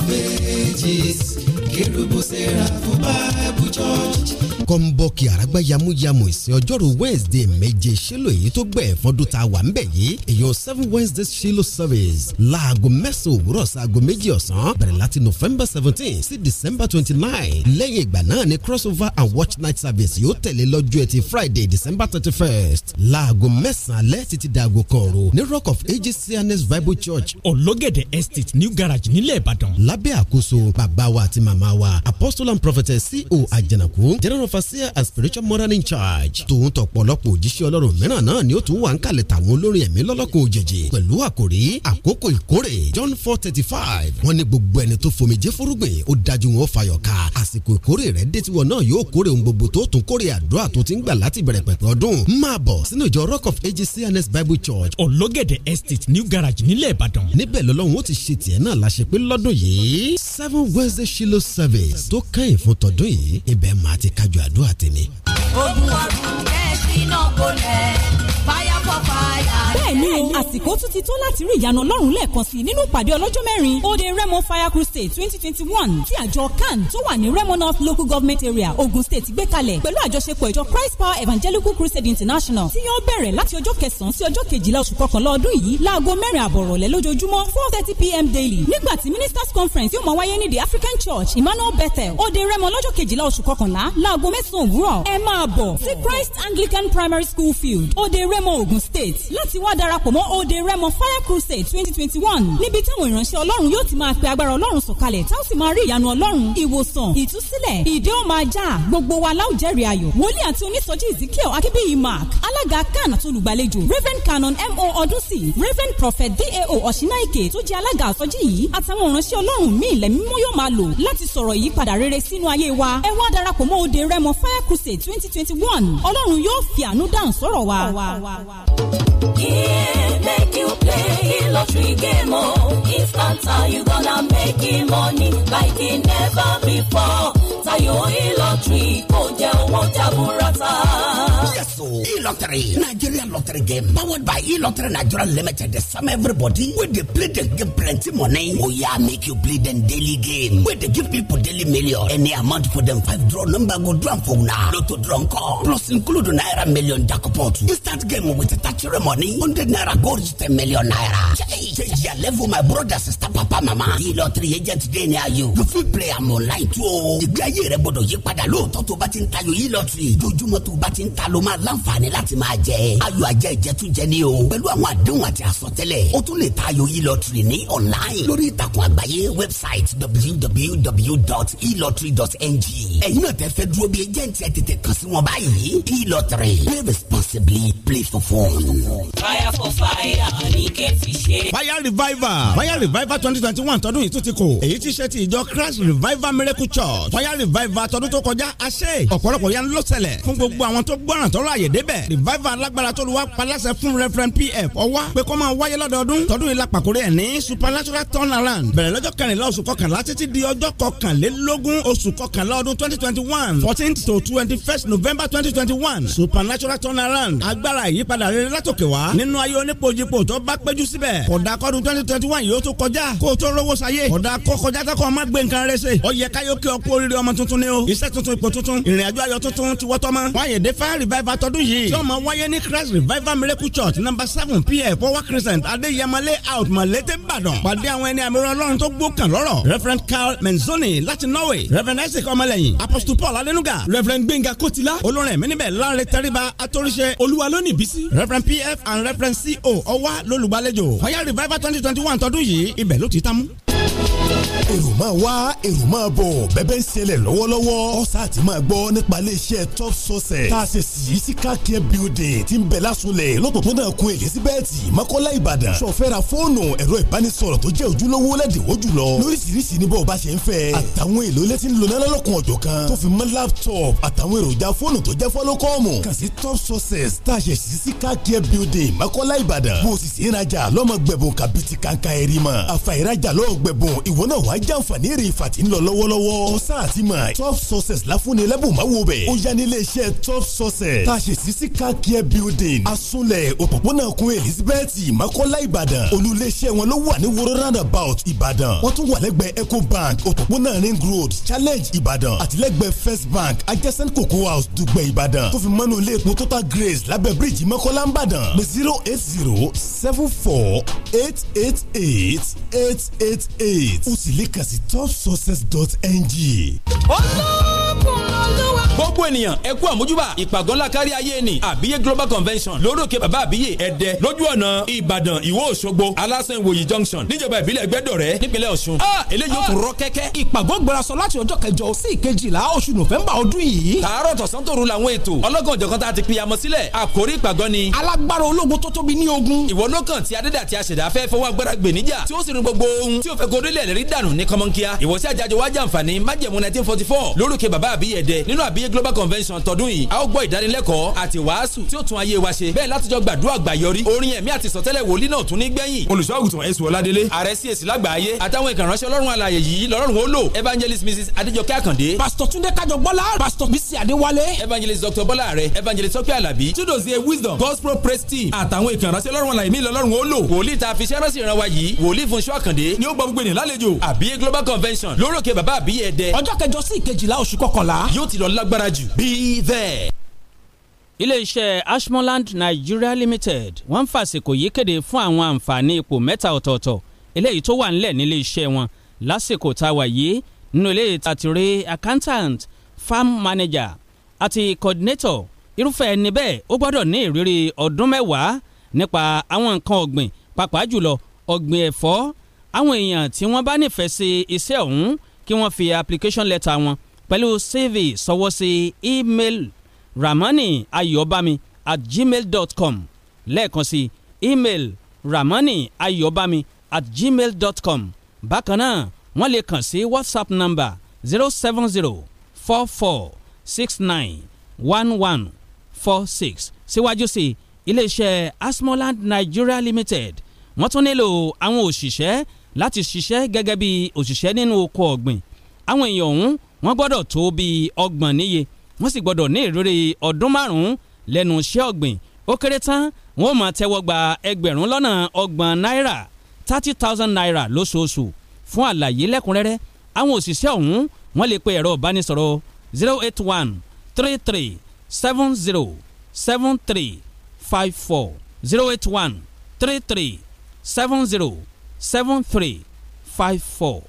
of ages kérubù sẹ́ra fún bible church kọ́ńbọ́ọ̀kì àràgbá yamuyamu ìsìn ọjọ́rú wednesday méje ṣílò èyí tó gbẹ̀ fọ́dún tá a wà ń bẹ̀ yìí èyàn seven wednesday ṣílò service láago mẹ́sàn-án òwúrọ̀ sáago méjì ọ̀sán bẹ̀rẹ̀ láti november seventeen sí december twenty nine lẹ́yìn ìgbà náà ni crossover and watch night service yóò tẹ̀lé lọ́jọ́ ẹtì friday december thirty first láago mẹ́sàn-án lẹ́ẹ̀tì ti dàgò kọ̀ọ̀rọ̀ ní rock of ages cns bible church ológẹ̀dẹ̀ estate new garage nílẹ̀ ìbàdàn lábẹ́ àkóso bàbá wa àti màmá wa apostle and prophetess co àjànàkú general overseer and spiritual moral in charge tòun tọ̀pọ̀lọpọ̀ òjíṣẹ́ ọlọ́run mìíràn náà ni ó tún wà ń kalẹ̀ tàwọn olórin ẹ̀mí lọ́lọ́kùn òjèjì pẹ̀lú àkòrí àkókò ìkórè John four thirty five wọ́n ní gbogbo ẹni tó fomijé fúrúgbìn ó dájú wọn ó fayọ̀ ká àsìkò ìkórè rẹ̀ dé tiwọn náà yóò kórè ohun gbogbo tó tún kórè àdúrà tó ti ń gbà láti bẹ̀rẹ̀ pẹ̀pẹ̀ ọdún máa bọ̀ sínú ìjọ rock of ages cns bible church ológèdè estate new garage nílẹ̀ ìbàdàn níbẹ̀ lọ́lọ́run ó ti ṣe tiẹ̀ náà láṣẹ pé lọ́dún yìí seven wednesday shiloh service tó kẹ́yìn fún tọdún yìí ibẹ̀ máa ti kájọ àdúrà tèmi. ogun ọdún kẹ́sì náà kò lẹ̀ fire for fire bẹ́ẹ̀ ni o àsìkò tún ti tó láti rí ìyanu ọlọ́run lẹ́ẹ̀kan sí nínú ìpàdé ọlọ́jọ́ mẹ́rin òde remo fire crusade twenty twenty one tí àjọ can tó wà ní remo north local government area ogun state gbé kalẹ̀ pẹ̀lú àjọṣepọ̀ ìjọ christ power evangelical crusade international tí yóò bẹ̀rẹ̀ láti ọjọ́ kẹsàn-án sí ọjọ́ kejìlá oṣù kọkànlá ọdún yìí láago mẹ́rin àbọ̀rọ̀lẹ́ lójoojúmọ́ four thirty pm daily nígbà tí ministers conference yóò máa wáyé ní the african church emmanuel bethel Ode remo lọ́jọ́ kejìlá oṣù kọkànlá láago mẹ́sàn-án òwúrọ̀ ẹ máa bọ̀ sí christ anglican primary school field Ode remo ogun state láti wá darapọ̀ mọ́ òde rẹ́mọ fire crusade twenty twenty one níbi táwọn ìránṣẹ́ ọlọ́run yóò ti máa pe agbára ọlọ́run sọ̀kalẹ̀ tá ó sì máa rí ìyanu ọlọ́run ìwòsàn ìtúsílẹ̀ ìdè ó máa já gbogbo wa láwùjẹ́rìí ayọ̀ wòlíì àti onísọjí ezekiel akínbíyì mark alága kan àti olùgbàlejò reverend canon mo ọdúnsì reverend prophet dao ọ̀ṣínáìkè tó jẹ́ alága àsọjí yìí àtàwọn ìránṣẹ́ ọlọ́run míì lẹ́mímọ́ yóò máa lò láti sọ̀rọ̀ ìyípadà rere sínú ayé wa ẹ wá darapọ̀ mọ́ òde rẹ́mọ fire crusade twenty twenty one ọlọ́run yóò fi àánú dáhùn sọ̀rọ̀ wa. Yeah make you play e game o oh. if answer you gonna make money like e never before tayo e kò jẹ́ owó jaburata. yes e-lottery oh, nigeria lottery game powered by e-lottery nigeria limited The sum everybody wey they play the game, plenty money oya oh, make you play dem daily game where they give people daily million any amount for them five draw number go draw for una lotto draw call plus include naira million jackpot you start game with touch money hundred naira gold to million naira. Change your level, my brother, sister, papa, mama. The lottery agent dey near you. You fit play am online too o. Ìgbé ayé rẹ̀ gbọ́dọ̀ yí padà lóòótọ́ tó bá ti ń tayọ yí to Lójúmọ́ tó bá ti ń ta ló máa láǹfààní láti máa jẹ. Ayọ̀ ajẹ́ ìjẹ́tújẹ ni o. Pẹ̀lú àwọn àdéhùn àti àsọtẹ́lẹ̀, o tún lè tayọ yí lọ́tìrì ní online. Lórí ìtàkùn àgbáyé wẹ́bsáìtì www.elottery.ng. Ẹ̀yin náà tẹ́ fẹ́ dúró bí ẹjẹ́ntì ẹ̀ tètè kàn sí wọn báyìí. E-lottery, play responsibly, play for fun fire revival fire revival twenty twenty one tọdún yìí tún ti kò èyí ti ṣe ti ìjọ christ revival miracle church fire revival tọdún tó kọjá a ṣe ọ̀pọ̀lọpọ̀ yẹn ló ṣẹlẹ̀ fún gbogbo àwọn tó gbọ́ràn tọ́lọ́ àyè débẹ̀ revival alágbára tó lu wá paláṣẹ fún referent pf ọwá pé kó máa wáyé lọ́dọọdún tọdún yìí la pàkórè ẹ̀ ní supernatural turnaround bẹ̀rẹ̀ lọ́jọ́ kẹrìnlá oṣù kọkànlá títí di ọjọ́ kọkànlélógún oṣù kọkànlá ọdún twenty twenty one fourteenth to twenty first november twenty twenty one supernatural turnaround agbára ìyípadà rere látòkè wá nínú ayé onípojípo tó bá péjú síbẹ̀ kódà kọ́dún twenty twenty one yóò tó kọjá kó o tó rówó sáyé kódà kó kọjá tó kọ́ ọ má gbé nǹkan rẹ ṣe ó yẹ káyọ̀ kí ọkú oríire ọmọ tuntun ni o iṣẹ́ tuntun ipò tuntun ìrìn àjò ayọ̀ tuntun ti wọ́tọ́ mọ́ wáyé defa revival tọdún yìí tí ó máa wáyé ní Christ revival miracle church number seven pm power crescent adéyẹmọlé out malete pàdé àwọn ẹni àmì Ọlọ́run tó gbókàn lọ́rọ̀ reverend Carl Menzoni láti Norway reverend Isaac Ọmọlẹ́yìn apostle Paul Alenuga reverend Gbénga Kotila olórin ẹ̀mí níbẹ̀ láre tẹ́ríba atóríṣẹ́ olúwa lónìí bísí reverend pf and reverend chaplain co ọwá lólùgbàlejò ọ̀yá revival twenty twenty one tọdún yìí ibẹ̀ ló ti tán mú èrò máa wá èrò máa bọ̀ bẹ́bẹ́ ń ṣẹlẹ̀ lọ́wọ́lọ́wọ́ ọ̀sà àti máa gbọ́ nípa iléeṣẹ́ top sources tá a ṣe sí sí building tí ń bẹ̀ lásunlẹ̀ lọ́pọ̀pọ̀nà kun elizabeth makola ìbàdàn sọ̀fẹ́ra fóònù ẹ̀rọ ìbánisọ̀rọ̀ tó jẹ́ ojúlówó lẹ́dínwó jùlọ lóríṣiríṣi ní bọ́ọ̀ bá ṣe ń fẹ́ àtàwọn èlò ilé tí ń lona lọ́lọ́kun ọ̀jọ̀ kan tó fi mọ́ laptop àtàwọn èròjà fóònù tó jẹ́ fọ́lọ́kọ́ọ̀mù kàn sí top sources tá a ṣe sí sí building makola ìbàdàn bó o sì sí ìrajà lọ́mọ gbẹ̀bùn kàbìtì kàǹkà ẹ̀rí mọ́ àfàìrajà lọ́ọ̀ gbẹ̀bùn ìwọ náà wàá jàǹfààní èrè ìfà tí ń lọ lọ́wọ́lọ́wọ́ ọ̀sán àti mà top success láfúnni lẹ́bùn máwo bẹ̀ ó yá nílé iṣẹ́ top success tá a ṣe sí sí car care building asunlẹ̀ òpópónà kun elizabeth makola ìbàdàn olùléeṣẹ́ wọn ló wà ní woro roundabout ìbàdàn wọ́n tún wà lẹ́gbẹ̀ẹ́ ecobank òpópónà ring road challenge ìbàdàn àtìlẹ́gbẹ̀ẹ́ first bank adjacent cocoa house dùgbẹ̀ ìbàdàn tó fi mọ́nú ilé epo total grace lábẹ́ bíríìjì mọ́kọ́lá ń bàdàn pé zero eight zero seven four eight eight eight eight eight eight sì lè kàn sí topsuccess.ng. olókùn lọ́lọ́wọ́. gbogbo ènìyàn ẹ kú àmójúbà ìpàgọ́ ńlá kárí ayé ni àbíyé global convention lórí òkè bàbá àbíyé ẹ̀dẹ́ lójú ọ̀nà ìbàdàn ìwó òṣogbo alásán ìwòyí junction níjọba ìbílẹ̀ ẹgbẹ́dọ̀rẹ́ nípínlẹ̀ ọ̀ṣun. a eléyìí ó tún rọ kẹ́kẹ́. ìpàgọ́ gbọ́dọ̀ láti ọjọ́ kẹjọ sí ìkejìlá oṣù nọ́fẹ̀mbà ọdún yìí. tààrọ̀ tọ̀sán tó tóbi ní ogun. ìwọ dànù ní kọ́mọ́nkíá ìwọ́sí àjàjò wa jàǹfààní májẹ̀mú nineteen forty four lórúkẹ bàbá àbíyẹ̀dẹ nínú àbíyẹ global convention tọdún yìí a ó gbọ́ ìdánilẹ́kọ̀ọ́ àti wàásù tí ó tún ayé wa ṣe bẹ́ẹ̀ látijọ́ gbàdúrà gbàyọrí orin ẹ̀mí àti sọtẹ́lẹ̀ wòlíì náà tún ní gbẹ̀yìn olùṣọ́àgùtàn ẹ̀sùn ọ̀ládélé ààrẹ csc lágbàáyé àtàwọn ìkànránṣẹ́ ọlọ́run alààyè yìí lọ́rùn ó lò evangelist mrs adéjọkẹ́ àkàndé pastor túndé kájọgbọ́lá pastor bisi evangelist dr bọ́lá rẹ̀ evangelist tọ́pẹ́ alábí chidozie wisdom gospel praise team àtàwọn ìkànránṣẹ́ ọlọ́run alààyè mi lọ́rùn ó lò wòlíì ta fi ṣẹ́ránṣẹ́ ìran wa yìí wòlíì fúnṣọ́ àkàndé ni ó gbọ́ gbogbo ènìyàn lálejò àbíyé global convention lórókè bàbá àbíyé ẹ̀dẹ́ ọjọ́ kẹjọ sí ìkejìlá oṣù kọkànlá yóò ti lọ lágbára jù be there iléeṣẹ́ ashmoland nigeria limited wọ́n ń fàsìkò yìí kéde fún àwọn àǹfààní ipò mẹ́ta ọ̀tọ̀ọ̀tọ̀ eléyìí tó wà ńlẹ̀ nílé iṣẹ́ wọn lásìkò tá a wà yìí nínú ilé ìtàtìrẹ accountant farm manager àti coordinator irúfẹ́ ẹni bẹ́ẹ̀ ó gbọ́dọ̀ ní ìrírí ọdún mẹ́wàá nípa àwọn nǹkan ọ̀gbìn pàápàá jùlọ ọ̀gbìn ẹ̀fọ́ àwọn èèyàn tí wọ́n bá nífẹ̀ẹ́ sí iṣẹ́ ọ̀hún kí wọ́n fi application letter wọn pẹ̀lú CV sọwọ́ sí email ramani ayobami at gmail dot com lẹ́ẹ̀kan sí email ramani ayobami at gmail dot com bákan náà wọ́n lè kàn sí WhatsApp number zero seven zero four four six nine one one four six síwájú sí iléeṣẹ́ Asmoland Nigeria Limited wọ́n tún nílò àwọn òṣìṣẹ́ láti ṣiṣẹ́ gẹ́gẹ́ bí òṣìṣẹ́ nínú oko ọ̀gbìn àwọn èèyàn ọ̀hún wọ́n gbọ́dọ̀ tó bíi ọgbọ̀n níye wọ́n sì gbọ́dọ̀ ní ìrírí ọdún márùn-ún lẹ́nu iṣẹ́ ọ̀gbìn ó kéré tán wọ́n máa tẹ́wọ́ gba ẹgbẹ̀rún lọ́nà ọgbọ̀n náírà thirty thousand naira lóṣooṣù fún àlàyé lẹ́kùnrẹ́rẹ́ àwọn òṣìṣẹ́ ọ̀hún wọ́n lè pe ẹ̀rọ ìbánisọ̀rọ̀ zero eight one three three seven zero seven three five four zero eight one three three seven zero seven three five four.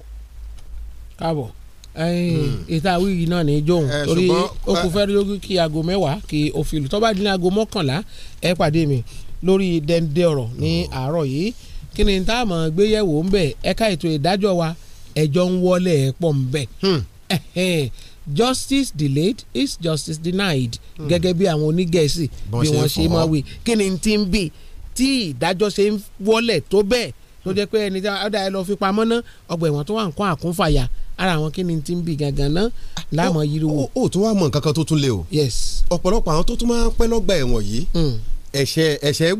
káàbọ̀ hmm. ìta wíyì náà ní jóun torí ó kú fẹ́ẹ́ lórí kí aago mẹ́wàá kí o fi lù tó dín ní aago mọ́kànlá ẹ pàdé mi lórí dẹ́ndé ọ̀rọ̀ ní hmm. àárọ̀ yìí kí ni tá a mọ̀ gbéyẹ̀wò ń bẹ̀ ẹ̀ka ètò ìdájọ́ wa ẹjọ́ ń wọlé ẹ̀ pọ̀ ń bẹ̀ hmm. justice delayed is justice denied gẹ́gẹ́ bí àwọn onígẹ̀ẹ́sì bí wọ́n ṣe máa wí kí ni ti ń bì tí ìdájọ́ ṣe ń wọlé tó bẹ́ẹ̀ tó jẹ́ pé ẹni tí ọ̀dà ẹ lọ fi pamọ́ ná ọgbà ẹ̀wọ̀n tó wà ń kọ́ àkúnfàyà ara àwọn kíni ti ń bì gangan ná láàmú yìí o tún wá mọ nǹkan kan tó tún lé o. yes. ọ̀pọ̀lọpọ̀ àwọn tó tún máa ń pẹ́ lọ́gbà ẹ̀wọ̀n yìí. Hmm. ẹ̀ṣẹ̀ ẹ̀ṣẹ̀